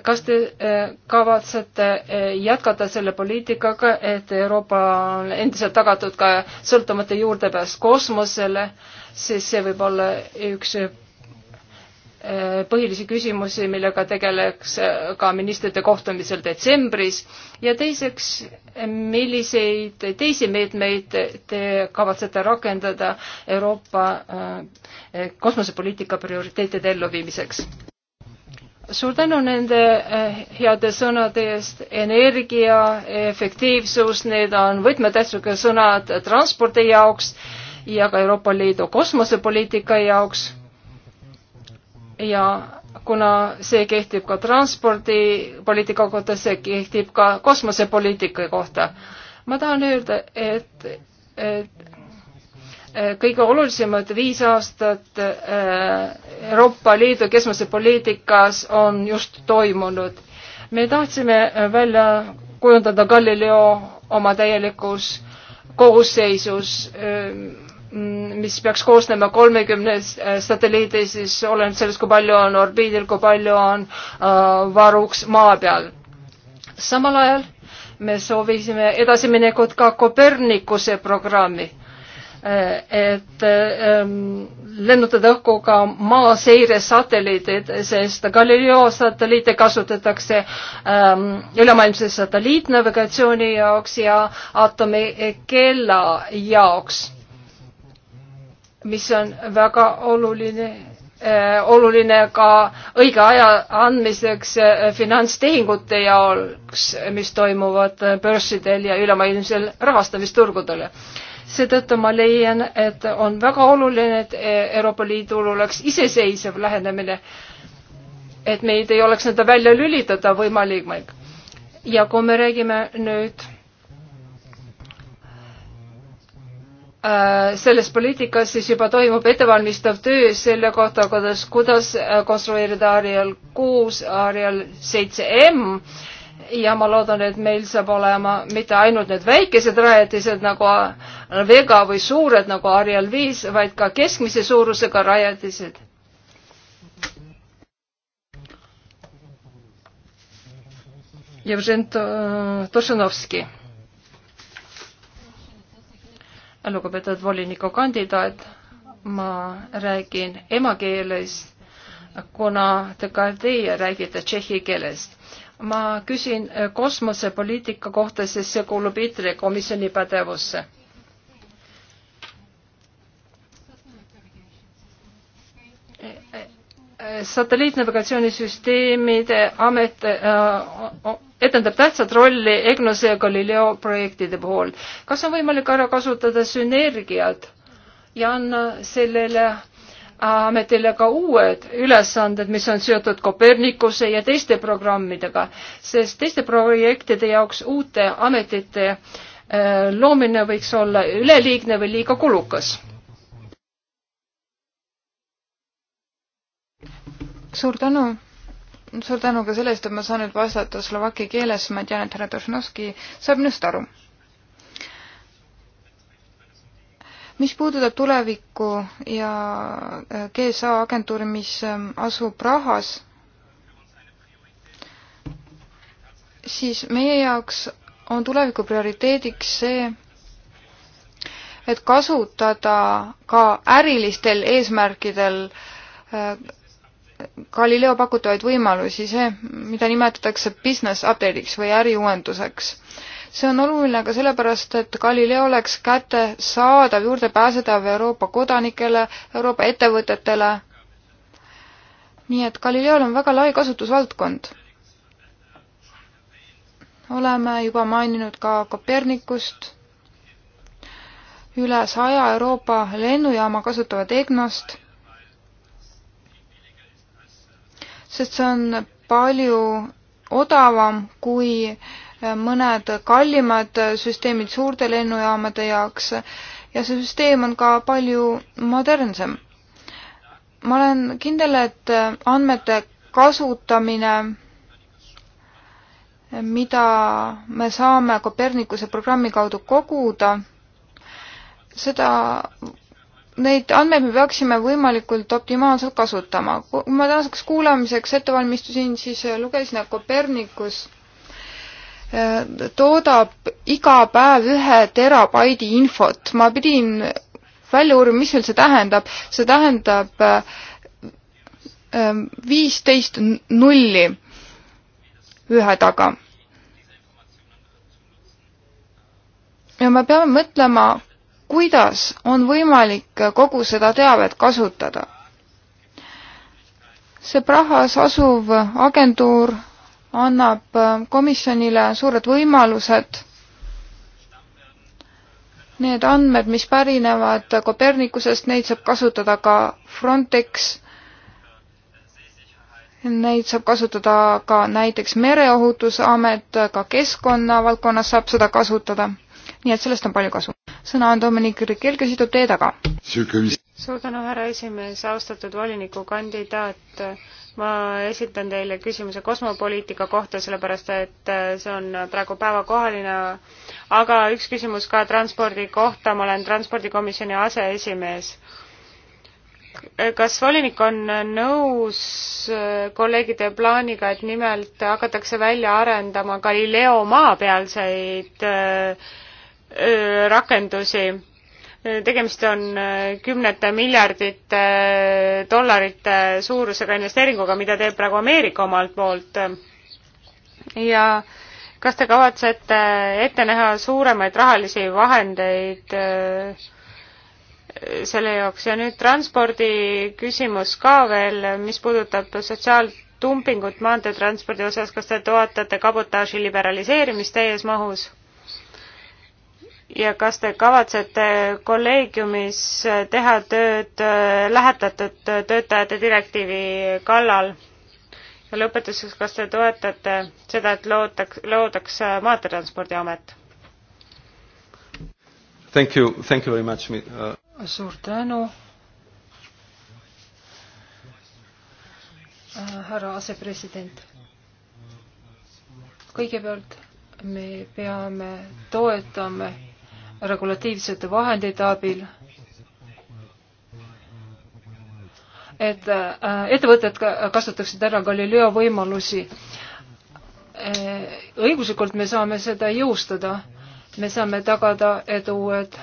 kas te äh, kavatsete äh, jätkata selle poliitikaga, et Euroopa on endiselt tagatud ka sõltumatu juurdepääs kosmosele, sest see võib olla üks äh, põhilisi küsimusi, millega tegeleks ka ministrite kohtumisel detsembris ja teiseks, milliseid teisi meetmeid te kavatsete rakendada Euroopa kosmosepoliitika prioriteetide elluviimiseks? suur tänu nende eh, heade sõnade eest, energia, efektiivsus, need on võtmetähtsusega sõnad transpordi jaoks ja ka Euroopa Liidu kosmosepoliitika jaoks. ja kuna see kehtib ka transpordipoliitika kohta, see kehtib ka kosmosepoliitika kohta. ma tahan öelda, et, et Äh, kõige olulisemad viis aastat äh, Euroopa Liidu keskmise poliitikas on just toimunud. me tahtsime äh, välja kujundada Galileo oma täielikus koosseisus, mis peaks koosnema kolmekümnest satelliidist, siis oleneb sellest, kui palju on orbiidil, kui palju on varuks maa peal. samal ajal me soovisime edasiminekut ka Kopernikuse programmi Eh, et ehm, lennutada õhku ka maaseiresatelliidid, sest Galileo satelliite kasutatakse ehm, ülemaailmse satelliitnavigatsiooni jaoks ja aatomikella jaoks, mis on väga oluline Äh, oluline ka õige aja andmiseks äh, finantstehingute jaoks, mis toimuvad äh, börsidel ja ülemaailmsel rahastamisturgudel. seetõttu ma leian, et on väga oluline, et Euroopa Liidul oleks iseseisev lähenemine, et meid ei oleks nii-öelda välja lülitada võimalik. ja kui me räägime nüüd Äh, selles poliitikas siis juba toimub ettevalmistav töö selle kohta, kuidas, kuidas äh, konstrueerida Ariel kuus, Ariel seitse M ja ma loodan, et meil saab olema mitte ainult need väikesed rajatised nagu Vega või suured nagu Ariel viis, vaid ka keskmise suurusega rajatised. Jevžen Tošanovski lugupeetud volinikukandidaat, ma räägin emakeeles, kuna te ka teie räägite tšehhi keelest. ma küsin eh, kosmosepoliitika kohta, sest see kuulub ITRE komisjoni pädevusse. Eh, eh, satelliitnavigatsioonisüsteemide amet äh, etendab tähtsat rolli EGNOS ja Galileo projektide puhul. kas on võimalik ära kasutada sünergiat ja anda sellele ametile ka uued ülesanded, mis on seotud Kopernikuse ja teiste programmidega, sest teiste projektide jaoks uute ametite äh, loomine võiks olla üleliigne või liiga kulukas. suur tänu suur tänu ka selle eest, et ma saan nüüd vastata slovaki keeles, ma tean, et härra Tošnovski saab minust aru. mis puudutab tulevikku ja äh, GSA agentuuri, mis ähm, asub Rahas, siis meie jaoks on tuleviku prioriteediks see, et kasutada ka ärilistel eesmärkidel äh, Galileo pakutavaid võimalusi, see, mida nimetatakse business update'iks või äriuuenduseks. see on oluline ka sellepärast, et Galileo oleks kättesaadav, juurdepääsetav Euroopa kodanikele, Euroopa ettevõtetele. nii et Galileol on väga lai kasutusvaldkond. oleme juba maininud ka Kopernikust, üle saja Euroopa lennujaama kasutavad EGNOst sest see on palju odavam kui eh, mõned kallimad eh, süsteemid suurte lennujaamade jaoks ja see süsteem on ka palju modernsem. ma olen kindel, et eh, andmete kasutamine, mida me saame Kopernikuse programmi kaudu koguda, seda neid andmeid me peaksime võimalikult optimaalselt kasutama. kui ma tänaseks kuulamiseks ette valmistusin, siis äh, lugesin, et Copernicus äh, toodab iga päev ühe terabaidi infot. ma pidin välja uurima, mis üldse tähendab. see tähendab äh, viisteist nulli ühe taga. ja me peame mõtlema kuidas on võimalik kogu seda teavet kasutada. see Prahas asuv agentuur annab komisjonile suured võimalused. Need andmed, mis pärinevad Kopernikusest, neid saab kasutada ka Frontex, neid saab kasutada ka näiteks Mereohutusamet, ka keskkonnavaldkonnas saab seda kasutada. nii et sellest on palju kasu sõna on Dominik Rikel, kes istub teie taga. suur tänu, härra esimees, austatud volinikukandidaat. ma esitan teile küsimuse kosmopoliitika kohta, sellepärast et äh, see on praegu päevakohaline, aga üks küsimus ka transpordi kohta, ma olen transpordikomisjoni aseesimees kas volinik on nõus äh, kolleegide plaaniga, et nimelt hakatakse välja arendama Galileo maapealseid äh, rakendusi. tegemist on kümnete miljardite dollarite suurusega investeeringuga, mida teeb praegu Ameerika omalt poolt. ja kas te kavatsete ette näha suuremaid rahalisi vahendeid selle jaoks ja nüüd transpordi küsimus ka veel, mis puudutab sotsiaaltumpingut maanteetranspordi osas, kas te toetate kabotaaži liberaliseerimist täies mahus? ja kas te kavatsete kolleegiumis teha tööd äh, lähetatud töötajate direktiivi kallal? ja lõpetuseks, kas te toetate seda, et loodaks, loodaks äh, Maanteetranspordiamet? Thank you, thank you very much uh.... suur tänu äh,. härra asepresident. kõigepealt me peame toetama regulatiivsete vahendite abil, et äh, ettevõtted kasutaksid ära Galileo võimalusi. Äh, õiguslikult me saame seda jõustada, me saame tagada, et uued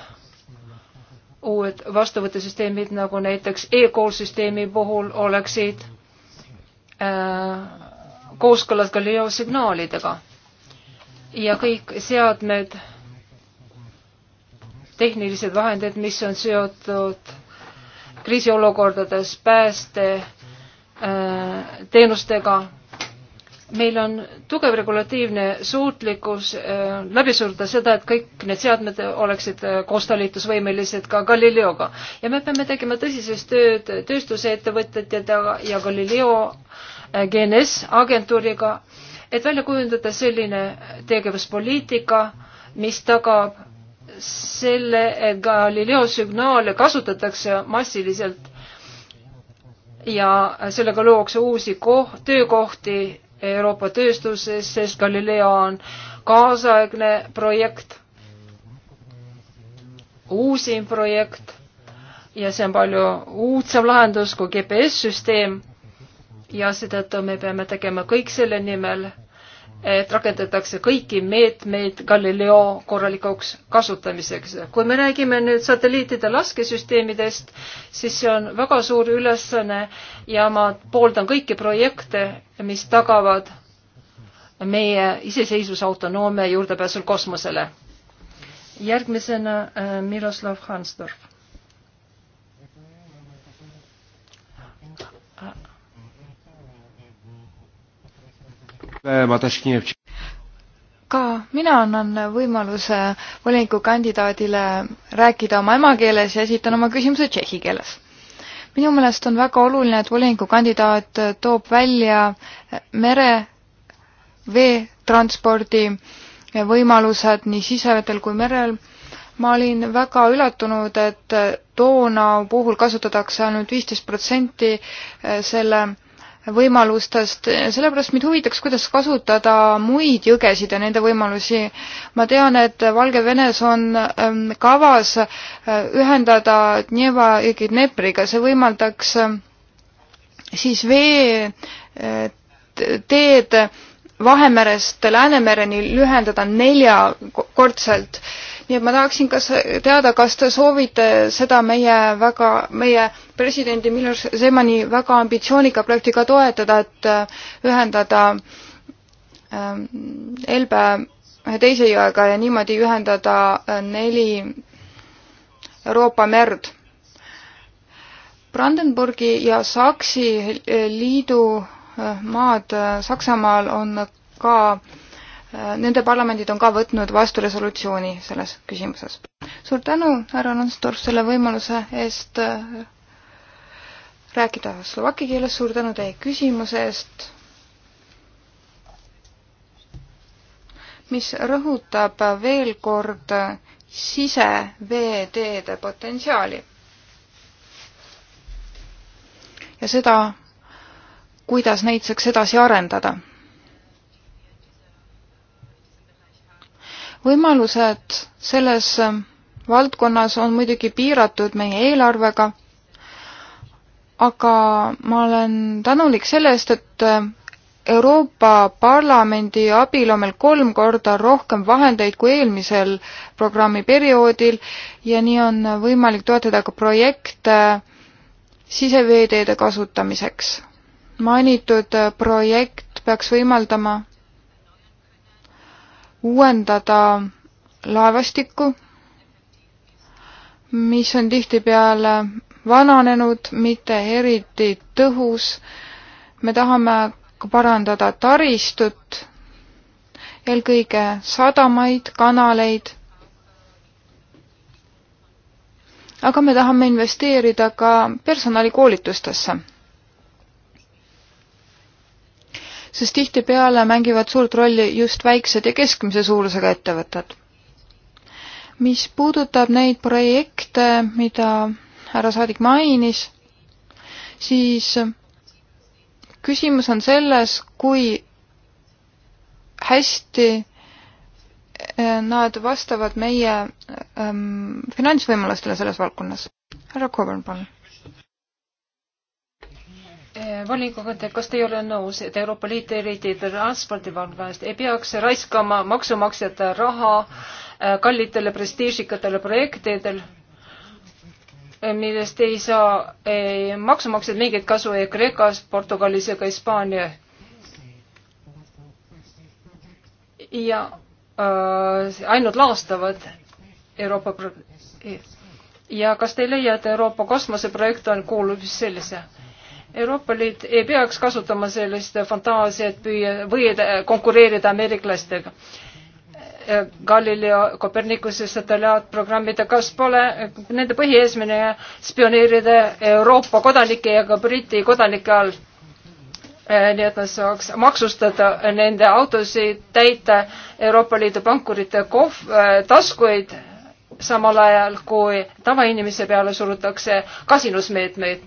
uued vastuvõttesüsteemid nagu näiteks e-kool süsteemi puhul oleksid äh, kooskõlas Galileo signaalidega ja kõik seadmed äh, tehnilised vahendid, mis on seotud kriisiolukordades pääste äh, teenustega. meil on tugev regulatiivne suutlikkus äh, läbi suruda seda, et kõik need seadmed oleksid äh, koostalitusvõimelised ka Galileoga ja me peame tegema tõsisest tööd tööstusettevõtjatega ja Galileo GNS agentuuriga, et välja kujundada selline tegevuspoliitika, mis tagab selle, et Galileo signaale kasutatakse massiliselt ja sellega luuakse uusi koht, töökohti Euroopa tööstuses, sest Galileo on kaasaegne projekt, uusim projekt ja see on palju uudsem lahendus kui GPS-süsteem ja seetõttu me peame tegema kõik selle nimel et rakendatakse kõiki meetmeid Galileo korralikuks kasutamiseks. kui me räägime nüüd satelliitide laskesüsteemidest, siis see on väga suur ülesanne ja ma pooldan kõiki projekte, mis tagavad meie iseseisvuse autonoomia juurdepääsul kosmosele. järgmisena äh, Miroslav Hansdorf ka mina annan võimaluse volinikukandidaadile rääkida oma emakeeles ja esitan oma küsimuse tšehhi keeles. minu meelest on väga oluline, et volinikukandidaat toob välja mere, veetranspordi võimalused nii sisevetel kui merel. ma olin väga üllatunud, et toona puhul kasutatakse ainult viisteist protsenti selle võimalustest, sellepärast mind huvitaks, kuidas kasutada muid jõgesid ja nende võimalusi. ma tean, et Valgevenes on ähm, kavas äh, ühendada Dneva jõgi Dnepriga, see võimaldaks äh, siis vee äh, teed Vahemerest Läänemereni lühendada neljakordselt nii et ma tahaksin kas teada, kas te soovite seda meie väga, meie presidendi Miloš Zemani väga ambitsioonika projektiga toetada, et äh, ühendada ähm, Elbe ühe teise jõega ja niimoodi ühendada äh, neli Euroopa merd. Brandenburgi ja Saksi äh, liidu maad Saksamaal on ka äh, Äh, nende parlamendid on ka võtnud vastu resolutsiooni selles küsimuses. suur tänu, härra Nonstorf, selle võimaluse eest äh, rääkida slovaki keeles, suur tänu teie küsimuse eest, mis rõhutab veel kord siseveeteede potentsiaali. ja seda, kuidas neid saaks edasi arendada võimalused selles valdkonnas on muidugi piiratud meie eelarvega, aga ma olen tänulik selle eest, et Euroopa Parlamendi abil on meil kolm korda rohkem vahendeid kui eelmisel programmiperioodil ja nii on võimalik toetada ka projekte siseveeteede kasutamiseks. mainitud projekt peaks võimaldama uuendada laevastikku, mis on tihtipeale vananenud, mitte eriti tõhus. me tahame parandada taristut, eelkõige sadamaid, kanaleid. aga me tahame investeerida ka personalikoolitustesse sest tihtipeale mängivad suurt rolli just väiksed ja keskmise suurusega ettevõtted. mis puudutab neid projekte, mida härra saadik mainis, siis küsimus on selles, kui hästi eh, nad vastavad meie ähm, finantsvõimalustele selles valdkonnas. härra Coburn, palun. Eh, volinikuga, kas te ei ole nõus, et Euroopa Liit eriti transpordivalgas ei peaks raiskama maksumaksjate raha eh, kallitele prestiižikatele projektidele, eh, millest ei saa ei maksumaksjad mingit kasu ei Kreekas, Portugalis ega Hispaania. ja äh, ainult laastavad Euroopa pro- ja kas te ei leia, et Euroopa kosmoseprojekt on, kuulub sellise Euroopa Liit ei peaks kasutama sellist fantaasiat püüa või konkureerida ameeriklastega. Galileo Copernicuse satellaatprogrammide, kas pole nende põhieesmine spioneerida Euroopa kodanike ja ka Briti kodanike all? Eh, nii et nad saaks maksustada nende autosid, täita Euroopa Liidu pankurite kohv, eh, taskuid, samal ajal kui tavainimese peale surutakse kasinusmeetmeid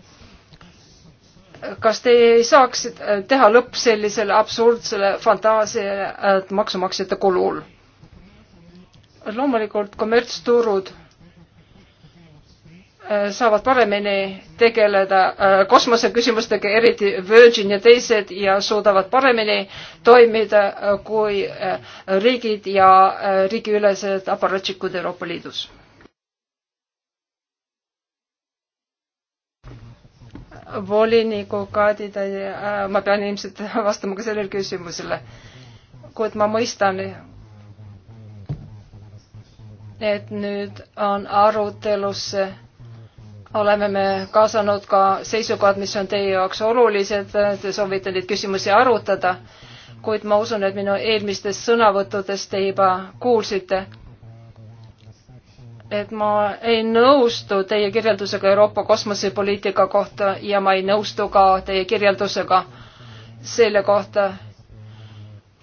kas te ei saaks teha lõpp sellisele absurdsele fantaasiale äh, maksumaksjate kulul? loomulikult kommertsturud äh, saavad paremini tegeleda äh, kosmoseküsimustega, eriti Virgin ja teised ja suudavad paremini toimida kui riigid ja riigiülesed aparaatšikud Euroopa Liidus voliniku kandidaadi, äh, ma pean ilmselt vastama ka sellele küsimusele. kuid ma mõistan, et nüüd on arutelusse, oleme me kaasanud ka seisukohad, mis on teie jaoks olulised, te soovite neid küsimusi arutada, kuid ma usun, et minu eelmistest sõnavõttudest te juba kuulsite et ma ei nõustu teie kirjeldusega Euroopa kosmosepoliitika kohta ja ma ei nõustu ka teie kirjeldusega selle kohta,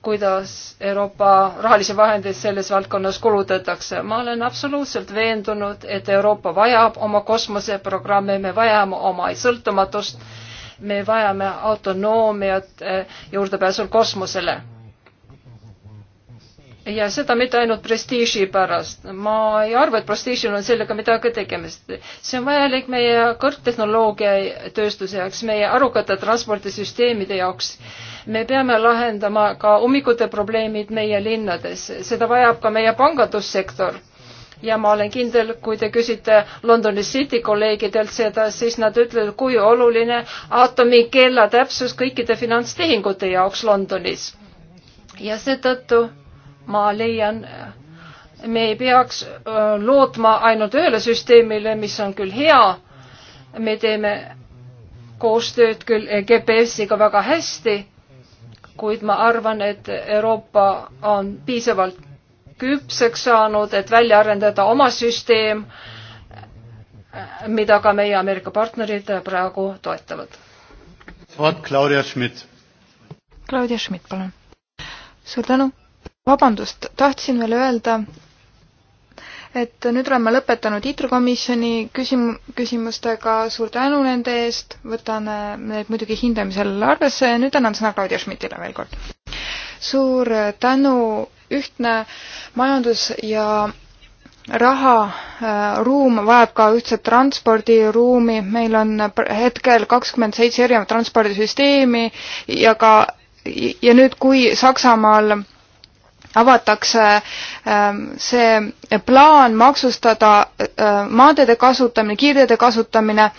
kuidas Euroopa rahalisi vahendeid selles valdkonnas kulutatakse. ma olen absoluutselt veendunud, et Euroopa vajab oma kosmoseprogramme, me vajame oma sõltumatust, me vajame autonoomiat eh, juurdepääsul kosmosele ja seda mitte ainult prestiiži pärast. ma ei arva, et prestiižil on sellega midagi tegemist. see on vajalik meie kõrgtehnoloogia tööstuse jaoks, meie arukate transpordisüsteemide jaoks. me peame lahendama ka ummikute probleemid meie linnades, seda vajab ka meie pangandussektor ja ma olen kindel, kui te küsite Londoni City kolleegidelt seda, siis nad ütlevad, kui oluline aatomikella täpsus kõikide finantstehingute jaoks Londonis. ja seetõttu ma leian, me ei peaks äh, lootma ainult ühele süsteemile, mis on küll hea, me teeme koostööd küll GPS-iga väga hästi, kuid ma arvan, et Euroopa on piisavalt küpseks saanud, et välja arendada oma süsteem, mida ka meie Ameerika partnerid praegu toetavad. Claudia Schmidt. Claudia Schmidt, palun. suur tänu vabandust, tahtsin veel öelda, et nüüd oleme lõpetanud ITRU-komisjoni küsim-, küsimustega, suur tänu nende eest, võtan eh, need muidugi hindamisel arvesse ja nüüd annan sõna Claudia Schmidtile veel kord. suur tänu, ühtne majandus ja raharuum eh, vajab ka ühtset transpordiruumi, meil on hetkel kakskümmend seitse erinevat transpordisüsteemi ja ka, ja nüüd, kui Saksamaal avatakse ähm, see plaan maksustada äh, maanteede kasutamine, kiirteede kasutamine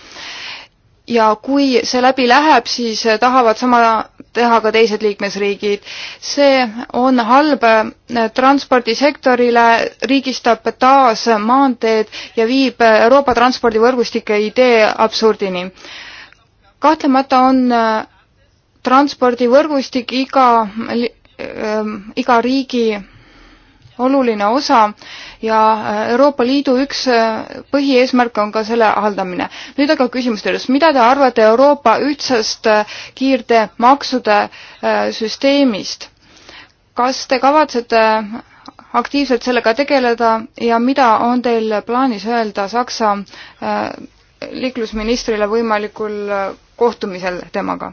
ja kui see läbi läheb, siis äh, tahavad sama teha ka teised liikmesriigid. see on halb äh, transpordisektorile, riigistab taas maanteed ja viib Euroopa transpordivõrgustike idee absurdini. kahtlemata on transpordivõrgustik iga iga riigi oluline osa ja Euroopa Liidu üks põhieesmärk on ka selle haldamine. nüüd aga küsimus teile, mida te arvate Euroopa ühtsest kiirteemaksude süsteemist? kas te kavatsete aktiivselt sellega tegeleda ja mida on teil plaanis öelda Saksa liiklusministrile võimalikul kohtumisel temaga?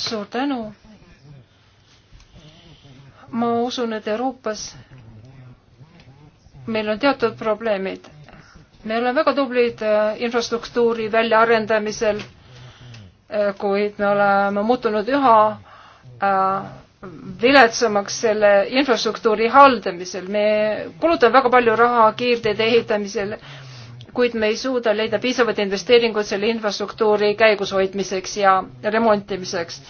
suur tänu. ma usun, et Euroopas meil on teatud probleemid. me oleme väga tublid äh, infrastruktuuri väljaarendamisel, äh, kuid me oleme muutunud üha äh, viletsamaks selle infrastruktuuri haldamisel. me kulutame väga palju raha kiirteede ehitamisel kuid me ei suuda leida piisavaid investeeringuid selle infrastruktuuri käigushoidmiseks ja remontimiseks.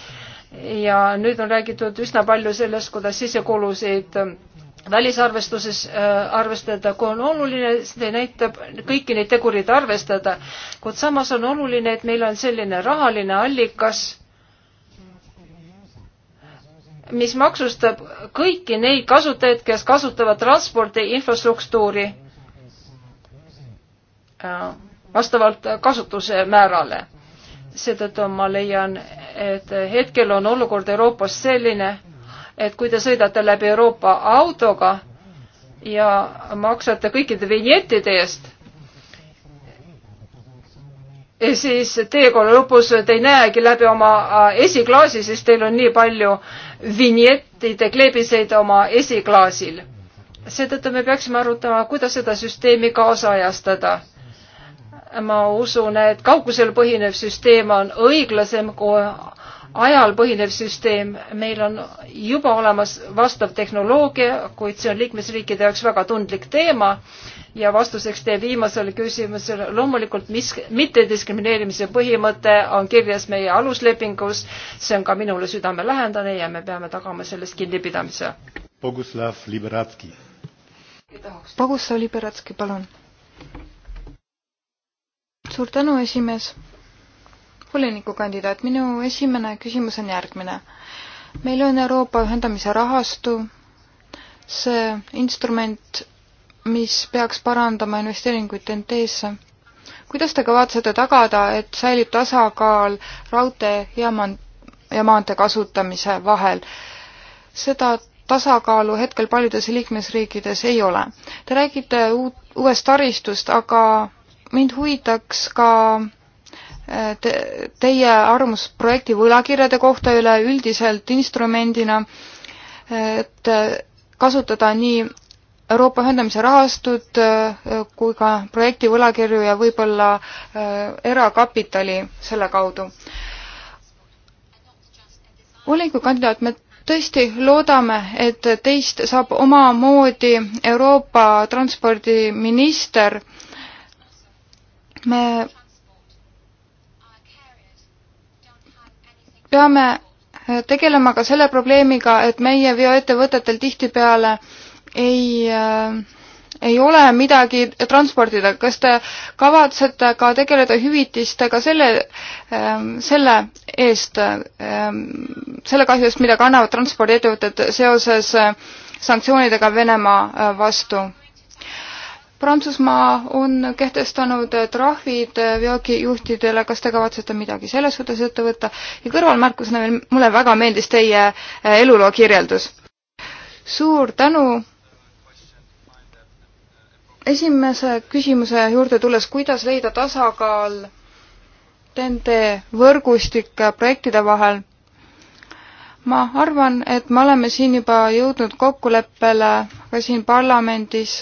ja nüüd on räägitud üsna palju sellest, kuidas sisekulusid välisarvestuses äh, arvestada, kui on oluline, see näitab kõiki neid tegureid arvestada, kuid samas on oluline, et meil on selline rahaline allikas, mis maksustab kõiki neid kasutajaid, kes kasutavad transpordi infrastruktuuri Äh, vastavalt kasutuse määrale. seetõttu ma leian, et hetkel on olukord Euroopas selline, et kui te sõidate läbi Euroopa autoga ja maksate kõikide vinjettide eest, Ja siis teekonna lõpus te ei näegi läbi oma äh, esiklaasi, sest teil on nii palju vinjettide kleebiseid oma esiklaasil. seetõttu me peaksime arutama, kuidas seda süsteemi kaasajastada ma usun, et kaugusel põhinev süsteem on õiglasem kui ajal põhinev süsteem. meil on juba olemas vastav tehnoloogia, kuid see on liikmesriikide jaoks väga tundlik teema ja vastuseks teie viimasele küsimusele, loomulikult mis, mittediskrimineerimise põhimõte on kirjas meie aluslepingus, see on ka minule südamelähedane ja me peame tagama sellest kinnipidamise. Boguslav Liberatski. Boguslav Liberatski, palun suur tänu, esimees. volinikukandidaat, minu esimene küsimus on järgmine. meil on Euroopa ühendamise rahastu, see instrument, mis peaks parandama investeeringuid TNT-sse. kuidas te kavatsete tagada, et säilib tasakaal raudtee ja maan-, ja maantee kasutamise vahel? seda tasakaalu hetkel paljudes liikmesriikides ei ole. Te räägite uut, uuest taristust, aga mind huvitaks ka eh, te, teie arvamus projekti võlakirjade kohta üleüldiselt instrumendina, et eh, kasutada nii Euroopa ühendamise rahastut eh, kui ka projekti võlakirju ja võib-olla erakapitali selle kaudu. volikogu kandidaat, me tõesti loodame, et teist saab omamoodi Euroopa transpordiminister me peame eh, tegelema ka selle probleemiga, et meie veoettevõtetel tihtipeale ei äh, ei ole midagi transportida, kas te kavatsete ka tegeleda hüvitistega selle, eh, selle eest, selle kahju eest, mida kannavad transpordiettevõtted seoses sanktsioonidega Venemaa vastu? Prantsusmaa on kehtestanud trahvid veokijuhtidele, kas te kavatsete midagi selles suhtes ette võtta? ja kõrvalmärkusena veel, mulle väga meeldis teie eh, eluloo kirjeldus. suur tänu! esimese küsimuse juurde tulles, kuidas leida tasakaal TNT võrgustike projektide vahel? ma arvan, et me oleme siin juba jõudnud kokkuleppele ka siin parlamendis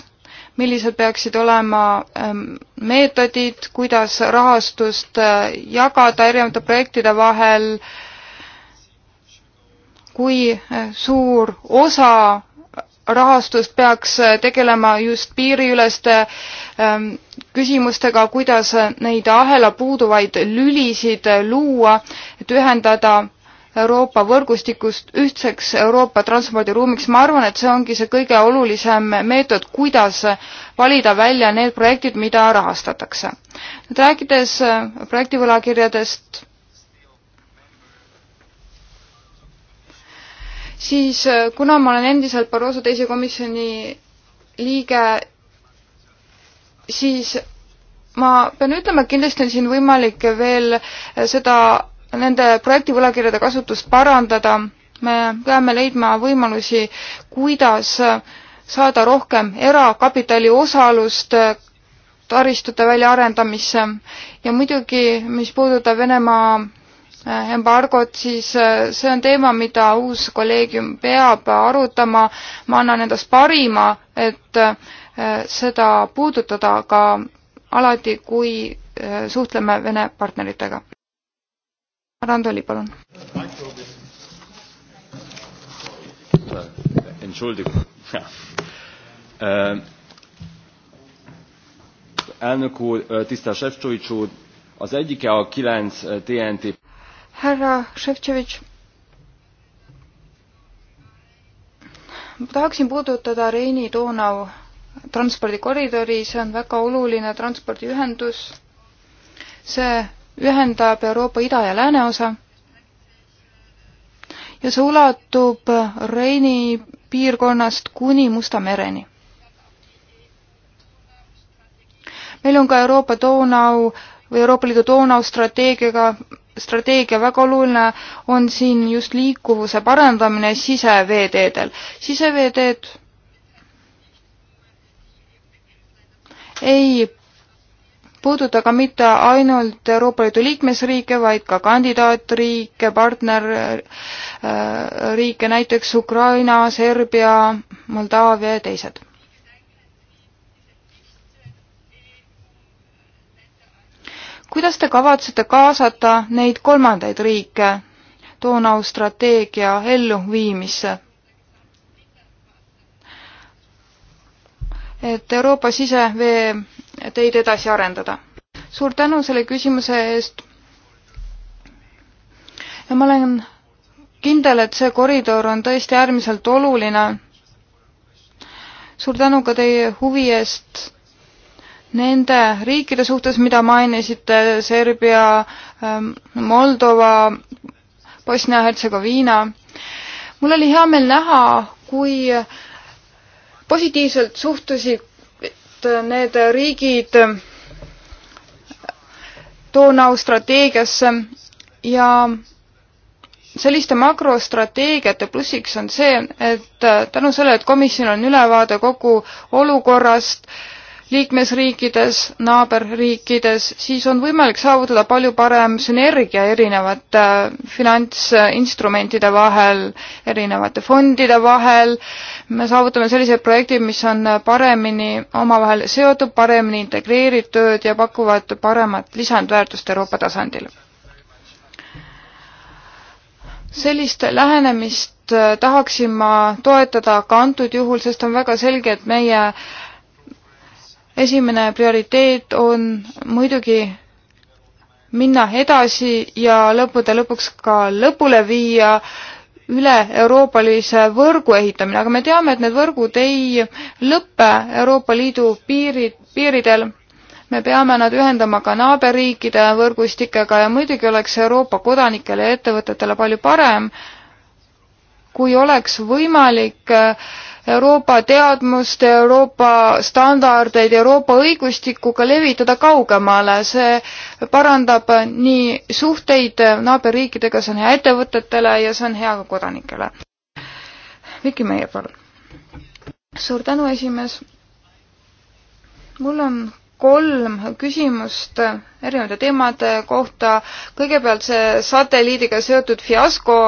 millised peaksid olema ähm, meetodid, kuidas rahastust äh, jagada erinevate projektide vahel, kui äh, suur osa rahastust peaks äh, tegelema just piiriüleste ähm, küsimustega, kuidas neid ahela puuduvaid lülisid luua, et ühendada Euroopa võrgustikust ühtseks Euroopa transpordiruumiks, ma arvan, et see ongi see kõige olulisem meetod, kuidas valida välja need projektid, mida rahastatakse. nüüd rääkides äh, projektivõlakirjadest, siis äh, kuna ma olen endiselt Barroso teise komisjoni liige, siis ma pean ütlema, et kindlasti on siin võimalik veel äh, seda nende projektivõlakirjade kasutust parandada. me peame leidma võimalusi, kuidas saada rohkem erakapitali osalust taristute väljaarendamisse ja muidugi, mis puudutab Venemaa embargot, siis äh, see on teema, mida uus kolleegium peab arutama. ma annan endast parima, et äh, seda puudutada ka alati, kui äh, suhtleme Vene partneritega. Randoli, palun. Entschuldigung. Ähm, elnök úr, tisztelt Sefcsovics úr, az egyike a 9 TNT... Härra Šefčovič, tahaksin puudutada Reini-Donau transpordikoridori, see on väga oluline transpordiühendus. see ühendab Euroopa ida- ja lääneosa ja see ulatub Reini piirkonnast kuni Musta mereni. meil on ka Euroopa Donau või Euroopa Liidu Donau strateegiaga, strateegia väga oluline on siin just liikuvuse parandamine siseveeteedel. siseveeteed ei puuduta ka mitte ainult Euroopa Liidu liikmesriike, vaid ka kandidaatriike, partnerriike, näiteks Ukraina, Serbia, Moldaavia ja teised. kuidas te kavatsete kaasata neid kolmandaid riike Donau strateegia elluviimisse? et Euroopa sisevee teid edasi arendada. suur tänu selle küsimuse eest. ja ma olen kindel, et see koridor on tõesti äärmiselt oluline. suur tänu ka teie huvi eest nende riikide suhtes, mida mainisite, Serbia, ähm, Moldova, Bosnia-Hertsegoviina. mul oli hea meel näha, kui positiivselt suhtusid need riigid Donau strateegiasse ja selliste makrostrateegiate plussiks on see, et tänu sellele, et komisjonil on ülevaade kogu olukorrast, liikmesriikides, naaberriikides, siis on võimalik saavutada palju parem sünergia erinevate äh, finantsinstrumentide vahel, erinevate fondide vahel. me saavutame sellised projektid, mis on paremini omavahel seotud, paremini integreeritud ja pakuvad paremat lisandväärtust Euroopa tasandil. sellist lähenemist äh, tahaksin ma toetada ka antud juhul, sest on väga selge, et meie äh, esimene prioriteet on muidugi minna edasi ja lõppude lõpuks ka lõpule viia üle-euroopalise võrgu ehitamine, aga me teame, et need võrgud ei lõpe Euroopa Liidu piiri, piiridel. me peame nad ühendama ka naaberriikide võrgustikega ja muidugi oleks Euroopa kodanikele ja ettevõtetele palju parem, kui oleks võimalik äh, Euroopa teadmust, Euroopa standardeid, Euroopa õigustikuga levitada kaugemale, see parandab nii suhteid naaberriikidega, see on hea ettevõtetele ja see on hea ka kodanikele. Viki Meier, palun. suur tänu, esimees. mul on kolm küsimust erinevate teemade kohta. kõigepealt see satelliidiga seotud fiasko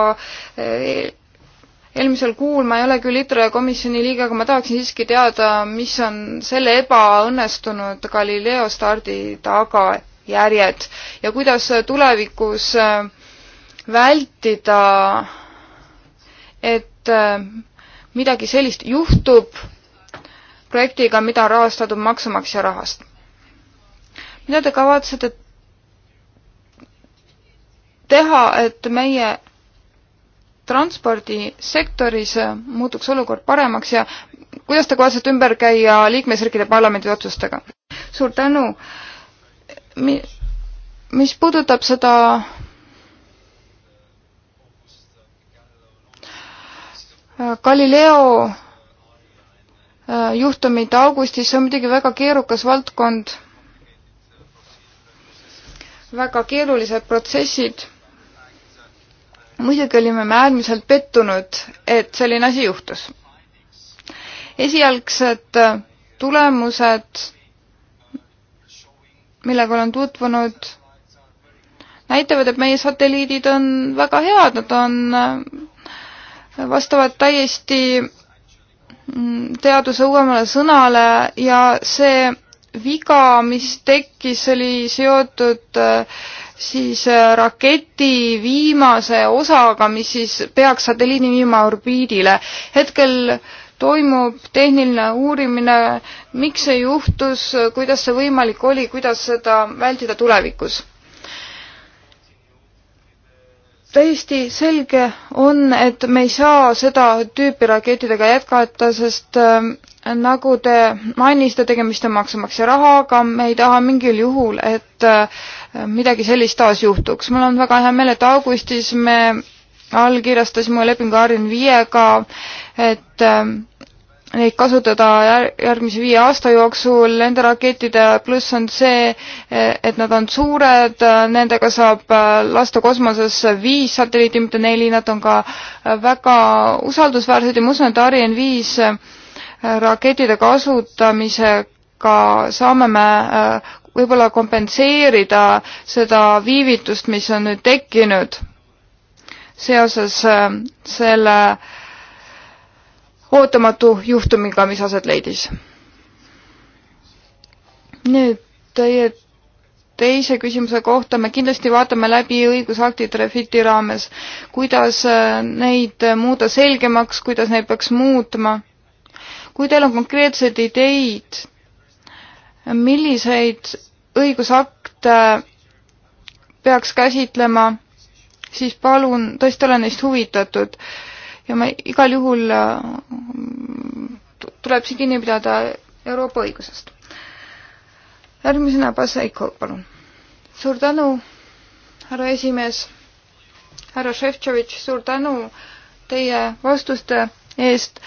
eelmisel kuul ma ei ole küll ITRE komisjoni liige, aga ma tahaksin siiski teada, mis on selle ebaõnnestunud Galileo stardi tagajärjed ja kuidas tulevikus äh, vältida, et äh, midagi sellist juhtub projektiga, mida on rahastatud maksumaksja rahast. mida te kavatsete teha, et meie transpordisektoris muutuks olukord paremaks ja kuidas te kavatsete ümber käia liikmesriikide parlamendi otsustega? suur tänu. Mi-, mis puudutab seda Galileo äh, juhtumit augustis, see on muidugi väga keerukas valdkond, väga keerulised protsessid muidugi olime me äärmiselt pettunud, et selline asi juhtus. esialgsed tulemused, millega olen tutvunud, näitavad, et meie satelliidid on väga head, nad on, äh, vastavad täiesti mm, teaduse uuemale sõnale ja see viga, mis tekkis, oli seotud äh, siis äh, raketi viimase osaga, mis siis peaks satelliidi viima orbiidile. hetkel toimub tehniline uurimine, miks see juhtus, kuidas see võimalik oli, kuidas seda vältida tulevikus? täiesti selge on, et me ei saa seda tüüpi rakettidega jätkata, sest äh, nagu te mainisite, tegemist on maksumaksja rahaga, me ei taha mingil juhul, et äh, Äh, midagi sellist taas juhtuks. mul on väga hea meel, et augustis me allkirjastasime lepingu RNV-ga, et äh, neid kasutada järgmise viie aasta jooksul. Nende rakettide pluss on see, äh, et nad on suured, nendega saab lasta kosmosesse viis satelliiti, mitte neli, nad on ka väga usaldusväärsed ja ma usun, et RN5 rakettide kasutamisega saame me võib-olla kompenseerida seda viivitust, mis on nüüd tekkinud seoses äh, selle ootamatu juhtumiga, mis aset leidis. nüüd teie teise küsimuse kohta me kindlasti vaatame läbi õigusaktid Refiti raames, kuidas äh, neid muuta selgemaks, kuidas neid peaks muutma. kui teil on konkreetseid ideid milliseid õigusakte peaks käsitlema, siis palun, tõesti olen neist huvitatud. ja ma igal juhul, äh, tuleb siin kinni pidada Euroopa õigusest. järgmisena Paseiko, palun. suur tänu, härra esimees, härra Šeftšovitš, suur tänu teie vastuste eest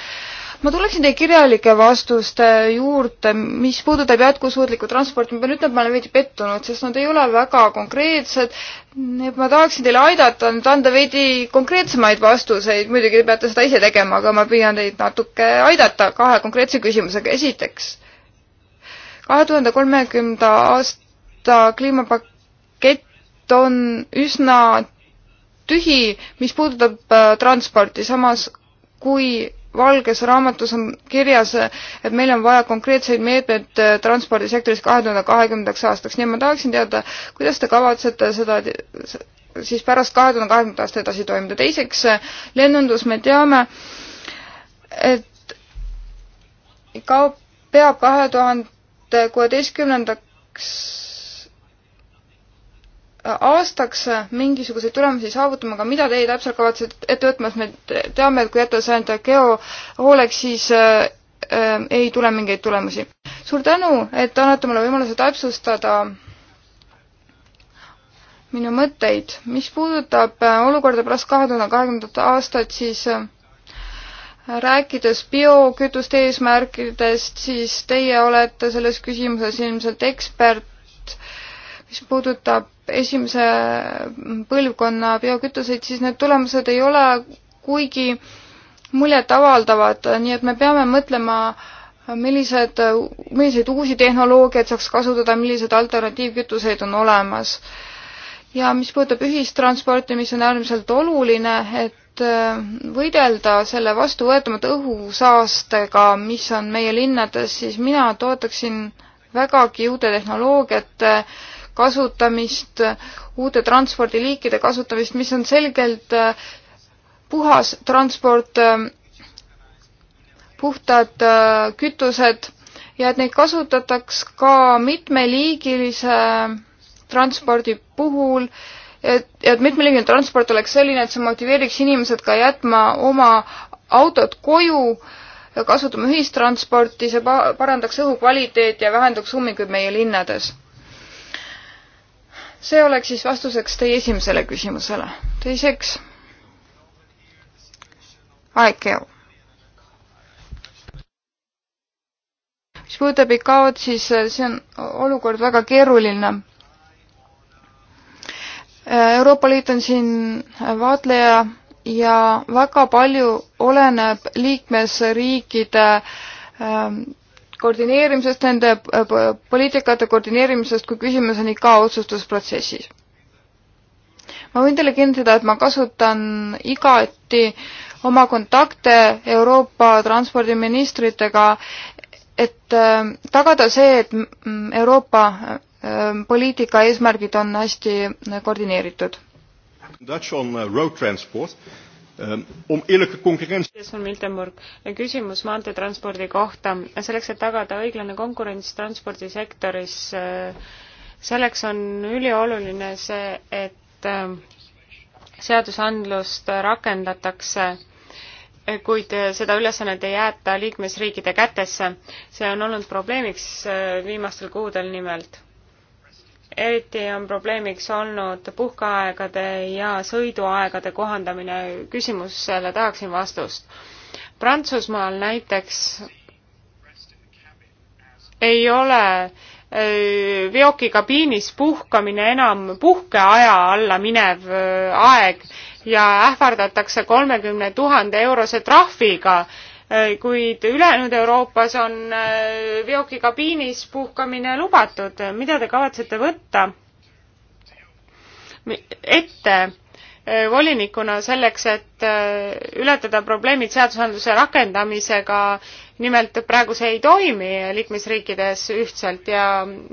ma tuleksin teie kirjalike vastuste juurde, mis puudutab jätkusuutlikku transporti, ma pean ütlema, et ma olen veidi pettunud, sest nad ei ole väga konkreetsed. nii et ma tahaksin teile aidata nüüd anda veidi konkreetsemaid vastuseid, muidugi te peate seda ise tegema, aga ma püüan teid natuke aidata kahe konkreetse küsimusega. esiteks, kahe tuhande kolmekümnenda aasta kliimapakett on üsna tühi, mis puudutab äh, transporti, samas kui valges raamatus on kirjas, et meil on vaja konkreetseid meetmeid eh, transpordisektoris kahe tuhande kahekümnendaks aastaks, nii et ma tahaksin teada, kuidas te kavatsete seda siis pärast kahe tuhande kahekümnendat aastat edasi toimida. teiseks, lennundus, me teame, et kaob, peab kahe tuhande kuueteistkümnendaks aastaks mingisuguseid tulemusi saavutama, aga mida teie täpselt kavatsete ette võtma, sest me teame, et kui jätta see ainult geo hooleks, siis äh, äh, ei tule mingeid tulemusi. suur tänu, et annate mulle võimaluse täpsustada minu mõtteid. mis puudutab äh, olukorda pärast kahe tuhande kahekümnendat aastat, siis äh, rääkides biokütuste eesmärkidest, siis teie olete selles küsimuses ilmselt ekspert mis puudutab esimese põlvkonna biokütuseid, siis need tulemused ei ole kuigi muljetavaldavad, nii et me peame mõtlema, millised, milliseid uusi tehnoloogiaid saaks kasutada, millised alternatiivkütuseid on olemas. ja mis puudutab ühistransporti, mis on äärmiselt oluline, et äh, võidelda selle vastuvõetamata õhusaastega, mis on meie linnades, siis mina toetaksin vägagi uute tehnoloogiate äh, kasutamist, uute transpordiliikide kasutamist, mis on selgelt äh, puhas transport, äh, puhtad äh, kütused ja et neid kasutataks ka mitmeliigilise transpordi puhul, et, et mitmeliigiline transport oleks selline, et see motiveeriks inimesed ka jätma oma autod koju ja kasutama ühistransporti, see parandaks õhukvaliteeti ja vähendaks ummikuid meie linnades see oleks siis vastuseks teie esimesele küsimusele. teiseks, ICAO. mis puudutab ICAO-d, siis äh, see on olukord väga keeruline. Äh, Euroopa Liit on siin vaatleja ja väga palju oleneb liikmesriikide ähm, koordineerimisest, nende äh, poliitikate koordineerimisest, kui küsimus on ikka otsustusprotsessis. ma võin teile kinnitada, et ma kasutan igati oma kontakte Euroopa transpordiministritega, et äh, tagada see, et mm, Euroopa äh, poliitika eesmärgid on hästi koordineeritud. Dutch on road transport om eerlijke concurrentie. küsimus maanteetranspordi kohta. selleks, et tagada õiglane konkurents transpordisektoris, äh, selleks on ülioluline see, et äh, seadusandlust rakendatakse, kuid äh, seda ülesannet ei jäeta liikmesriikide kätesse. see on olnud probleemiks viimastel kuudel nimelt eriti on probleemiks olnud puhkeaegade ja sõiduaegade kohandamine, küsimusele tahaksin vastust. Prantsusmaal näiteks ei ole äh, veokikabiinis puhkamine enam puhkeaja alla minev äh, aeg ja ähvardatakse kolmekümne tuhande eurose trahviga Äh, kuid ülejäänud Euroopas on äh, veokikabiinis puhkamine lubatud. mida te kavatsete võtta ette äh, volinikuna selleks, et ületada probleemid seadusandluse rakendamisega, nimelt praegu see ei toimi liikmesriikides ühtselt ja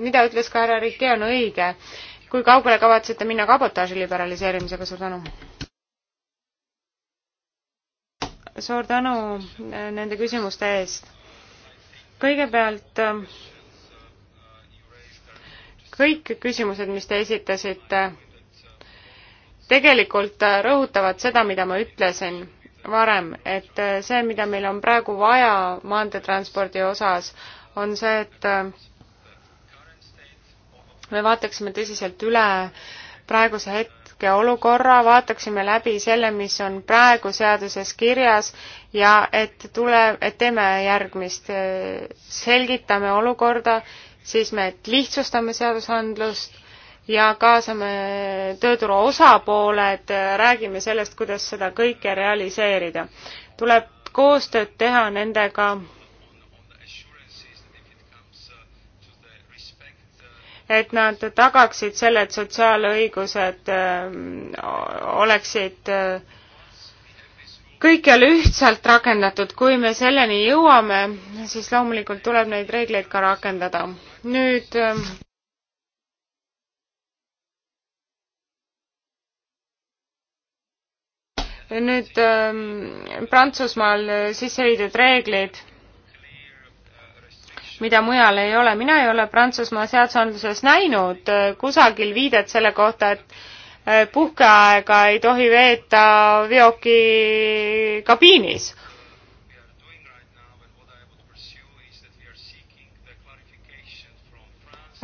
mida ütles ka härra Rikki, on õige. kui kaugele kavatsete minna kabotaaži liberaliseerimisega, suur tänu! suur tänu äh, nende küsimuste eest. kõigepealt äh, kõik küsimused, mis te esitasite, tegelikult äh, rõhutavad seda, mida ma ütlesin varem, et see, mida meil on praegu vaja maanteetranspordi osas, on see, et me vaataksime tõsiselt üle praeguse het-, olukorra, vaataksime läbi selle, mis on praegu seaduses kirjas ja et tule, et teeme järgmist, selgitame olukorda, siis me lihtsustame seadusandlust ja kaasame tööturu osapooled, räägime sellest, kuidas seda kõike realiseerida. tuleb koostööd teha nendega et nad tagaksid selle, et sotsiaalõigused ähm, oleksid äh, kõikjal ühtselt rakendatud, kui me selleni jõuame, siis loomulikult tuleb neid reegleid ka rakendada. nüüd ähm, nüüd ähm, Prantsusmaal sisse viidud reeglid mida mujal ei ole. mina ei ole Prantsusmaa seadusandluses näinud äh, kusagil viidet selle kohta, et äh, puhkeaega ei tohi veeta veoki kabiinis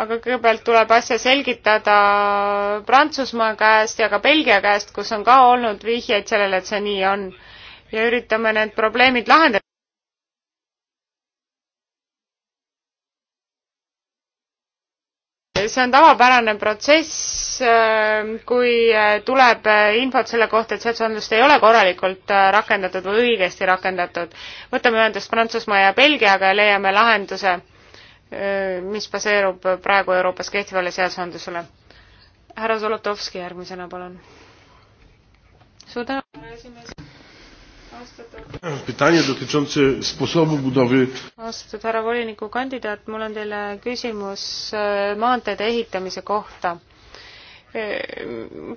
aga kõigepealt tuleb asja selgitada Prantsusmaa käest ja ka Belgia käest, kus on ka olnud vihjeid sellele, et see nii on. ja üritame need probleemid lahendada. see on tavapärane protsess, äh, kui äh, tuleb äh, infot selle kohta, et seadusandlust ei ole korralikult rakendatud või õigesti rakendatud. võtame ühendust Prantsusmaa ja Belgiaga ja leiame lahenduse, mis baseerub praegu Euroopas kehtivale seadusandlusele. härra Zolotovski järgmisena, palun. suur tänu, härra esimees austatud härra volinikukandidaat, mul on teile küsimus äh, maanteede ehitamise kohta. Äh,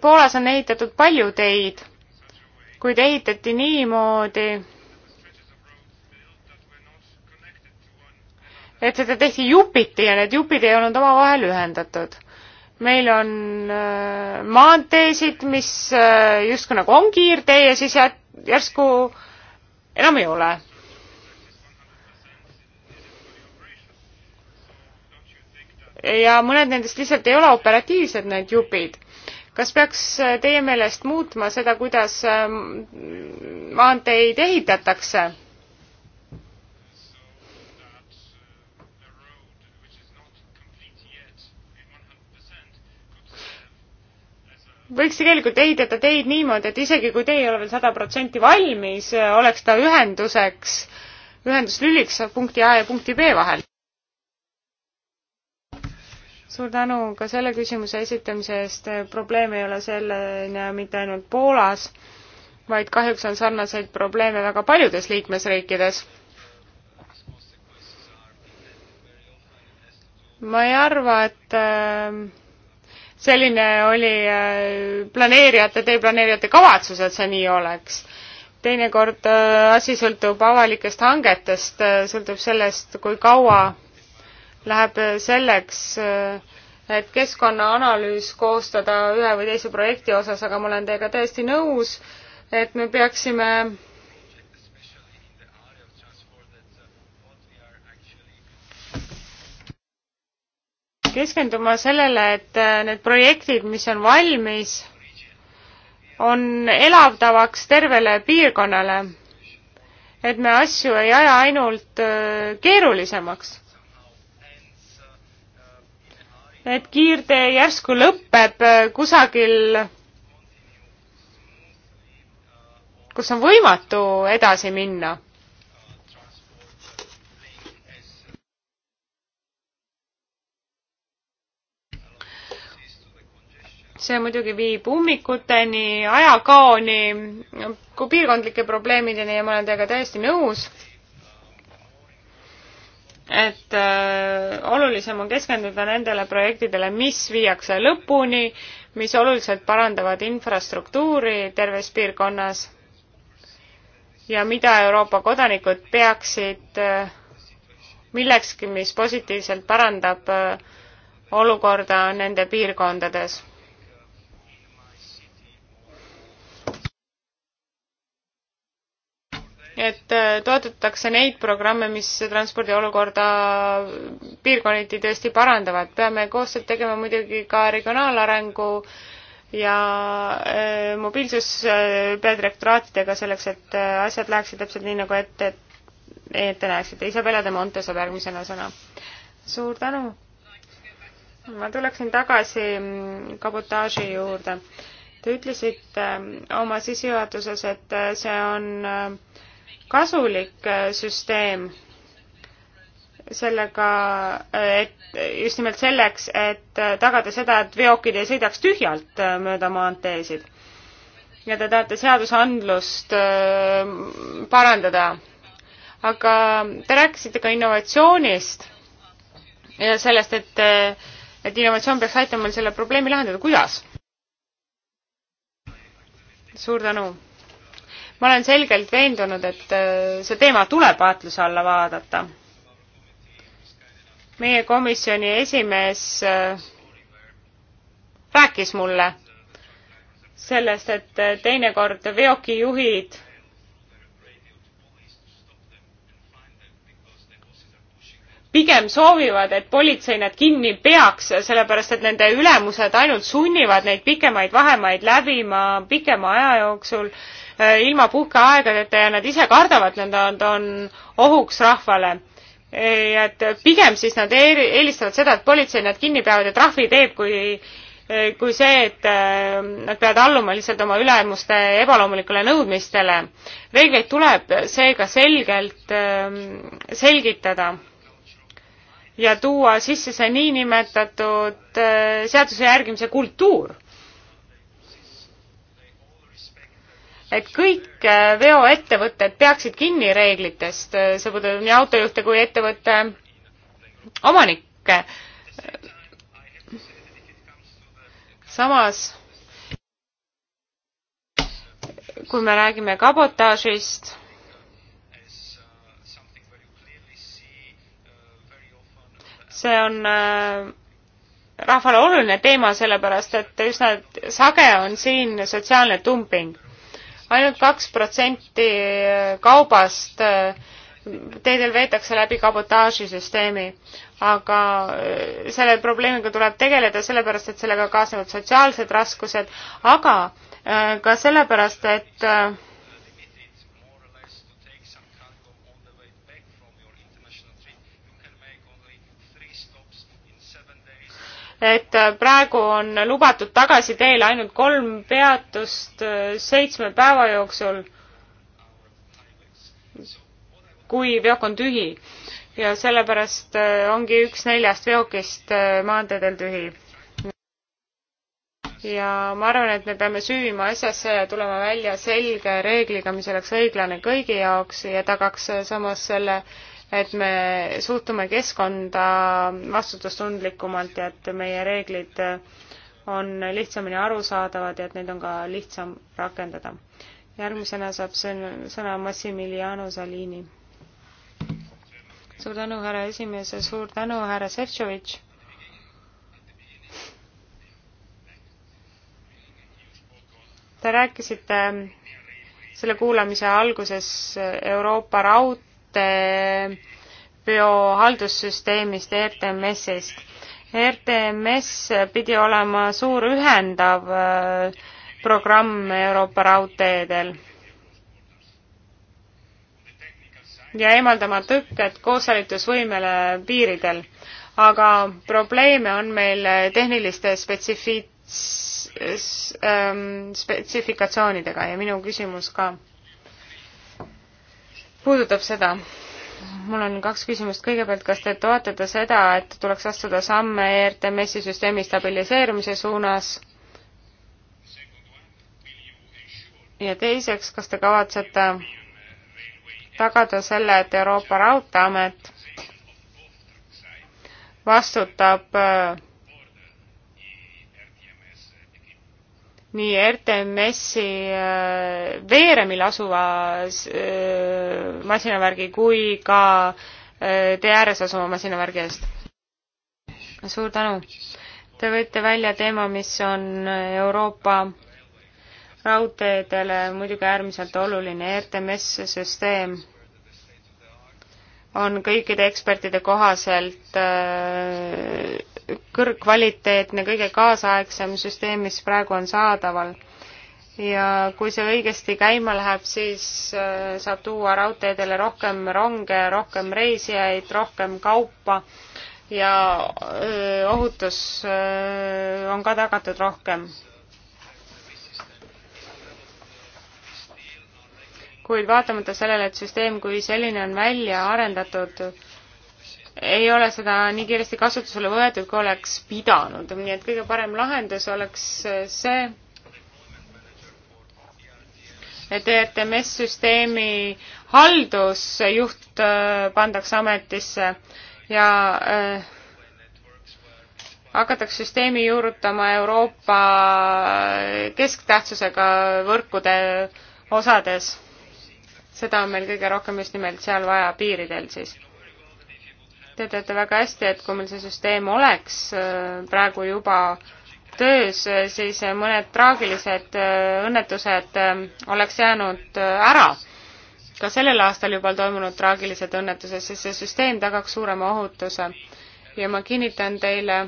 Poolas on ehitatud palju teid, kuid ehitati niimoodi, et seda tehti jupiti ja need jupid ei olnud omavahel ühendatud. meil on äh, maanteesid, mis justkui nagu on kiirtee ja siis jät-, järsku enam ei ole. ja mõned nendest lihtsalt ei ole operatiivsed, need jupid. kas peaks teie meelest muutma seda, kuidas ähm, maanteid ehitatakse? võiks tegelikult ehitada teid niimoodi, et isegi kui tee ei ole veel sada protsenti valmis, oleks ta ühenduseks, ühenduslüliks punkti A ja punkti B vahel. suur tänu ka selle küsimuse esitamise eest, probleem ei ole selline mitte ainult Poolas, vaid kahjuks on sarnaseid probleeme väga paljudes liikmesriikides. ma ei arva, et äh, selline oli äh, planeerijate, teeplaneerijate kavatsus, et see nii oleks. teinekord äh, asi sõltub avalikest hangetest, äh, sõltub sellest, kui kaua läheb selleks, et keskkonnaanalüüs koostada ühe või teise projekti osas, aga ma olen teiega täiesti nõus, et me peaksime keskenduma sellele, et äh, need projektid, mis on valmis, on elavdavaks tervele piirkonnale. et me asju ei aja ainult äh, keerulisemaks. et kiirtee järsku lõpeb äh, kusagil, kus on võimatu edasi minna see muidugi viib ummikuteni, ajakaoni, kui piirkondlike probleemideni ja ma olen teiega täiesti nõus, et äh, olulisem on keskenduda nendele projektidele, mis viiakse lõpuni, mis oluliselt parandavad infrastruktuuri terves piirkonnas ja mida Euroopa kodanikud peaksid äh, millekski, mis positiivselt parandab äh, olukorda nende piirkondades. et äh, toetatakse neid programme, mis transpordi olukorda piirkonniti tõesti parandavad. peame koostööd tegema muidugi ka regionaalarengu ja äh, mobiilsus peadirektoraatidega selleks, et äh, asjad läheksid täpselt nii, nagu ette, ette näeksite. Isabella de Monte saab järgmisena sõna. suur tänu! ma tuleksin tagasi mm, kabotaaži juurde. Te ütlesite oma sissejuhatuses, et see on kasulik äh, süsteem sellega, äh, et just nimelt selleks, et äh, tagada seda, et veokid ei sõidaks tühjalt mööda maanteesid. ja te tahate seadusandlust parandada. aga te rääkisite ka innovatsioonist ja sellest, et, et innovatsioon peaks aitama meil selle probleemi lahendada. kuidas? suur tänu ma olen selgelt veendunud, et äh, see teema tuleb vaatluse alla vaadata. meie komisjoni esimees äh, rääkis mulle sellest, et äh, teinekord veokijuhid pigem soovivad, et politsei nad kinni peaks, sellepärast et nende ülemused ainult sunnivad neid pikemaid vahemaid läbima pikema aja jooksul Eh, ilma puhkeaegadeta ja nad ise kardavad, et nad on ohuks rahvale. Eh, et pigem siis nad eelistavad seda, et politsei nad kinni peavad ja trahvi teeb, kui eh, kui see, et nad peavad alluma lihtsalt oma ülemuste ebaloomulikule nõudmistele. reegleid tuleb seega selgelt selgitada ja tuua sisse see niinimetatud seaduse järgimise kultuur et kõik äh, veoettevõtted peaksid kinni reeglitest, äh, see puudutab nii autojuhte kui ettevõtte omanikke. samas kui me räägime kabotaažist, see on äh, rahvale oluline teema, sellepärast et üsna sage on siin sotsiaalne dumping ainult kaks protsenti kaubast äh, teedel veetakse läbi kabotaažisüsteemi, aga äh, selle probleemiga tuleb tegeleda, sellepärast et sellega kaasnevad sotsiaalsed raskused, aga äh, ka sellepärast, et et praegu on lubatud tagasi teele ainult kolm peatust äh, seitsme päeva jooksul, kui veok on tühi. ja sellepärast äh, ongi üks neljast veokist äh, maanteedel tühi. ja ma arvan, et me peame süüvima asjasse ja tulema välja selge reegliga, mis oleks õiglane kõigi jaoks ja tagaks samas selle äh, et me suhtume keskkonda vastutustundlikumalt ja et meie reeglid on lihtsamini arusaadavad ja et neid on ka lihtsam rakendada. järgmisena saab sõna Massimiliano Salini. suur tänu, härra esimees ja suur tänu, härra Šefčovitš Te rääkisite selle kuulamise alguses Euroopa raud-, biohaldussüsteemist RTMS-ist. RTMS pidi olema suur ühendav äh, programm Euroopa raudteedel ja eemaldama tõkked koosalitusvõimele piiridel. aga probleeme on meil tehniliste spetsifits- ähm,, spetsifikatsioonidega ja minu küsimus ka puudutab seda. mul on kaks küsimust, kõigepealt, kas te toetate seda, et tuleks astuda samme ERTMS-i süsteemi stabiliseerumise suunas? ja teiseks, kas te kavatsete tagada selle, et Euroopa Raudteeamet vastutab äh, nii RTMS-i äh, Veeremil asuva äh, masinavärgi kui ka äh, tee ääres asuva masinavärgi eest. suur tänu. Te võite välja teema, mis on Euroopa raudteedele muidugi äärmiselt oluline, RTMS süsteem on kõikide ekspertide kohaselt kõrgkvaliteetne, kõige kaasaegsem süsteem, mis praegu on saadaval. ja kui see õigesti käima läheb, siis äh, saab tuua raudteedele rohkem ronge, rohkem reisijaid, rohkem kaupa ja äh, ohutus äh, on ka tagatud rohkem. kuid vaatamata sellele, et süsteem kui selline on välja arendatud, ei ole seda nii kiiresti kasutusele võetud, kui oleks pidanud, nii et kõige parem lahendus oleks see, et ERTMS-süsteemi haldusjuht äh, pandaks ametisse ja äh, hakatakse süsteemi juurutama Euroopa äh, kesktähtsusega võrkude osades. seda on meil kõige rohkem just nimelt seal vaja, piiridel siis Te teate väga hästi, et kui meil see süsteem oleks äh, praegu juba töös, äh, siis äh, mõned traagilised õnnetused oleks jäänud ära. ka sellel aastal juba toimunud traagilised õnnetused, sest see süsteem tagaks suurema ohutuse. ja ma kinnitan teile,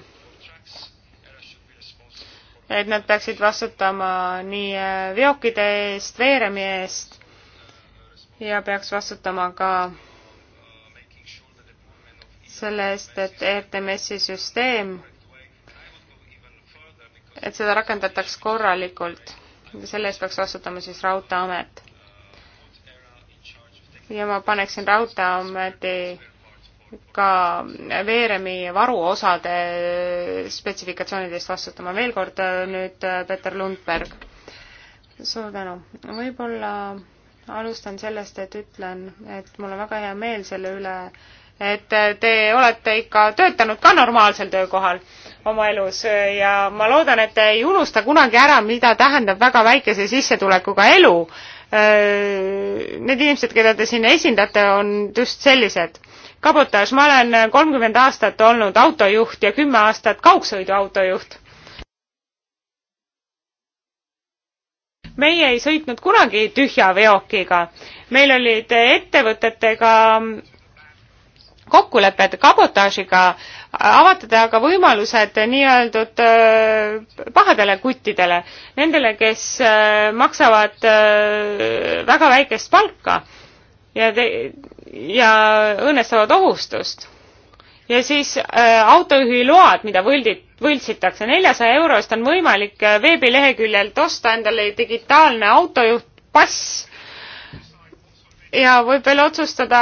et nad peaksid vastutama nii veokide eest, veeremi eest ja peaks vastutama ka selle eest, et ERTMS-i süsteem, et seda rakendataks korralikult. selle eest peaks vastutama siis Raudteeamet. ja ma paneksin Raudteeameti ka veeremi varuosade spetsifikatsioonidest vastutama. veel kord äh, nüüd äh, Peter Lundberg. suur tänu. võib-olla alustan sellest, et ütlen, et mul on väga hea meel selle üle, et te olete ikka töötanud ka normaalsel töökohal oma elus ja ma loodan, et te ei unusta kunagi ära, mida tähendab väga väikese sissetulekuga elu. Äh, need inimesed, keda te siin esindate, on just sellised. kabotaaž, ma olen kolmkümmend aastat olnud autojuht ja kümme aastat kaugsõiduautojuht. meie ei sõitnud kunagi tühja veokiga, meil olid ettevõtetega kokkulepped kabotaažiga avatada aga võimalused nii-öeldud äh, pahadele kuttidele, nendele, kes äh, maksavad äh, väga väikest palka ja te-, ja õõnestavad ohustust. ja siis autojuhiload, mida võldi-, võltsitakse, neljasaja euro eest on võimalik veebileheküljelt osta endale digitaalne autojuht, pass ja võib veel otsustada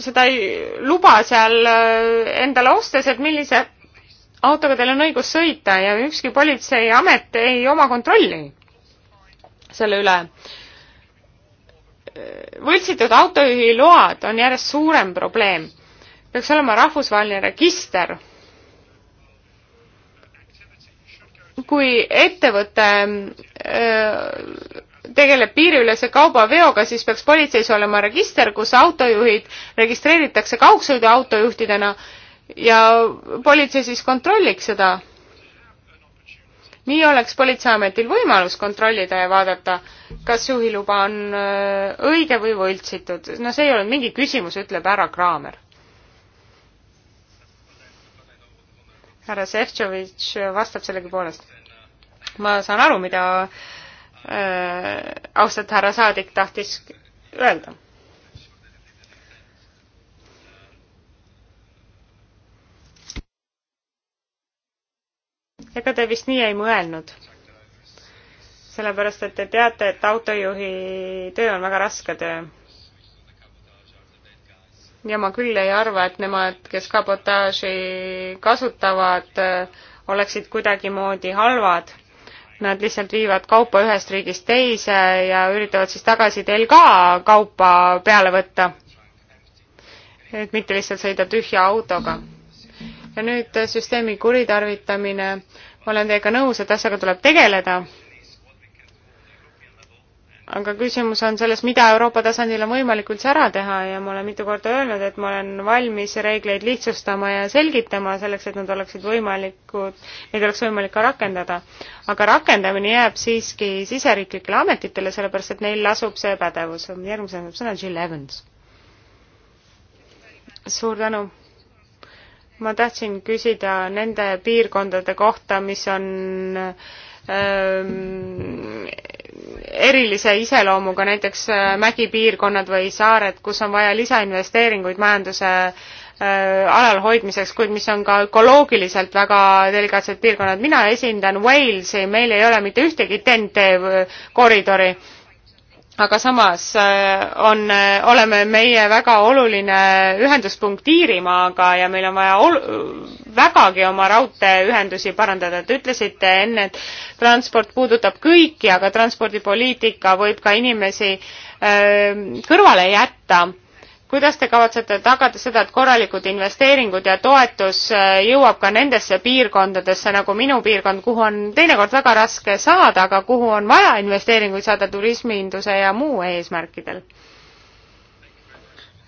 seda ei luba seal äh, endale ostes, et millise autoga teil on õigus sõita ja ükski politseiamet ei oma kontrolli selle üle. võltsitud autojuhi load on järjest suurem probleem. peaks olema rahvusvaheline register. kui ettevõte öö, äh, tegeleb piiriülese kaubaveoga, siis peaks politseis olema register, kus autojuhid registreeritakse kaugsõiduautojuhtidena ja politsei siis kontrolliks seda. nii oleks Politseiametil võimalus kontrollida ja vaadata, kas juhiluba on äh, õige või võltsitud. no see ei olnud mingi küsimus, ütleb härra Kraamer. härra Šefčovitš vastab sellegipoolest. ma saan aru, mida Äh, austatud härra saadik tahtis öelda. ega te vist nii ei mõelnud? sellepärast, et te teate, et autojuhi töö on väga raske töö. ja ma küll ei arva, et nemad, kes kabotaaži kasutavad, äh, oleksid kuidagimoodi halvad Nad lihtsalt viivad kaupa ühest riigist teise ja üritavad siis tagasi teil ka kaupa peale võtta. et mitte lihtsalt sõida tühja autoga. ja nüüd äh, süsteemi kuritarvitamine. olen teiega nõus, et asjaga tuleb tegeleda aga küsimus on selles, mida Euroopa tasandil on võimalik üldse ära teha ja ma olen mitu korda öelnud, et ma olen valmis reegleid lihtsustama ja selgitama selleks, et nad oleksid võimalikud, neid oleks võimalik ka rakendada. aga rakendamine jääb siiski siseriiklikele ametitele, sellepärast et neil lasub see pädevus. järgmisena saab sõna Jill Evans. suur tänu ma tahtsin küsida nende piirkondade kohta, mis on ähm, erilise iseloomuga, näiteks äh, mägipiirkonnad või saared, kus on vaja lisainvesteeringuid majanduse äh, alalhoidmiseks, kuid mis on ka ökoloogiliselt väga delikaatsed piirkonnad. mina esindan Walesi, meil ei ole mitte ühtegi TNT koridori aga samas äh, on, äh, oleme meie väga oluline ühenduspunkt Iirimaaga ja meil on vaja ol-, vägagi oma raudteeühendusi parandada. Te ütlesite enne, et transport puudutab kõiki, aga transpordipoliitika võib ka inimesi öö, äh, kõrvale jätta kuidas te kavatsete tagada seda, et korralikud investeeringud ja toetus äh, jõuab ka nendesse piirkondadesse, nagu minu piirkond, kuhu on teinekord väga raske saada, aga kuhu on vaja investeeringuid saada turismihinduse ja muu eesmärkidel?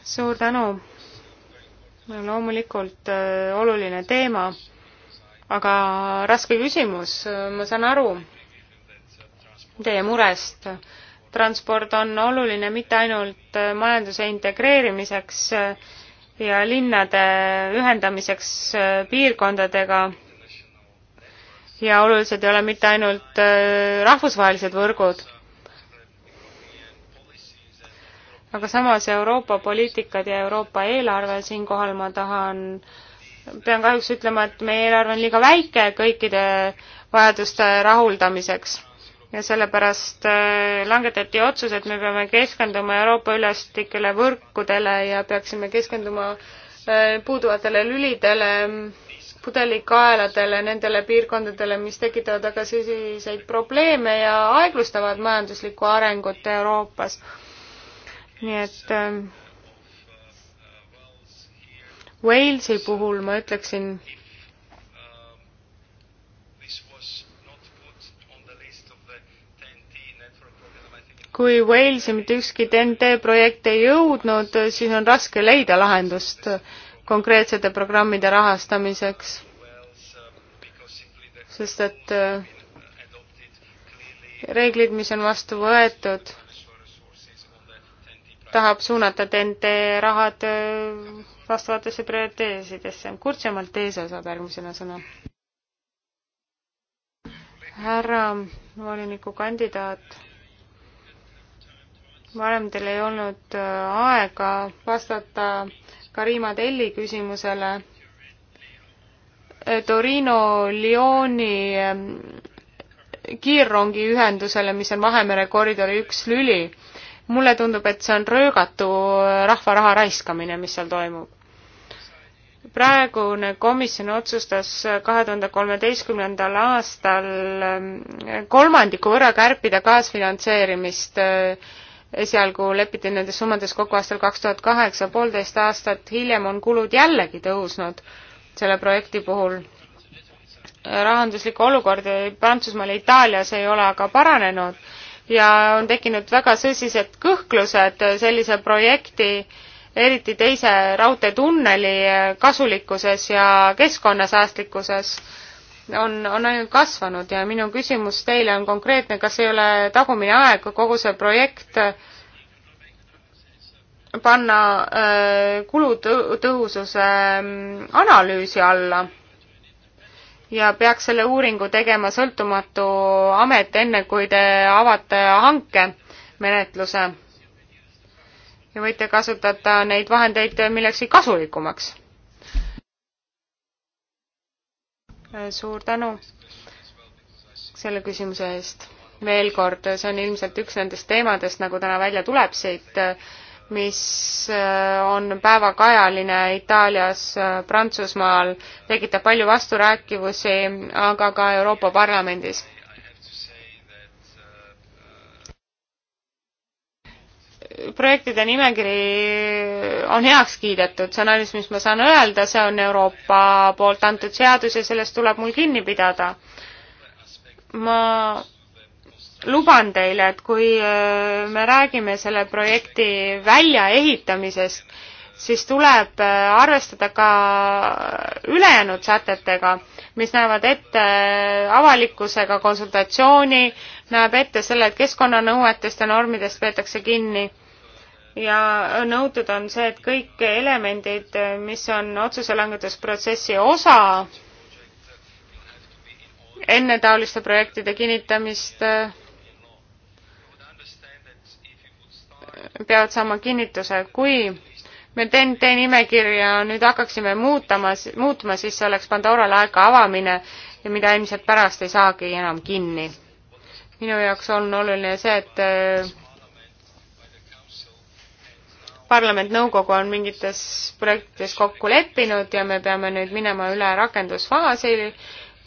suur tänu. loomulikult äh, oluline teema, aga raske küsimus, äh, ma saan aru teie murest transport on oluline mitte ainult äh, majanduse integreerimiseks äh, ja linnade ühendamiseks äh, piirkondadega ja olulised ei ole mitte ainult rahvusvahelised võrgud, aga samas Euroopa poliitikad ja Euroopa eelarve, siinkohal ma tahan, pean kahjuks ütlema, et meie eelarve on liiga väike kõikide vajaduste rahuldamiseks ja sellepärast äh, langetati otsus, et me peame keskenduma Euroopa ülestikele võrkudele ja peaksime keskenduma äh, puuduvatele lülidele, pudelikaeladele, nendele piirkondadele, mis tekitavad väga sisiseid probleeme ja aeglustavad majanduslikku arengut Euroopas. nii et äh, Walesi puhul ma ütleksin, kui Walesi mitte ükski TNT projekt ei jõudnud, siis on raske leida lahendust konkreetsete programmide rahastamiseks. sest et äh, reeglid, mis on vastu võetud, tahab suunata TNT rahad äh, vastavatesse prioriteesidesse. kurtsemalt ees saab järgmisena sõna. härra volinikukandidaat varem teil ei olnud äh, aega vastata Karima Telli küsimusele. Äh, Torino Lyoni äh, kiirrongiühendusele, mis on Vahemere koridori üks lüli. mulle tundub, et see on röögatu rahva raha raiskamine, mis seal toimub. praegune komisjon otsustas kahe tuhande kolmeteistkümnendal aastal ähm, kolmandiku võrra kärpida kaasfinantseerimist äh, esialgu lepiti nendes summades kokku aastal kaks tuhat kaheksa, poolteist aastat hiljem on kulud jällegi tõusnud selle projekti puhul. rahanduslik olukord Prantsusmaal ja Itaalias ei ole aga paranenud ja on tekkinud väga sõsised kõhklused sellise projekti eriti teise raudteetunneli kasulikkuses ja keskkonnasäästlikkuses on, on ainult kasvanud ja minu küsimus teile on konkreetne, kas ei ole tagumine aeg kogu see projekt panna äh, kulutõhususe mm, analüüsi alla ja peaks selle uuringu tegema sõltumatu amet, enne kui te avate hankemenetluse ja võite kasutada neid vahendeid millekski kasulikumaks Äh, suur tänu selle küsimuse eest. veel kord, see on ilmselt üks nendest teemadest, nagu täna välja tuleb siit, mis äh, on päevakajaline Itaalias, äh, Prantsusmaal, tekitab palju vasturääkivusi, aga ka Euroopa Parlamendis projektide nimekiri on heaks kiidetud, see on ainus, mis ma saan öelda, see on Euroopa poolt antud seadus ja sellest tuleb mul kinni pidada. ma luban teile, et kui äh, me räägime selle projekti väljaehitamisest, siis tuleb äh, arvestada ka ülejäänud sätetega, mis näevad ette äh, avalikkusega konsultatsiooni, näeb ette selle, et keskkonnanõuetest ja normidest peetakse kinni ja nõutud on see, et kõik elemendid, mis on otsuse langetusprotsessi osa enne taoliste projektide kinnitamist, peavad saama kinnituse. kui me TNT nimekirja nüüd hakkaksime muutama, muutma, siis see oleks Pandora laeka avamine ja mida ilmselt pärast ei saagi enam kinni. minu jaoks on oluline see, et parlament nõukogu on mingites projektides kokku leppinud ja me peame nüüd minema üle rakendusfaasi,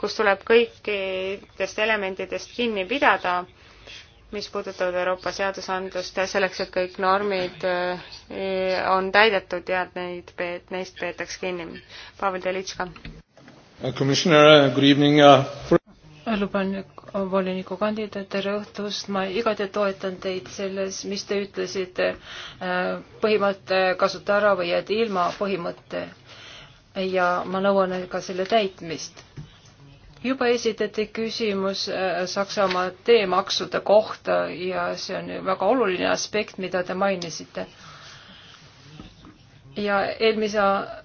kus tuleb kõikidest elementidest kinni pidada, mis puudutavad Euroopa seadusandlust ja selleks, et kõik normid äh, on täidetud ja et neid, neist peetaks kinni. Pavel Telitška. Uh, commissioner, good evening uh, luban voliniku kandidaat, tere õhtust, ma igati toetan teid selles, mis te ütlesite, äh, põhimõtte kasuta ära või jääd ilma põhimõtte ja ma nõuan ka selle täitmist. juba esitati küsimus äh, Saksamaa teemaksude kohta ja see on väga oluline aspekt, mida te mainisite ja eelmise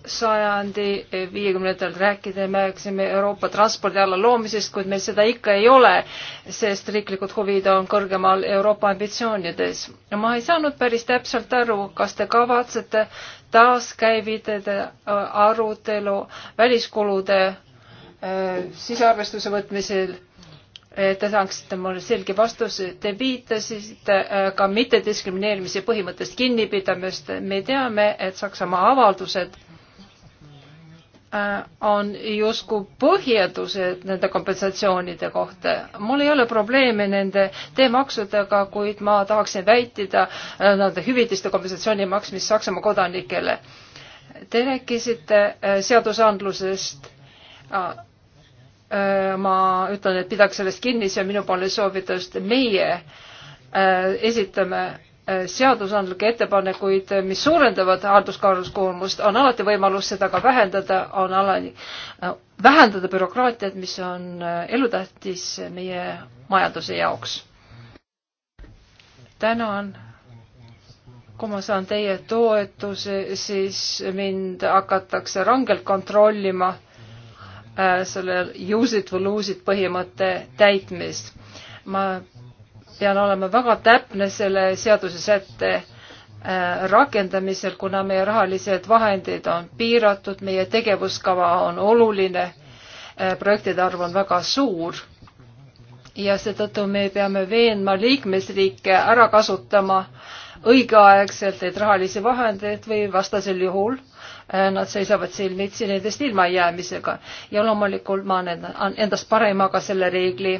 sajandi viiekümnendatel rääkida me rääkisime Euroopa transpordiala loomisest, kuid meil seda ikka ei ole, sest riiklikud huvid on kõrgemal Euroopa ambitsioonides. ma ei saanud päris täpselt aru, kas te kavatsete taaskäivitada arutelu väliskulude äh, sisearvestuse võtmisel Eh, te saaksite mulle selge vastuse, te viitasite eh, ka mittediskrimineerimise põhimõttest kinnipidamist. me teame, et Saksamaa avaldused eh, on justkui põhjendused nende kompensatsioonide kohta. mul ei ole probleeme nende teemaksudega, kuid ma tahaksin väitida nende hüvitiste kompensatsiooni maksmist Saksamaa kodanikele. Te rääkisite seadusandlusest Äh, ma ütlen, et pidaks sellest kinni, see on minu poole soovitus, meie äh, esitame äh, seadusandlikke ettepanekuid, mis suurendavad halduskaaluskoormust, on alati võimalus seda ka vähendada, on alati, vähendada bürokraatiat, mis on elutähtis meie majanduse jaoks. tänan. kui ma saan teie toetuse, siis mind hakatakse rangelt kontrollima Äh, selle use it või lose it põhimõtte täitmist. ma pean olema väga täpne selle seadusesätte äh, rakendamisel, kuna meie rahalised vahendid on piiratud, meie tegevuskava on oluline, äh, projektide arv on väga suur ja seetõttu me peame veenma liikmesriike ära kasutama õigeaegselt neid rahalisi vahendeid või vastasel juhul Äh, nad seisavad silmitsi nendest ilmajäämisega ja loomulikult ma annan endast parema ka selle reegli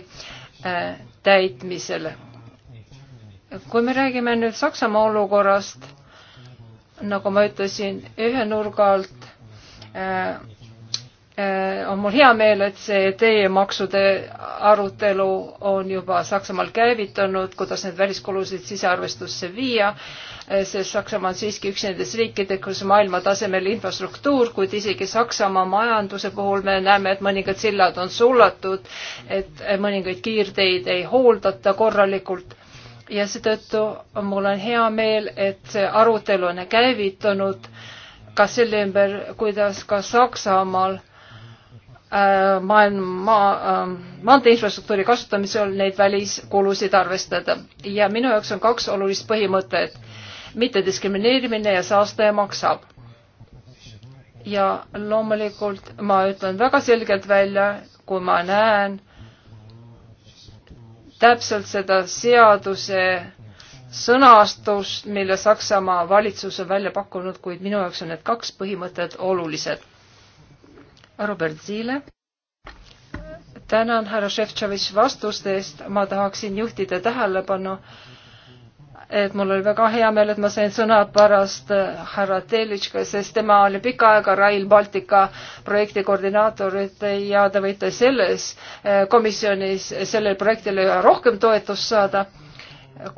äh, täitmisel. kui me räägime nüüd Saksamaa olukorrast, nagu ma ütlesin, ühe nurga alt äh, Äh, on mul hea meel, et see teemaksude arutelu on juba Saksamaal käivitunud, kuidas need väliskulusid sisearvestusse viia, äh, sest Saksamaa on siiski üks nendest riikidest, kus maailma tasemel infrastruktuur, kuid isegi Saksamaa majanduse puhul me näeme, et mõningad sillad on sullatud, et äh, mõningaid kiirteid ei hooldata korralikult ja seetõttu mul on hea meel, et see arutelu on käivitunud ka selle ümber, kuidas ka Saksamaal Äh, maailma maa, ähm, maanteeinfrastruktuuri kasutamisel neid väliskulusid arvestada. ja minu jaoks on kaks olulist põhimõtet. mittediskrimineerimine ja saastaja maksab. ja loomulikult ma ütlen väga selgelt välja, kui ma näen täpselt seda seaduse sõnastust, mille Saksamaa valitsus on välja pakkunud, kuid minu jaoks on need kaks põhimõtet olulised Robert Ziile. tänan härra Šefčovič vastuste eest, ma tahaksin juhtida tähelepanu, et mul oli väga hea meel, et ma sain sõna pärast äh, härra Telitška, sest tema oli pikka aega Rail Baltica projekti koordinaator ja te võite selles äh, komisjonis sellele projektile rohkem toetust saada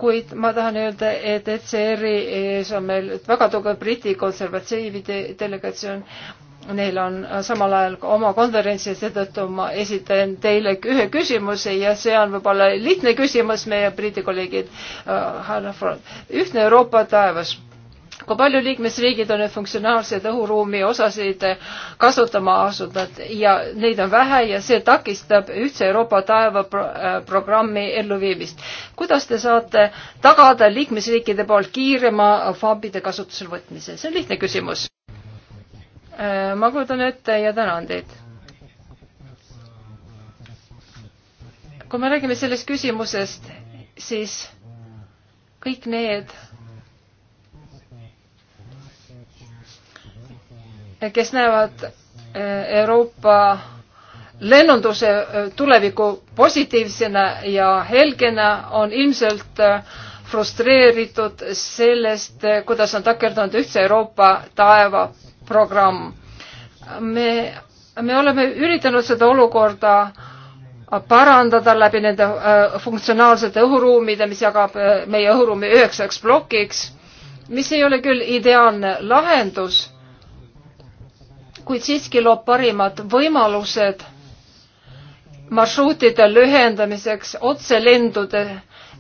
kuid ma tahan öelda, et ECR-i ees on meil väga tugev Briti konservatiivide delegatsioon neil on äh, samal ajal ka oma konverents ja seetõttu ma esitan teile ühe küsimuse ja see on võib-olla lihtne küsimus meie Briti kolleegid äh,. ühtne Euroopa taevas. kui palju liikmesriigid on nüüd funktsionaalseid õhuruumi osasid kasutama asunud ja neid on vähe ja see takistab ühtse Euroopa taeva pro äh, programmi elluviimist. kuidas te saate tagada liikmesriikide poolt kiirema faabide kasutusele võtmise? see on lihtne küsimus Äh, ma kujutan ette ja tänan teid. kui me räägime sellest küsimusest, siis kõik need, kes näevad äh, Euroopa lennunduse äh, tuleviku positiivsena ja helgena, on ilmselt äh, frustreeritud sellest, kuidas on takerdunud Ühtse Euroopa taeva programm. me, me oleme üritanud seda olukorda parandada läbi nende äh, funktsionaalsete õhuruumide, mis jagab äh, meie õhuruumi üheksaks plokiks, mis ei ole küll ideaalne lahendus, kuid siiski loob parimad võimalused marsruutide lühendamiseks otselendude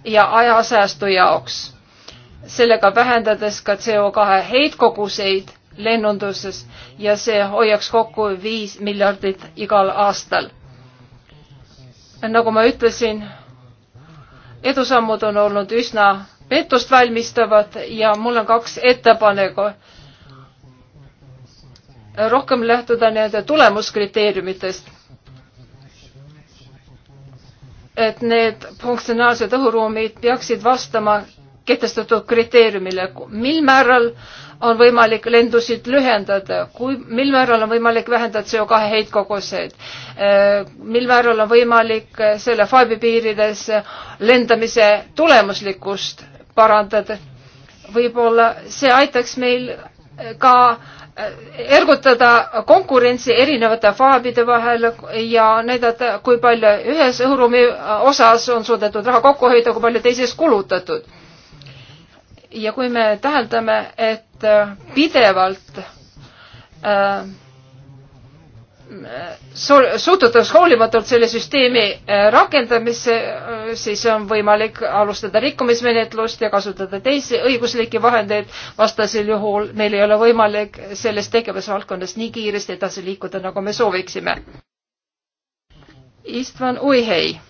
ja ajasäästu jaoks, sellega vähendades ka CO2 heitkoguseid lennunduses ja see hoiaks kokku viis miljardit igal aastal. nagu ma ütlesin, edusammud on olnud üsna pettust valmistavad ja mul on kaks ettepaneku. rohkem lähtuda nende tulemuskriteeriumitest et need funktsionaalsed õhuruumid peaksid vastama kehtestatud kriteeriumile, mil määral on võimalik lendusid lühendada, kui, mil määral on võimalik vähendada CO2 heitkoguseid, äh, mil määral on võimalik selle FIBE piirides lendamise tulemuslikkust parandada. võib-olla see aitaks meil ka Äh, ergutada konkurentsi erinevate faabide vahel ja näidata, kui palju ühes õhuruumi äh, osas on suudetud raha kokku hoida, kui palju teises kulutatud. ja kui me täheldame, et äh, pidevalt äh, suhtutakse hoolimatult selle süsteemi äh, rakendamisse, äh, siis on võimalik alustada rikkumismenetlust ja kasutada teisi õiguslikke vahendeid. vastasel juhul meil ei ole võimalik selles tegevusvaldkonnas nii kiiresti edasi liikuda, nagu me sooviksime. Istvan Uihei.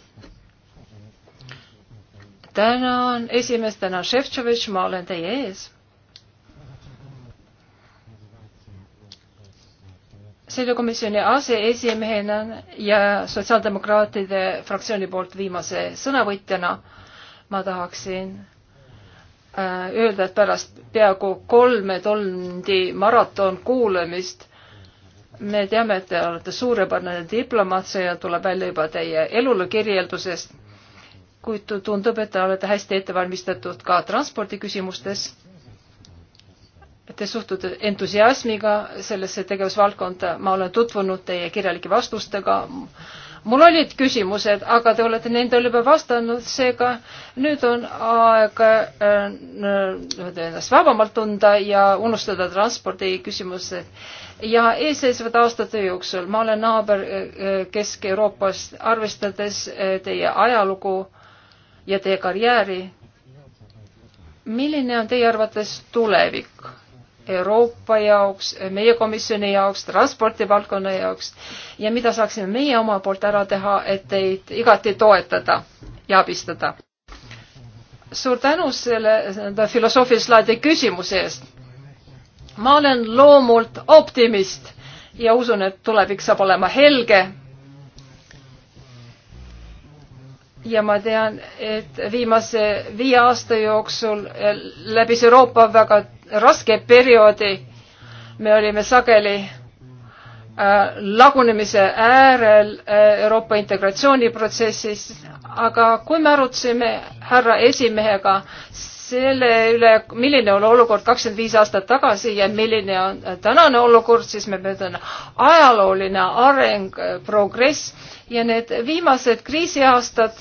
tänan esimest, tänan Šefčovitš, ma olen teie ees sõidukomisjoni aseesimehena ja sotsiaaldemokraatide fraktsiooni poolt viimase sõnavõtjana ma tahaksin äh, öelda, et pärast peaaegu kolme tundi maratonkuulamist me teame, et te olete suurepärane diplomaat, see tuleb välja juba teie elule kirjeldusest, kuid tundub, et te olete hästi ette valmistatud ka transpordiküsimustes Te suhtute entusiasmiga sellesse tegevusvaldkonda, ma olen tutvunud teie kirjalike vastustega. mul olid küsimused, aga te olete nendele juba vastanud, seega nüüd on aeg äh, ennast vabamalt tunda ja unustada transpordi küsimused. ja eesseisvate aastate jooksul, ma olen naaber äh, Kesk-Euroopast, arvestades äh, teie ajalugu ja teie karjääri, milline on teie arvates tulevik? Euroopa jaoks, meie komisjoni jaoks, transpordivaldkonna jaoks ja mida saaksime meie oma poolt ära teha, et teid igati toetada ja abistada. suur tänu selle nii-öelda filosoofilise laadi küsimuse eest. ma olen loomult optimist ja usun, et tulevik saab olema helge ja ma tean, et viimase viie aasta jooksul läbis Euroopa väga raske perioodi. me olime sageli äh, lagunemise äärel äh, Euroopa integratsiooniprotsessis, aga kui me arutasime härra esimehega selle üle, milline oli olukord kakskümmend viis aastat tagasi ja milline on tänane olukord, siis me mõtleme ajalooline areng, progress ja need viimased kriisiaastad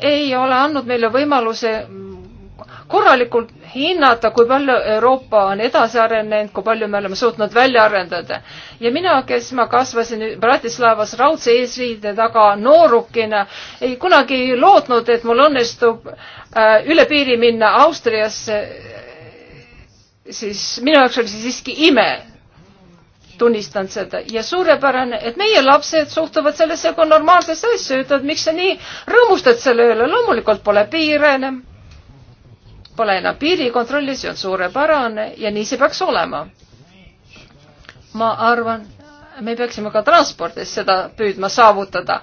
ei ole andnud meile võimaluse korralikult hinnata, kui palju Euroopa on edasi arenenud, kui palju me oleme suutnud välja arendada. ja mina, kes ma kasvasin Bratislavas raudse eesriide taga noorukina, ei kunagi ei lootnud, et mul õnnestub äh, üle piiri minna Austriasse. siis minu jaoks oli see siiski ime tunnistan seda ja suurepärane, et meie lapsed suhtuvad sellesse kui normaalsesse asja, ütlevad, miks sa nii rõõmustad selle üle, loomulikult pole piire enam pole enam piirikontrolli, see on suurepärane ja nii see peaks olema. ma arvan, me peaksime ka transpordis seda püüdma saavutada.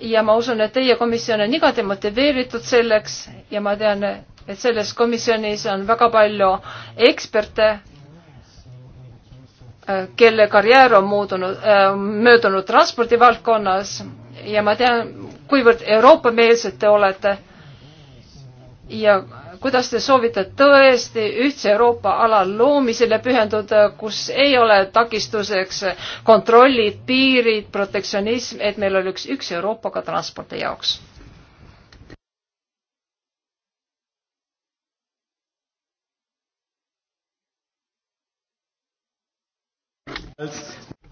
ja ma usun, et teie komisjon on igati motiveeritud selleks ja ma tean, et selles komisjonis on väga palju eksperte, kelle karjäär on muudunud, möödunud transpordivaldkonnas ja ma tean, kuivõrd Euroopa-meelsed te olete ja kuidas te soovite tõesti ühtse Euroopa ala loomisele pühenduda, kus ei ole takistuseks kontrollid, piirid, protektsionism, et meil oleks üks Euroopa ka transpordi jaoks?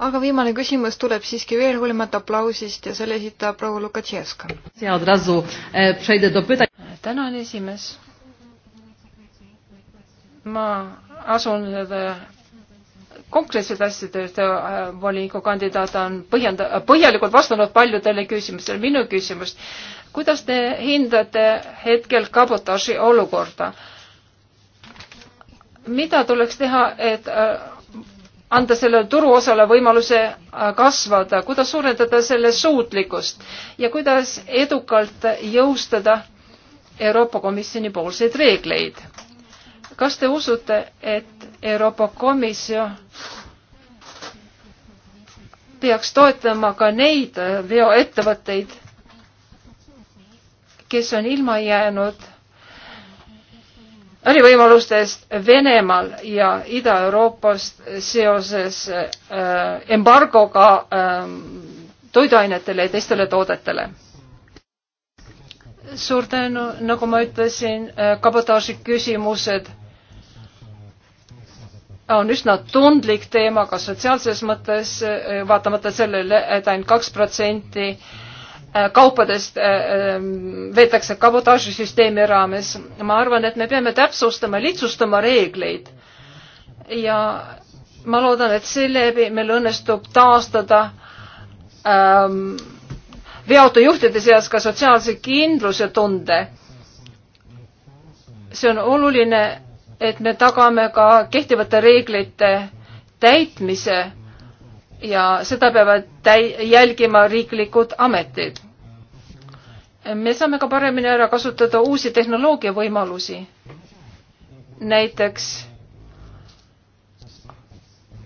aga viimane küsimus tuleb siiski veel hoolimata aplausist ja selle esitab proua Lukatševska. E, tänan, esimees ma asun konkreetselt asjadest, äh, volikogu kandidaat on põhjenda-, äh, põhjalikult vastanud paljudele küsimustele. minu küsimus, kuidas te hindate hetkel kabotaaži olukorda? mida tuleks teha, et äh, anda sellele turuosale võimaluse kasvada, kuidas suurendada selle suutlikkust ja kuidas edukalt jõustada Euroopa Komisjoni poolseid reegleid? kas te usute, et Euroopa Komisjon peaks toetama ka neid äh, veoettevõtteid, kes on ilma jäänud ärivõimalustest Venemaal ja Ida-Euroopast seoses äh, embargoga äh, toiduainetele ja teistele toodetele. suur tänu, nagu ma ütlesin äh,, kabotaaži küsimused on üsna tundlik teema ka sotsiaalses mõttes, vaatamata sellele, et ainult kaks protsenti äh, kaupadest äh, ähm, veetakse kabotaažisüsteemi raames. ma arvan, et me peame täpsustama, lihtsustama reegleid. ja ma loodan, et seeläbi meil õnnestub taastada ähm, veoautojuhtide seas ka sotsiaalse kindluse tunde. see on oluline et me tagame ka kehtivate reeglite täitmise ja seda peavad täi-, jälgima riiklikud ametid. me saame ka paremini ära kasutada uusi tehnoloogia võimalusi. näiteks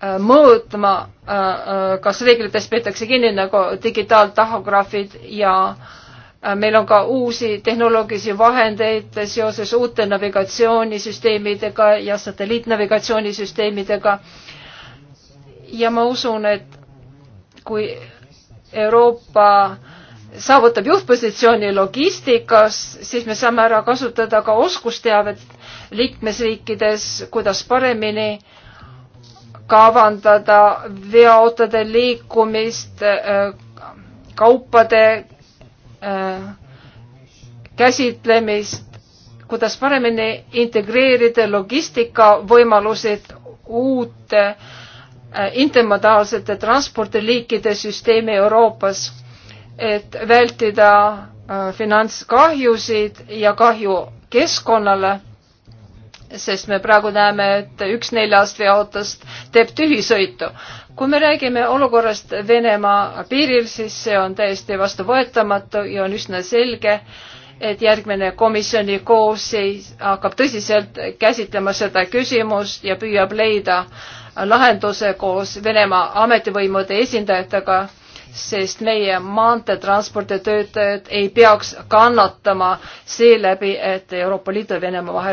äh, mõõtma, äh, äh, kas reeglitest peetakse kinni nagu digitaaltahograafid ja äh, Äh, meil on ka uusi tehnoloogilisi vahendeid seoses uute navigatsioonisüsteemidega ja satelliitnavigatsioonisüsteemidega. ja ma usun, et kui Euroopa saavutab juhtpositsiooni logistikas, siis me saame ära kasutada ka oskusteavet liikmesriikides, kuidas paremini kavandada veoautode liikumist, äh, kaupade Äh, käsitlemist, kuidas paremini integreerida logistikavõimalused uute äh, intermodaalsete transpordiliikide süsteemi Euroopas, et vältida äh, finantskahjusid ja kahju keskkonnale sest me praegu näeme, et üks neljast veoautost teeb tühisõitu. kui me räägime olukorrast Venemaa piiril, siis see on täiesti vastuvõetamatu ja on üsna selge, et järgmine komisjoni koosseis hakkab tõsiselt käsitlema seda küsimust ja püüab leida lahenduse koos Venemaa ametivõimude esindajatega, sest meie maanteetranspordi töötajad ei peaks kannatama seeläbi, et Euroopa Liidu ja Venemaa vahel